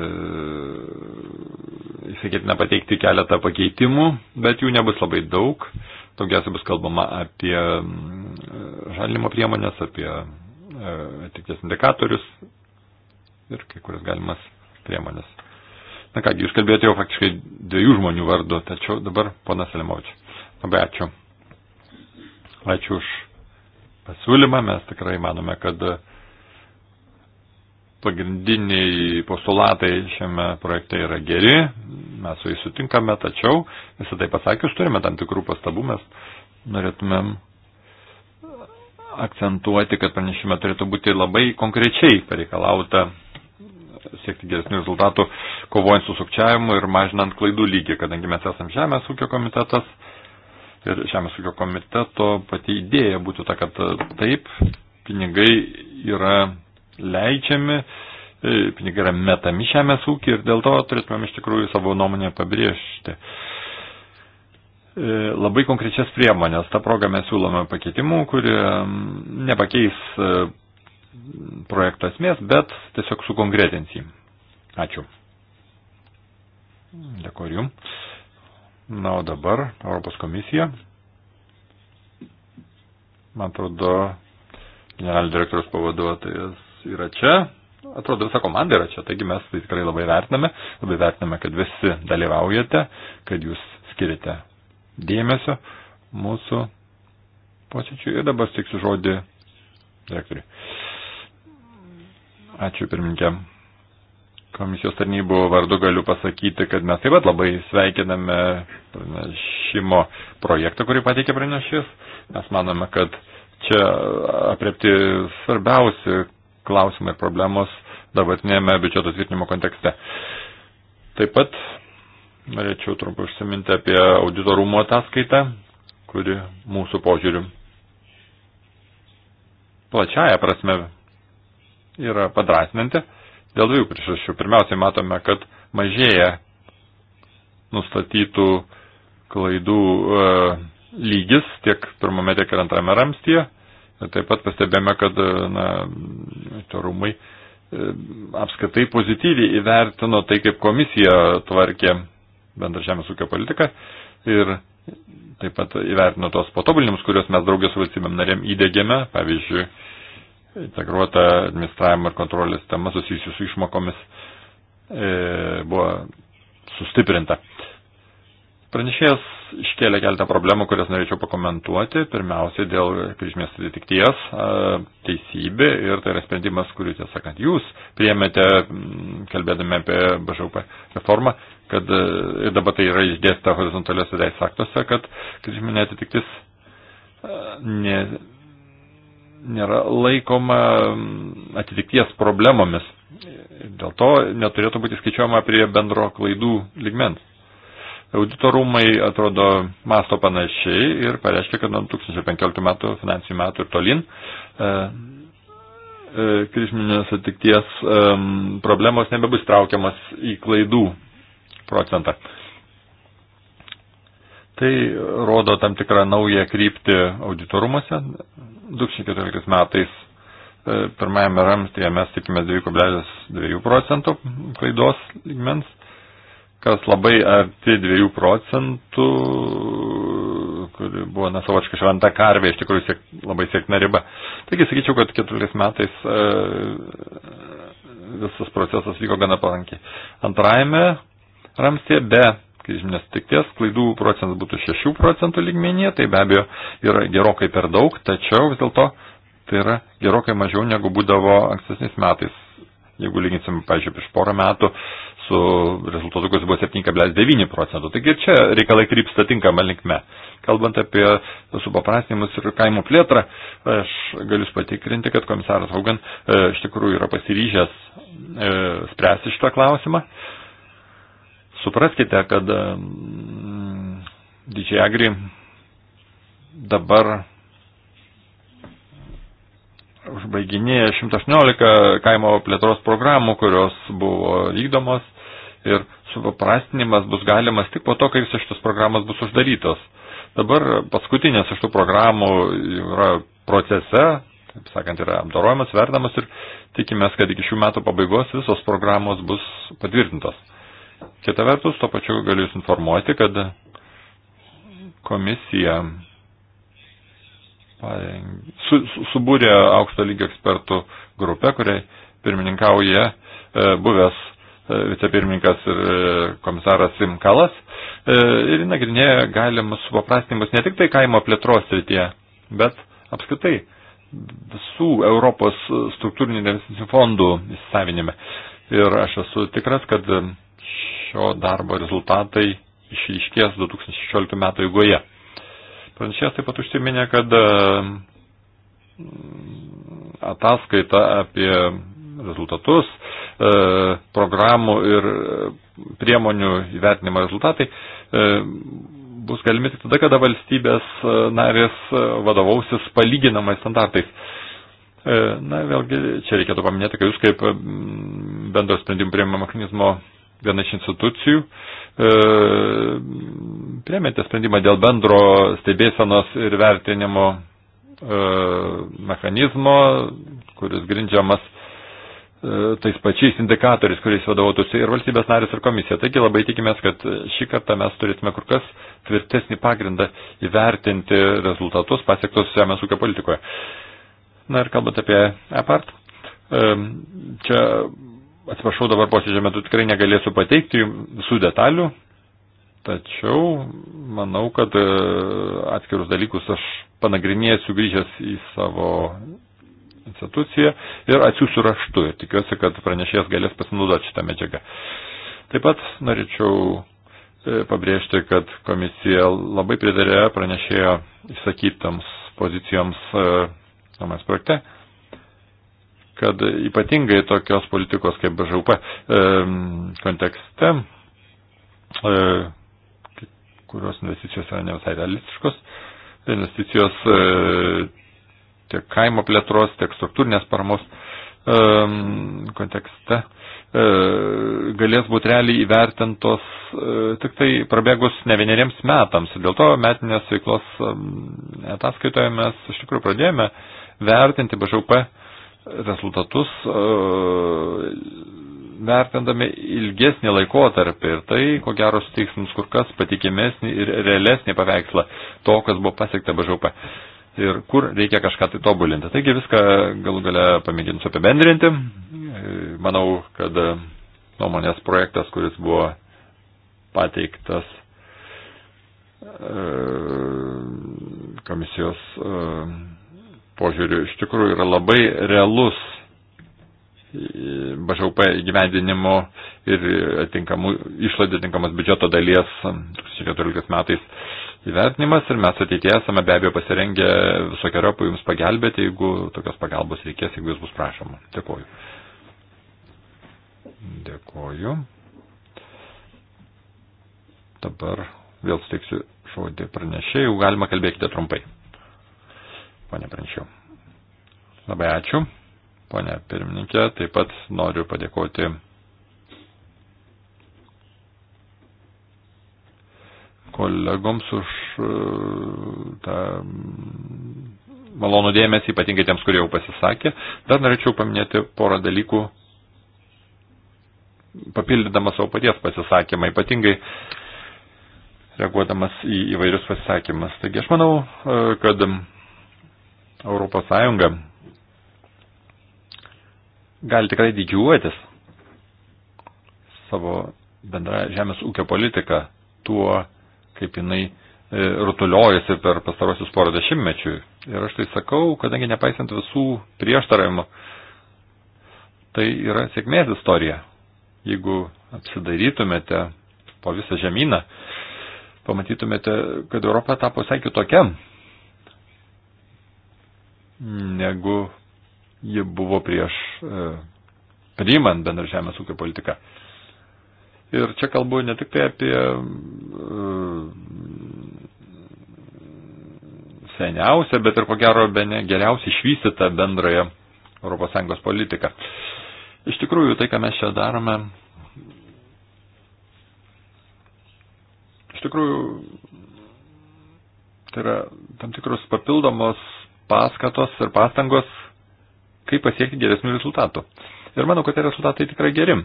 jis ketina pateikti keletą pakeitimų, bet jų nebus labai daug. Daugiausia bus kalbama apie mm, žalinimo priemonės, apie e, ateities indikatorius ir kai kurias galimas priemonės. Na kągi, jūs kalbėjote jau faktiškai dviejų žmonių vardu, tačiau dabar ponas Elimovičius. Labai ačiū. Ačiū už pasiūlymą, mes tikrai manome, kad uh, pagrindiniai postulatai šiame projekte yra geri, mes su jais sutinkame, tačiau visą tai pasakius turime tam tikrų pastabų, mes norėtumėm akcentuoti, kad pranešime turėtų būti labai konkrečiai pareikalauta siekti geresnių rezultatų, kovojant su sukčiavimu ir mažinant klaidų lygį, kadangi mes esam Žemės ūkio komitetas ir Žemės ūkio komiteto pati idėja būtų ta, kad taip, pinigai yra leidžiami, e, pinigai yra metami žemės ūkį ir dėl to turėtumėm iš tikrųjų savo nuomonę pabrėžti. E, labai konkrečias priemonės. Ta proga mes siūlome pakeitimų, kurie nepakeis e, projekto esmės, bet tiesiog sukonkretins jį. Ačiū. Dėkuoju Jums. Na, o dabar Europos komisija. Man atrodo, generalinio direktoriaus pavaduotojas yra čia, atrodo, visa komanda yra čia, taigi mes tai tikrai labai vertiname, labai vertiname, kad visi dalyvaujate, kad jūs skirite dėmesio mūsų posėdžiui. Ir dabar stiksiu žodį direktoriui. Ačiū pirmininkė. Komisijos tarnybų vardu galiu pasakyti, kad mes taip pat labai sveikiname pranešimo projektą, kurį pateikė pranešys. Mes manome, kad čia apriepti svarbiausi klausimai ir problemos dabartinėme biudžeto tvirtinimo kontekste. Taip pat norėčiau trumpai užsiminti apie auditorumo ataskaitą, kuri mūsų požiūriu plačiaja prasme yra padrasinanti. Dėl dviejų priežasčių. Pirmiausiai matome, kad mažėja nustatytų klaidų e, lygis tiek pirmame, tiek ir antrame ramstyje. Taip pat pastebėjome, kad e, na, rūmai e, apskaitai pozityviai įvertino tai, kaip komisija tvarkė bendrą žemės ūkio politiką ir taip pat įvertino tos patobulinimus, kuriuos mes draugės su valstybėm narėm įdėgėme, pavyzdžiui, integruota administravimo ir kontrolės tema susijusi su išmokomis e, buvo sustiprinta. Pranešėjas iškėlė keletą problemų, kurias norėčiau pakomentuoti. Pirmiausiai dėl kryžmės atitikties, teisybė ir tai yra sprendimas, kurį tiesą sakant jūs priemėte, kalbėdami apie BŽP reformą, kad e, ir dabar tai yra išdėsta horizontaliuose teisės aktuose, kad kryžminė atitiktis ne, nėra laikoma atitikties problemomis. Dėl to neturėtų būti skaičiuojama prie bendro klaidų ligmens. Auditorumai atrodo masto panašiai ir pareiškia, kad nuo 2015 metų finansinių metų ir tolin e, e, kryžminės atikties e, problemos nebebus traukiamas į klaidų procentą. Tai rodo tam tikrą naują kryptį auditorumuose. 2014 metais pirmajame ramstėje mes tikimės 2,2 procentų klaidos lygmens kas labai arti 2 procentų, kuri buvo nesavočka šventa karvė, iš tikrųjų siek, labai siekna riba. Taigi sakyčiau, kad 14 metais e, visas procesas vyko gana palankiai. Antrajame ramstė be kryžminės tikties klaidų procentas būtų 6 procentų lygmenyje, tai be abejo yra gerokai per daug, tačiau vis dėlto tai yra gerokai mažiau negu būdavo ankstesniais metais. Jeigu lyginsim, pažiūrėjau, prieš porą metų su rezultatu, kuris buvo 7,9 procentų. Taigi čia reikalai krypsta tinkama linkme. Kalbant apie supaprastinimus ir kaimo plėtrą, aš galiu patikrinti, kad komisaras Haugan e, iš tikrųjų yra pasiryžęs e, spręsti šitą klausimą. Supraskite, kad e, Didžiai Agri dabar užbaiginėja 118 kaimo plėtros programų, kurios buvo vykdomos ir supaprastinimas bus galimas tik po to, kai visos šitos programos bus uždarytos. Dabar paskutinės iš tų programų yra procese, taip sakant, yra apdarojamas, verdamas ir tikimės, kad iki šių metų pabaigos visos programos bus patvirtintos. Kita vertus, to pačiu galiu Jūs informuoti, kad komisija su, su, subūrė aukšto lygio ekspertų grupę, kuriai pirmininkauja e, buvęs vicepirmininkas ir e, komisaras Simkalas e, ir nagrinėja galimus supaprastinimus ne tik tai kaimo plėtros srityje, bet apskritai visų Europos struktūrinių investicinių fondų įsisavinime. Ir aš esu tikras, kad šio darbo rezultatai išryškės 2016 metų eigoje. Pranešėjas taip pat užsiminė, kad e, ataskaita apie rezultatus E, programų ir e, priemonių įvertinimo rezultatai e, bus galimi tik tada, kada valstybės narės vadovausis palyginamais standartais. Na, vėlgi, čia reikėtų paminėti, kad jūs kaip bendro sprendimų prieimimo mechanizmo viena iš institucijų e, priemėte sprendimą dėl bendro stebėsenos ir vertinimo e, mechanizmo, kuris grindžiamas e, tais pačiais indikatoriais, kuriais vadovautųsi ir valstybės narės, ir komisija. Taigi labai tikimės, kad šį kartą mes turėsime kur kas tvirtesnį pagrindą įvertinti rezultatus pasiektus žemės ūkio politikoje. Na ir kalbant apie apart, čia atsiprašau dabar posėdžio metu tikrai negalėsiu pateikti visų detalių, tačiau manau, kad e, atskirus dalykus aš panagrinėsiu grįžęs į savo instituciją ir atsiųsiu raštu ir tikiuosi, kad pranešėjas galės pasinaudoti šitą medžiagą. Taip pat norėčiau e, pabrėžti, kad komisija labai pridarė pranešėjo įsakytams pozicijoms e, namės projekte, kad ypatingai tokios politikos kaip BŽUP e, kontekste, kurios investicijos yra ne visai realistiškos, investicijos tiek kaimo plėtros, tiek struktūrinės paramos ehm, kontekste ehm, galės būti realiai įvertintos ehm, tik tai prabėgus ne vieneriems metams. Dėl to metinės veiklos ataskaitoje mes iš tikrųjų pradėjome vertinti BŽP rezultatus, vertindami ilgesnį laikotarpį ir tai, ko gero, suteiks mums kur kas patikimesnį ir realesnį paveikslą to, kas buvo pasiekta BŽP ir kur reikia kažką tai tobulinti. Taigi viską galų gale pamėginsiu apibendrinti. Manau, kad nuomonės projektas, kuris buvo pateiktas e, komisijos e, požiūriu, iš tikrųjų yra labai realus e, BŽP įgyvendinimo ir atinkamų, išlaidų atinkamas biudžeto dalies 2014 metais įvertinimas ir mes ateityje esame be abejo pasirengę visokiojopai jums pagelbėti, jeigu tokios pagalbos reikės, jeigu jūs bus prašoma. Dėkuoju. Dėkuoju. Dabar vėl steiksiu žodį pranešėjų, galima kalbėkite trumpai. Pone pranešiau. Labai ačiū. Pone pirmininkė, taip pat noriu padėkoti kolegoms už e, tą malonų dėmesį, ypatingai tiems, kurie jau pasisakė. Dar norėčiau paminėti porą dalykų, papildydama savo paties pasisakymą, ypatingai reaguodamas į įvairius pasisakymus. Taigi aš manau, e, kad Europos Sąjunga gali tikrai didžiuotis savo bendra žemės ūkio politika tuo, kaip jinai e, rutuliojasi per pastarosius porą dešimtmečių. Ir aš tai sakau, kadangi nepaisant visų prieštaravimų, tai yra sėkmės istorija. Jeigu apsidarytumėte po visą žemyną, pamatytumėte, kad Europa tapo visai kitokiam, negu ji buvo prieš e, priimant bendrą žemės ūkio politiką. Ir čia kalbu ne tik tai apie e, seniausią, bet ir ko gero bene geriausiai išvystytą bendrąją ES politiką. Iš tikrųjų, tai, ką mes čia darome, iš tikrųjų, tai yra tam tikros papildomos paskatos ir pastangos, kaip pasiekti geresnių rezultatų. Ir manau, kad tie rezultatai tikrai geri.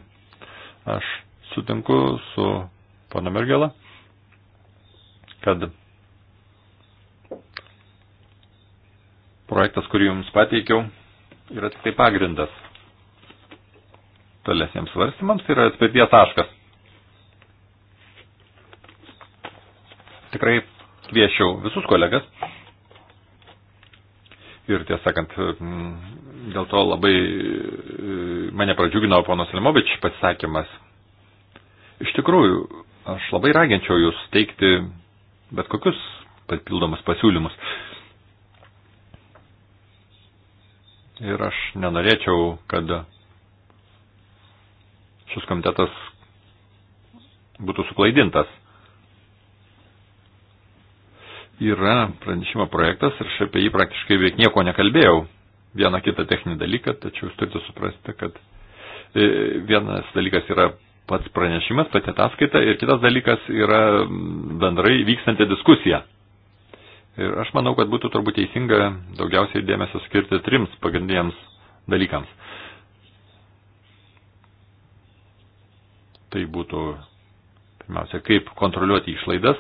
Aš sutinku su pana Mergela, kad projektas, kurį jums pateikiau, yra tik tai pagrindas tolesniems svarstymams, tai yra atspirties taškas. Tikrai kviečiau visus kolegas ir tiesą sakant, mm, dėl to labai e, mane pradžiugino ponos Limovič pasisakymas Iš tikrųjų, aš labai raginčiau jūs teikti bet kokius papildomus pasiūlymus. Ir aš nenorėčiau, kad šis komitetas būtų suklaidintas. Yra pranešimo projektas ir šiaip apie jį praktiškai beveik nieko nekalbėjau. Vieną kitą techninį dalyką, tačiau jūs turite suprasti, kad e, vienas dalykas yra pats pranešimas, pati ataskaita ir kitas dalykas yra bendrai vykstanti diskusija. Ir aš manau, kad būtų turbūt teisinga daugiausiai dėmesio skirti trims pagrindiniams dalykams. Tai būtų, pirmiausia, kaip kontroliuoti išlaidas.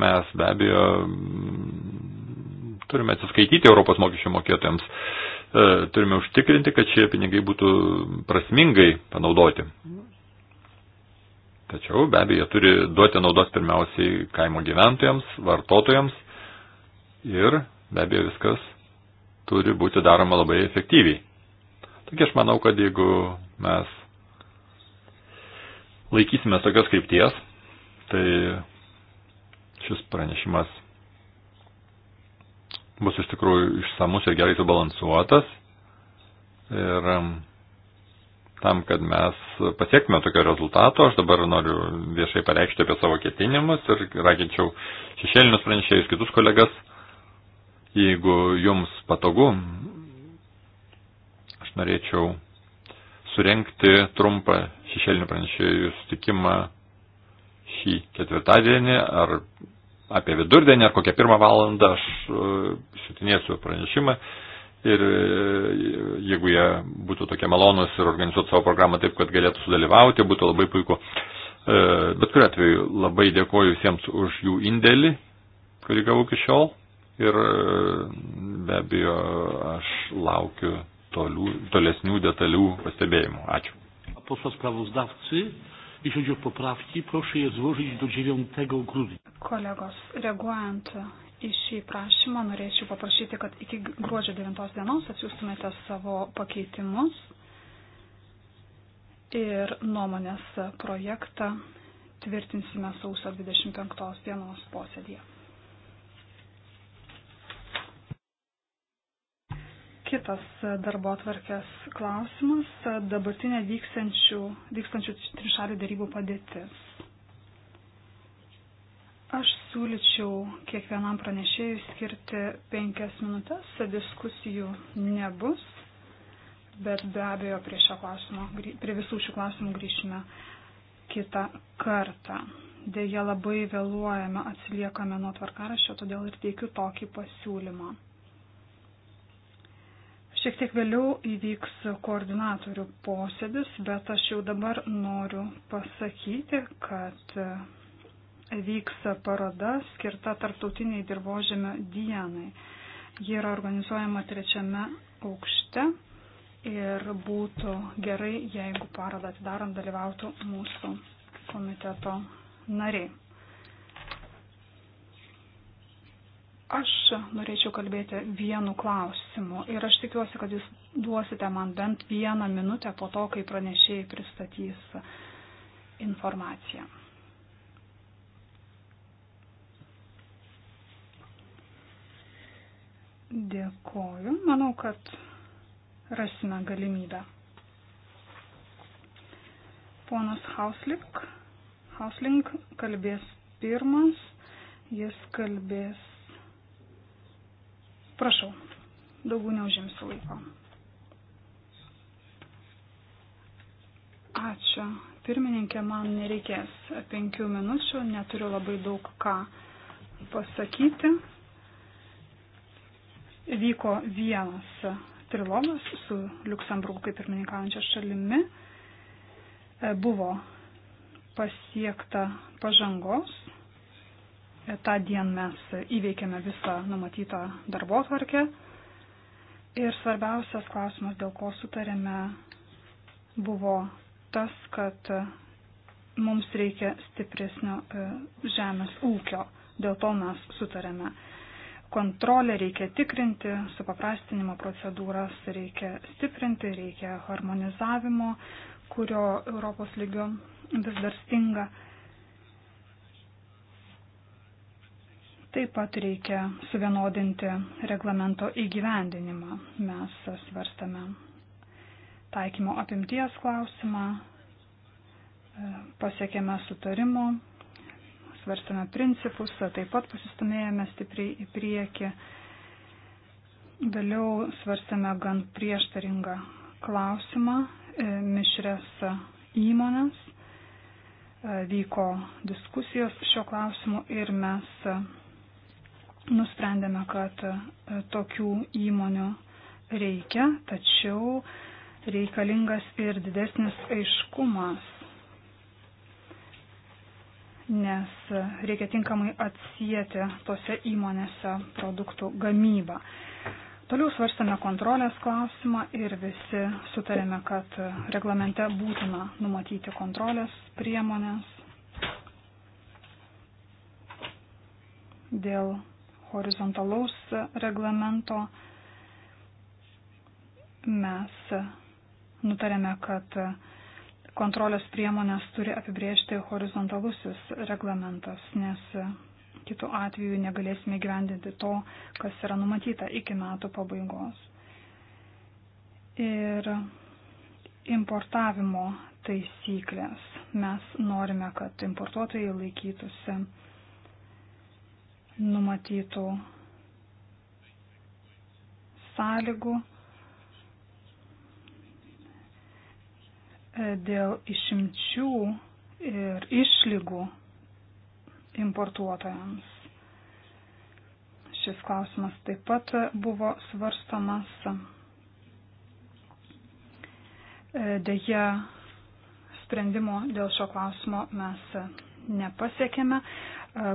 Mes be abejo mm, turime atsiskaityti Europos mokesčių mokėtojams, e, turime užtikrinti, kad šie pinigai būtų prasmingai panaudoti. Tačiau be abejo turi duoti naudos pirmiausiai kaimo gyventojams, vartotojams ir be abejo viskas turi būti daroma labai efektyviai. Taigi aš manau, kad jeigu mes laikysime tokios krypties, tai šis pranešimas bus iš tikrųjų išsamus ir gerai subalansuotas. Ir tam, kad mes pasiektume tokio rezultato. Aš dabar noriu viešai pareikšti apie savo ketinimus ir raginčiau šešėlinius pranešėjus kitus kolegas, jeigu jums patogu, aš norėčiau surenkti trumpą šešėlinių pranešėjų sutikimą šį ketvirtadienį ar apie vidurdienį ar kokią pirmą valandą aš e, šitinėsiu pranešimą ir e, jeigu jie būtų tokie malonus ir organizuotų savo programą taip, kad galėtų sudalyvauti, būtų labai puiku. E, bet kuriu atveju labai dėkoju visiems už jų indėlį, kurį gavau iki šiol ir e, be abejo aš laukiu tolių, tolesnių detalių pastebėjimų. Ačiū. Kolegos, reaguojant į šį prašymą norėčiau paprašyti, kad iki gruodžio 9 dienos atsiųstumėte savo pakeitimus ir nuomonės projektą tvirtinsime sausio 25 dienos posėdėje. Kitas darbo atvarkės klausimas - dabartinė vykstančių, vykstančių trišalių darybų padėtis. Aš siūlyčiau kiekvienam pranešėjui skirti penkias minutės, diskusijų nebus, bet be abejo prie, klausimo, prie visų šių klausimų grįšime kitą kartą. Deja, labai vėluojame, atsiliekame nuo tvarkaraščio, todėl ir teikiu tokį pasiūlymą. Šiek tiek vėliau įvyks koordinatorių posėdis, bet aš jau dabar noriu pasakyti, kad vyks paroda skirta tarptautiniai dirbožėmio dienai. Ji yra organizuojama trečiame aukšte ir būtų gerai, jeigu parodą atidarant dalyvautų mūsų komiteto nariai. Aš norėčiau kalbėti vienu klausimu ir aš tikiuosi, kad jūs duosite man bent vieną minutę po to, kai pranešėjai pristatys informaciją. Dėkoju. Manau, kad rasime galimybę. Ponas Hauslik, Hausling kalbės pirmas, jis kalbės. Prašau, daugiau neužimsiu laiko. Ačiū. Pirmininkė, man nereikės penkių minučių, neturiu labai daug ką pasakyti vyko vienas trilogas su Luksemburgu kaip pirmininkaujančia šalimi. E, buvo pasiekta pažangos. E, Ta dien mes įveikėme visą numatytą darbo tvarkę. Ir svarbiausias klausimas, dėl ko sutarėme, buvo tas, kad mums reikia stipresnio e, žemės ūkio. Dėl to mes sutarėme kontrolę reikia tikrinti, supaprastinimo procedūras reikia stiprinti, reikia harmonizavimo, kurio Europos lygio vis dar stinga. Taip pat reikia suvienodinti reglamento įgyvendinimą. Mes svarstame taikymo apimties klausimą, pasiekėme sutarimo svarstame principus, taip pat pasistumėjome stipriai į priekį. Vėliau svarstame gan prieštaringą klausimą e, mišrės įmonės. E, vyko diskusijos šio klausimu ir mes e, nusprendėme, kad tokių įmonių reikia, tačiau reikalingas ir didesnis aiškumas nes reikia tinkamai atsijėti tose įmonėse produktų gamybą. Toliau svarstame kontrolės klausimą ir visi sutarėme, kad reglamente būtina numatyti kontrolės priemonės dėl horizontalaus reglamento. Mes nutarėme, kad kontrolės priemonės turi apibriežti horizontalusis reglamentas, nes kitų atveju negalėsime gyvendinti to, kas yra numatyta iki metų pabaigos. Ir importavimo taisyklės. Mes norime, kad importuotojai laikytųsi numatytų sąlygų E, dėl išimčių ir išlygų importuotojams. Šis klausimas taip pat buvo svarstomas. E, Deja, sprendimo dėl šio klausimo mes nepasiekėme. E,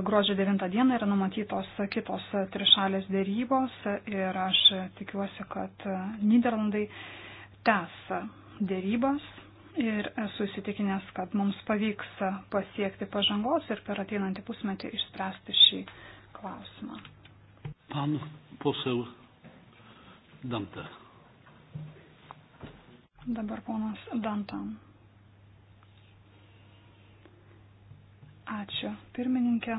gruodžio 9 dieną yra numatytos kitos trišalės dėrybos ir aš tikiuosi, kad Niderlandai tęs dėrybas Ir esu įsitikinęs, kad mums pavyks pasiekti pažangos ir per ateinantį pusmetį išspręsti šį klausimą. Pan posel Dante. Dabar ponas Dantan. Ačiū, pirmininkė.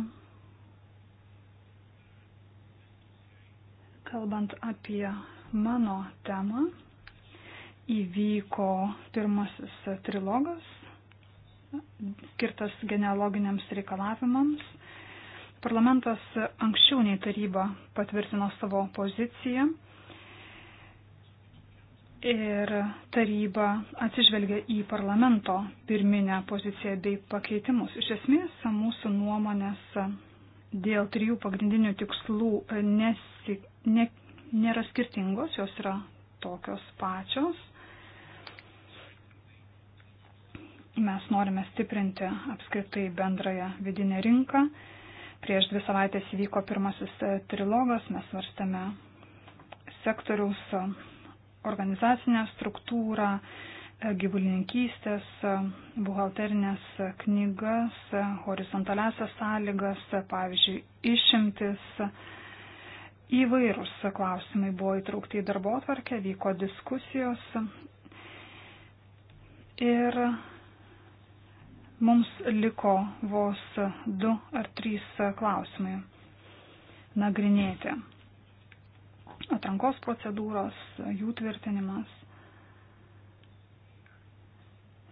Kalbant apie mano temą, įvyko pirmasis trilogas, skirtas genealoginiams reikalavimams. Parlamentas anksčiau nei taryba patvirtino savo poziciją ir taryba atsižvelgia į parlamento pirminę poziciją bei pakeitimus. Iš esmės, mūsų nuomonės dėl trijų pagrindinių tikslų nesi, ne, nėra skirtingos, jos yra tokios pačios Mes norime stiprinti apskritai bendrąją vidinę rinką. Prieš dvi savaitės įvyko pirmasis e, trilogas, mes varstame sektoriaus e, organizacinę struktūrą, e, gyvulininkystės, buhalterinės knygas, horizontalesias sąlygas, pavyzdžiui, išimtis. Įvairūs klausimai buvo įtraukti į darbo atvarkę, vyko diskusijos ir Mums liko vos du ar trys klausimai nagrinėti. Atrankos procedūros, jų tvirtinimas.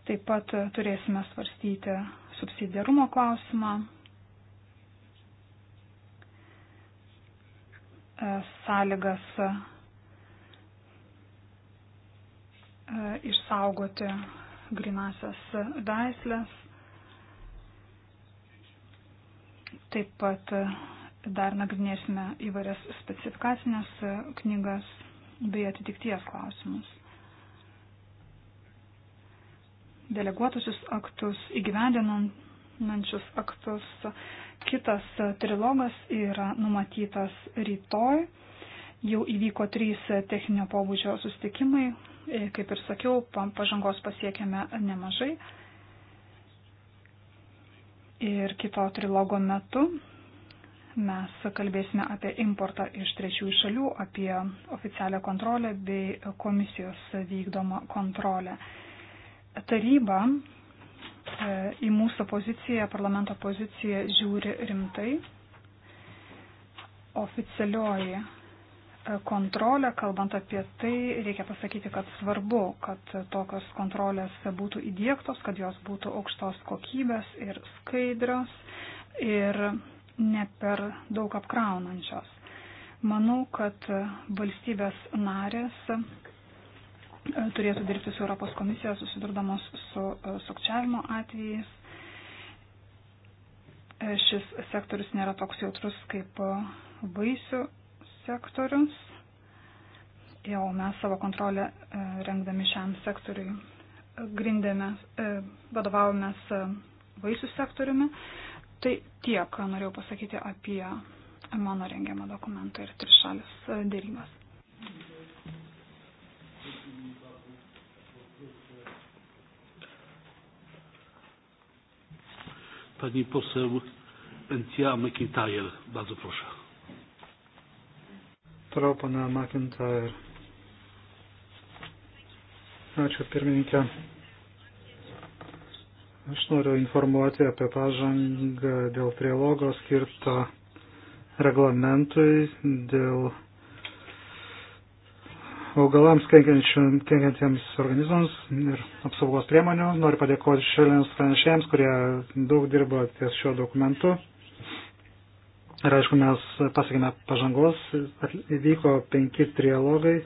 Taip pat turėsime svarstyti subsidiarumo klausimą, e, sąlygas e, išsaugoti grinasias veislės Taip pat e, dar nagrinėsime įvairias specifikacinės e, knygas bei atitikties klausimus. Deleguotusius aktus, įgyvendinančius aktus. Kitas e, trilogas yra numatytas rytoj. Jau įvyko trys techninio pobūdžio sustikimai. Kaip ir sakiau, pažangos pasiekėme nemažai. Ir kito trilogo metu mes kalbėsime apie importą iš trečiųjų šalių, apie oficialią kontrolę bei komisijos vykdomą kontrolę. Taryba e, į mūsų poziciją, parlamento poziciją žiūri rimtai. Oficialioji kontrolę, kalbant apie tai, reikia pasakyti, kad svarbu, kad tokios kontrolės būtų įdėktos, kad jos būtų aukštos kokybės ir skaidrios ir ne per daug apkraunančios. Manau, kad valstybės narės e, turėtų dirbti su Europos komisija susidurdamos su e, sukčiavimo atvejais. E, šis sektorius nėra toks jautrus kaip vaisių sektorius, jau mes savo kontrolę e, rengdami šiam sektoriui e, grindėme, e, vadovavomės vaisių sektoriumi. Tai tiek norėjau pasakyti apie mano rengiamą dokumentą ir trišalis dėrybas. Pani poseł Entia McIntyre, bardzo proszę. Toliau pana Makinta ir. Ačiū pirmininkė. Aš noriu informuoti apie pažangą dėl trilogo skirto reglamentui dėl augalams kenkiantiems organizmams ir apsaugos priemonių. Noriu padėkoti šiandienos pranešėjams, kurie daug dirbo ties šiuo dokumentu. Ir aišku, mes pasiekime pažangos, vyko penki trialogai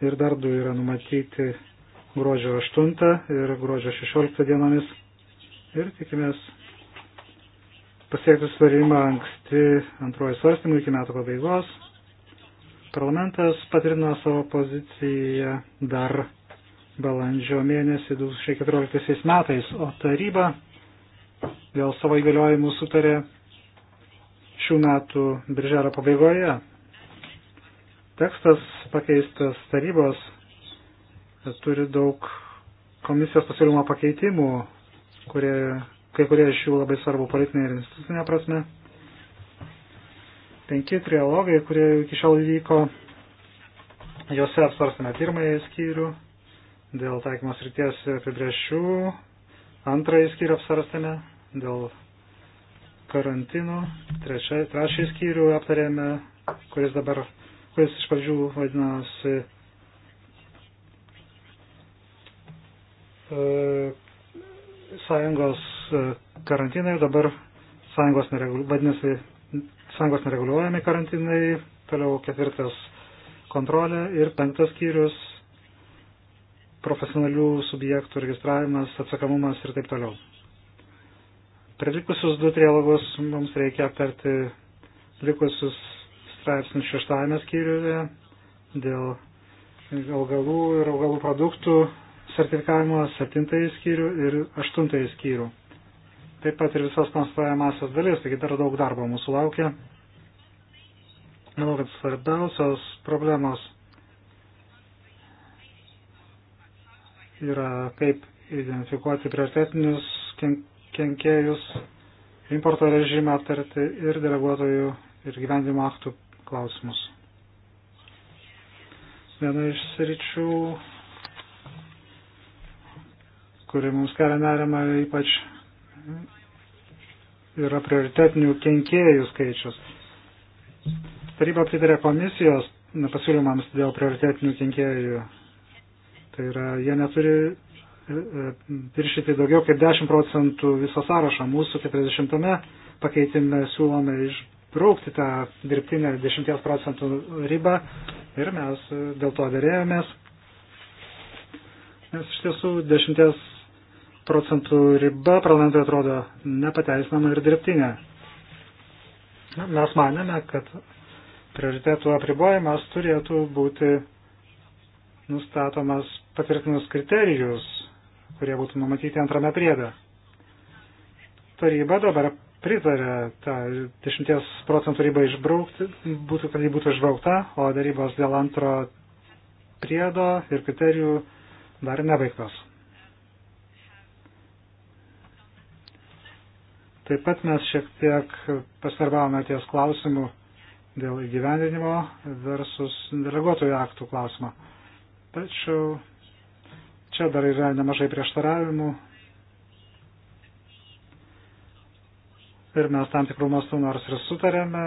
ir dar du yra numatyti gruodžio 8 ir gruodžio 16 dienomis. Ir tikimės pasiekti sutarimą anksti antroji svarstymų iki metų pabaigos. Parlamentas patrino savo poziciją dar balandžio mėnesį 2014 metais, o taryba dėl savo įgaliojimų sutarė šių metų birželio pabaigoje. Tekstas pakeistas tarybos turi daug komisijos pasiūlymo pakeitimų, kurie, kai kurie iš jų labai svarbu politinė ir institucinė prasme. Penki trialogai, kurie iki šiol vyko, juose apsvarstame pirmąjį skyrių dėl taikymos ryties apibrėžčių, antrąjį skyrių apsvarstame dėl karantino. Trečia, trečią skyrių aptarėme, kuris dabar, kuris iš pradžių vadinasi e, sąjungos e, karantinai, dabar sąjungos neregul, vadinasi sąjungos nereguliuojami karantinai, toliau ketvirtas kontrolė ir penktas skyrius profesionalių subjektų registravimas, atsakamumas ir taip toliau. Per likusius du trialogus mums reikia aptarti likusius straipsnius šeštame skyriuje dėl augalų ir augalų produktų sertifikavimo septintąjį skyrių ir aštuntąjį skyrių. Taip pat ir visas konstruojamasias dalis, taigi dar daug darbo mūsų laukia. Manau, kad svarbiausios problemos yra kaip identifikuoti prioritetinius kenkėjus, importo režimą aptarti ir deleguotojų ir gyvendimo aktų klausimus. Viena iš sričių, kuri mums kelia nerimą ypač, yra prioritetinių kenkėjų skaičius. Taryba pritarė komisijos pasiūlymams dėl prioritetinių kenkėjų. Tai yra, jie neturi viršyti daugiau kaip 10 procentų viso sąrašo. Mūsų 40 pakeitime siūlome išbraukti tą dirbtinę 10 procentų ribą ir mes dėl to dėrėjomės. Nes iš tiesų 10 procentų riba parlamentui atrodo nepateisinama ir dirbtinė. Mes manėme, kad prioritėtų apribojimas turėtų būti nustatomas patvirtinus kriterijus kurie būtų numatyti antrame priede. Taryba dabar pritarė tą 10 procentų ribą išbraukti, būtų, kad ji būtų išbraukta, o darybos dėl antro priedo ir kriterijų dar nebaigtos. Taip pat mes šiek tiek pasvarbavome ties klausimų dėl įgyvendinimo versus deleguotojų aktų klausimą. Tačiau Čia dar yra nemažai prieštaravimų. Ir mes tam tikrų mastų nors ir sutarėme,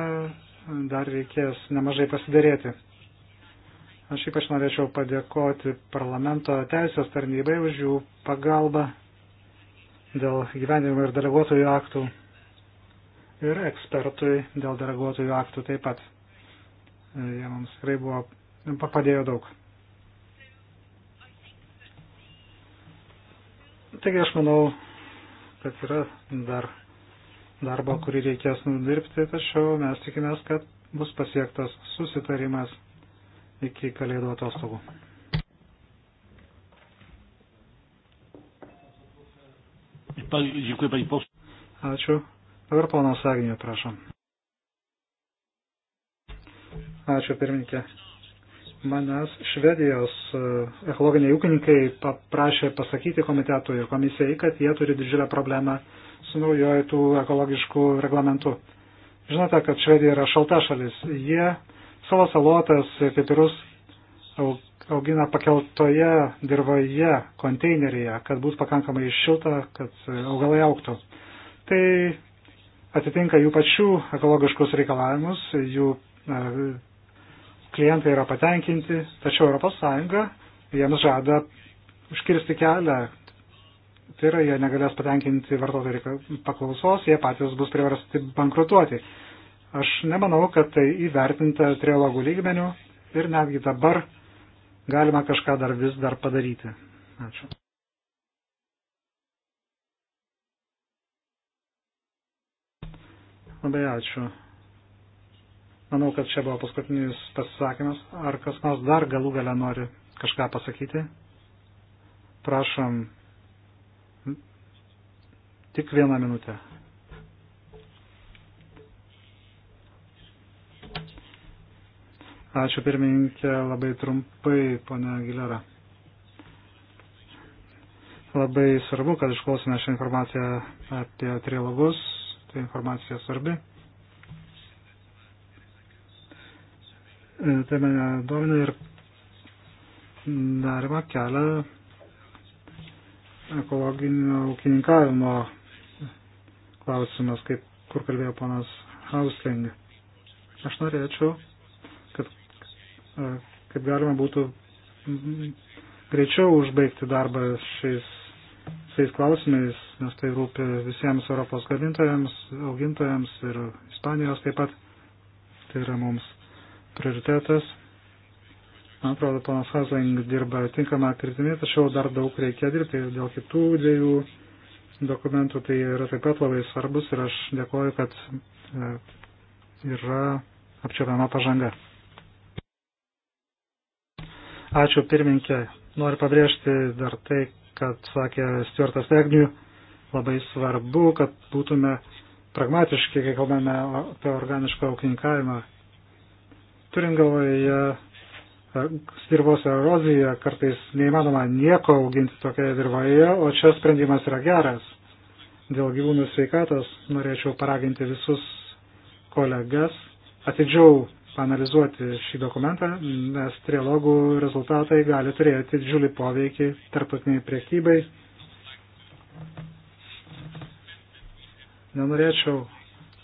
dar reikės nemažai pasidarėti. Aš ypač norėčiau padėkoti parlamento teisės tarnybai už jų pagalbą dėl gyvenimo ir deleguotojų aktų ir ekspertui dėl deleguotojų aktų taip pat. Jie mums tikrai buvo, padėjo daug. Taigi aš manau, kad yra dar darbo, kurį reikės nudirbti, tačiau mes tikimės, kad bus pasiektas susitarimas iki kalėdų atostogų. Ačiū. Dabar ponas Agnė, prašom. Ačiū pirmininkė manęs Švedijos e, ekologiniai ūkininkai paprašė pasakyti komitetui ir komisijai, kad jie turi didžiulę problemą su naujoju tų ekologiškų reglamentų. Žinote, kad Švedija yra šalta šalis. Jie savo salotas ir pipirus augina pakeltoje dirboje, konteineryje, kad būtų pakankamai šilta, kad augalai auktų. Tai atitinka jų pačių ekologiškus reikalavimus, jų e, klientai yra patenkinti, tačiau ES jiems žada užkirsti kelią. Tai yra, jie negalės patenkinti vartotojų paklausos, jie patys bus priversti bankrutuoti. Aš nemanau, kad tai įvertinta trilogų lygmenių ir netgi dabar galima kažką dar vis dar padaryti. Ačiū. Labai ačiū. Manau, kad čia buvo paskutinis pasisakymas. Ar kas nors dar galų gale nori kažką pasakyti? Prašom, tik vieną minutę. Ačiū pirmininkė, labai trumpai, ponia Gilera. Labai svarbu, kad išklausime šią informaciją apie trilogus, tai informacija svarbi. E, tai mane domina ir nerima kelia ekologinio ūkininkavimo klausimas, kaip kur kalbėjo ponas Hausling. Aš norėčiau, kad e, kaip galima būtų greičiau užbaigti darbą šiais, šiais klausimais, nes tai rūpi visiems Europos gamintojams, augintojams ir Ispanijos taip pat. Tai yra mums prioritetas. Man atrodo, panas Hasling dirba tinkamą kryptimį, tačiau dar daug reikia dirbti ir dėl kitų dviejų dokumentų tai yra taip pat labai svarbus ir aš dėkoju, kad e, yra apčiopiama pažanga. Ačiū pirminkė. Noriu pabrėžti dar tai, kad sakė Stuartas Egnių, labai svarbu, kad būtume pragmatiški, kai kalbame apie organišką ūkininkavimą Turint galvoje e, dirvos eroziją, kartais neįmanoma nieko auginti tokioje dirvoje, o čia sprendimas yra geras. Dėl gyvūnų sveikatos norėčiau paraginti visus kolegas atidžiau panalizuoti šį dokumentą, nes trilogų rezultatai gali turėti didžiulį poveikį tarptautiniai priekybai. Nenorėčiau,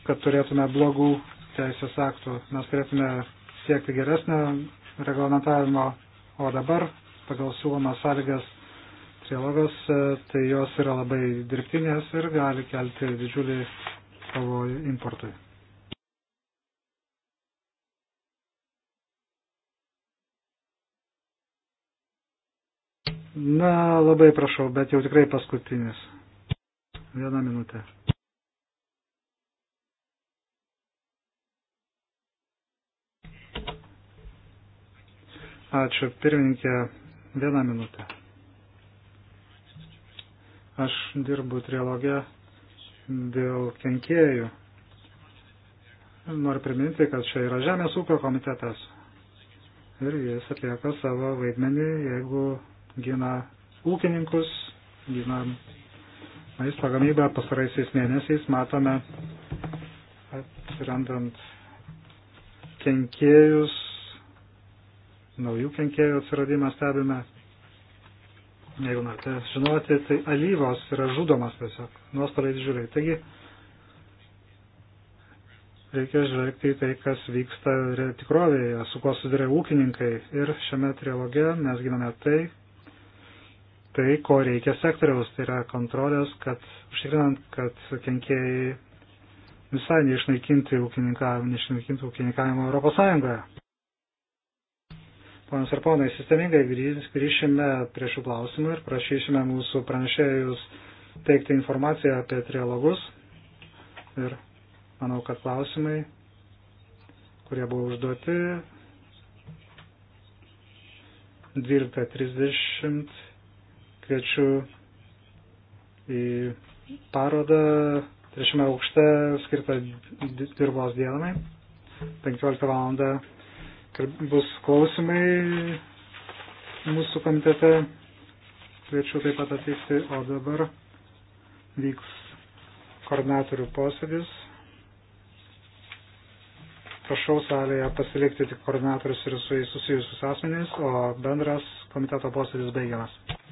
kad turėtume blogų teisės aktų. Mes turėtume siekti geresnio reglamentavimo, o dabar pagal siūlomas sąlygas trilogas, e, tai jos yra labai dirbtinės ir gali kelti didžiulį pavojų importui. Na, labai prašau, bet jau tikrai paskutinis. Vieną minutę. Ačiū, pirmininkė. Vieną minutę. Aš dirbu trilogę dėl kenkėjų. Noriu priminti, kad čia yra Žemės ūkio komitetas. Ir jis atlieka savo vaidmenį, jeigu gina ūkininkus, gina maisto gamybą pasaraisiais mėnesiais. Matome, atsirandant kenkėjus naujų kenkėjų atsiradimą stebime. Jeigu norite žinoti, tai alyvos yra žudomas tiesiog, nuostoliai didžiuliai. Taigi reikia žvelgti į tai, kas vyksta tikrovėje, su kuo sudarė ūkininkai. Ir šiame trialoge mes giname tai, tai, ko reikia sektoriaus, tai yra kontrolės, kad užtikrinant, kad kenkėjai visai neišnaikinti ūkininkavimo, neišnaikinti ūkininkavimo Europos Sąjungoje. Ponios ir ponai, sistemingai grįšime prie šių klausimų ir prašysime mūsų pranešėjus teikti informaciją apie trialogus. Ir manau, kad klausimai, kurie buvo užduoti 12.30, kviečiu į parodą trečiame aukšte skirtą dirbos dienai 15 val bus klausimai mūsų komitete. Kviečiu taip pat atvykti, o dabar vyks koordinatorių posėdis. Prašau salėje pasilikti tik koordinatorius ir su jais susijusius asmenys, o bendras komiteto posėdis baigiamas.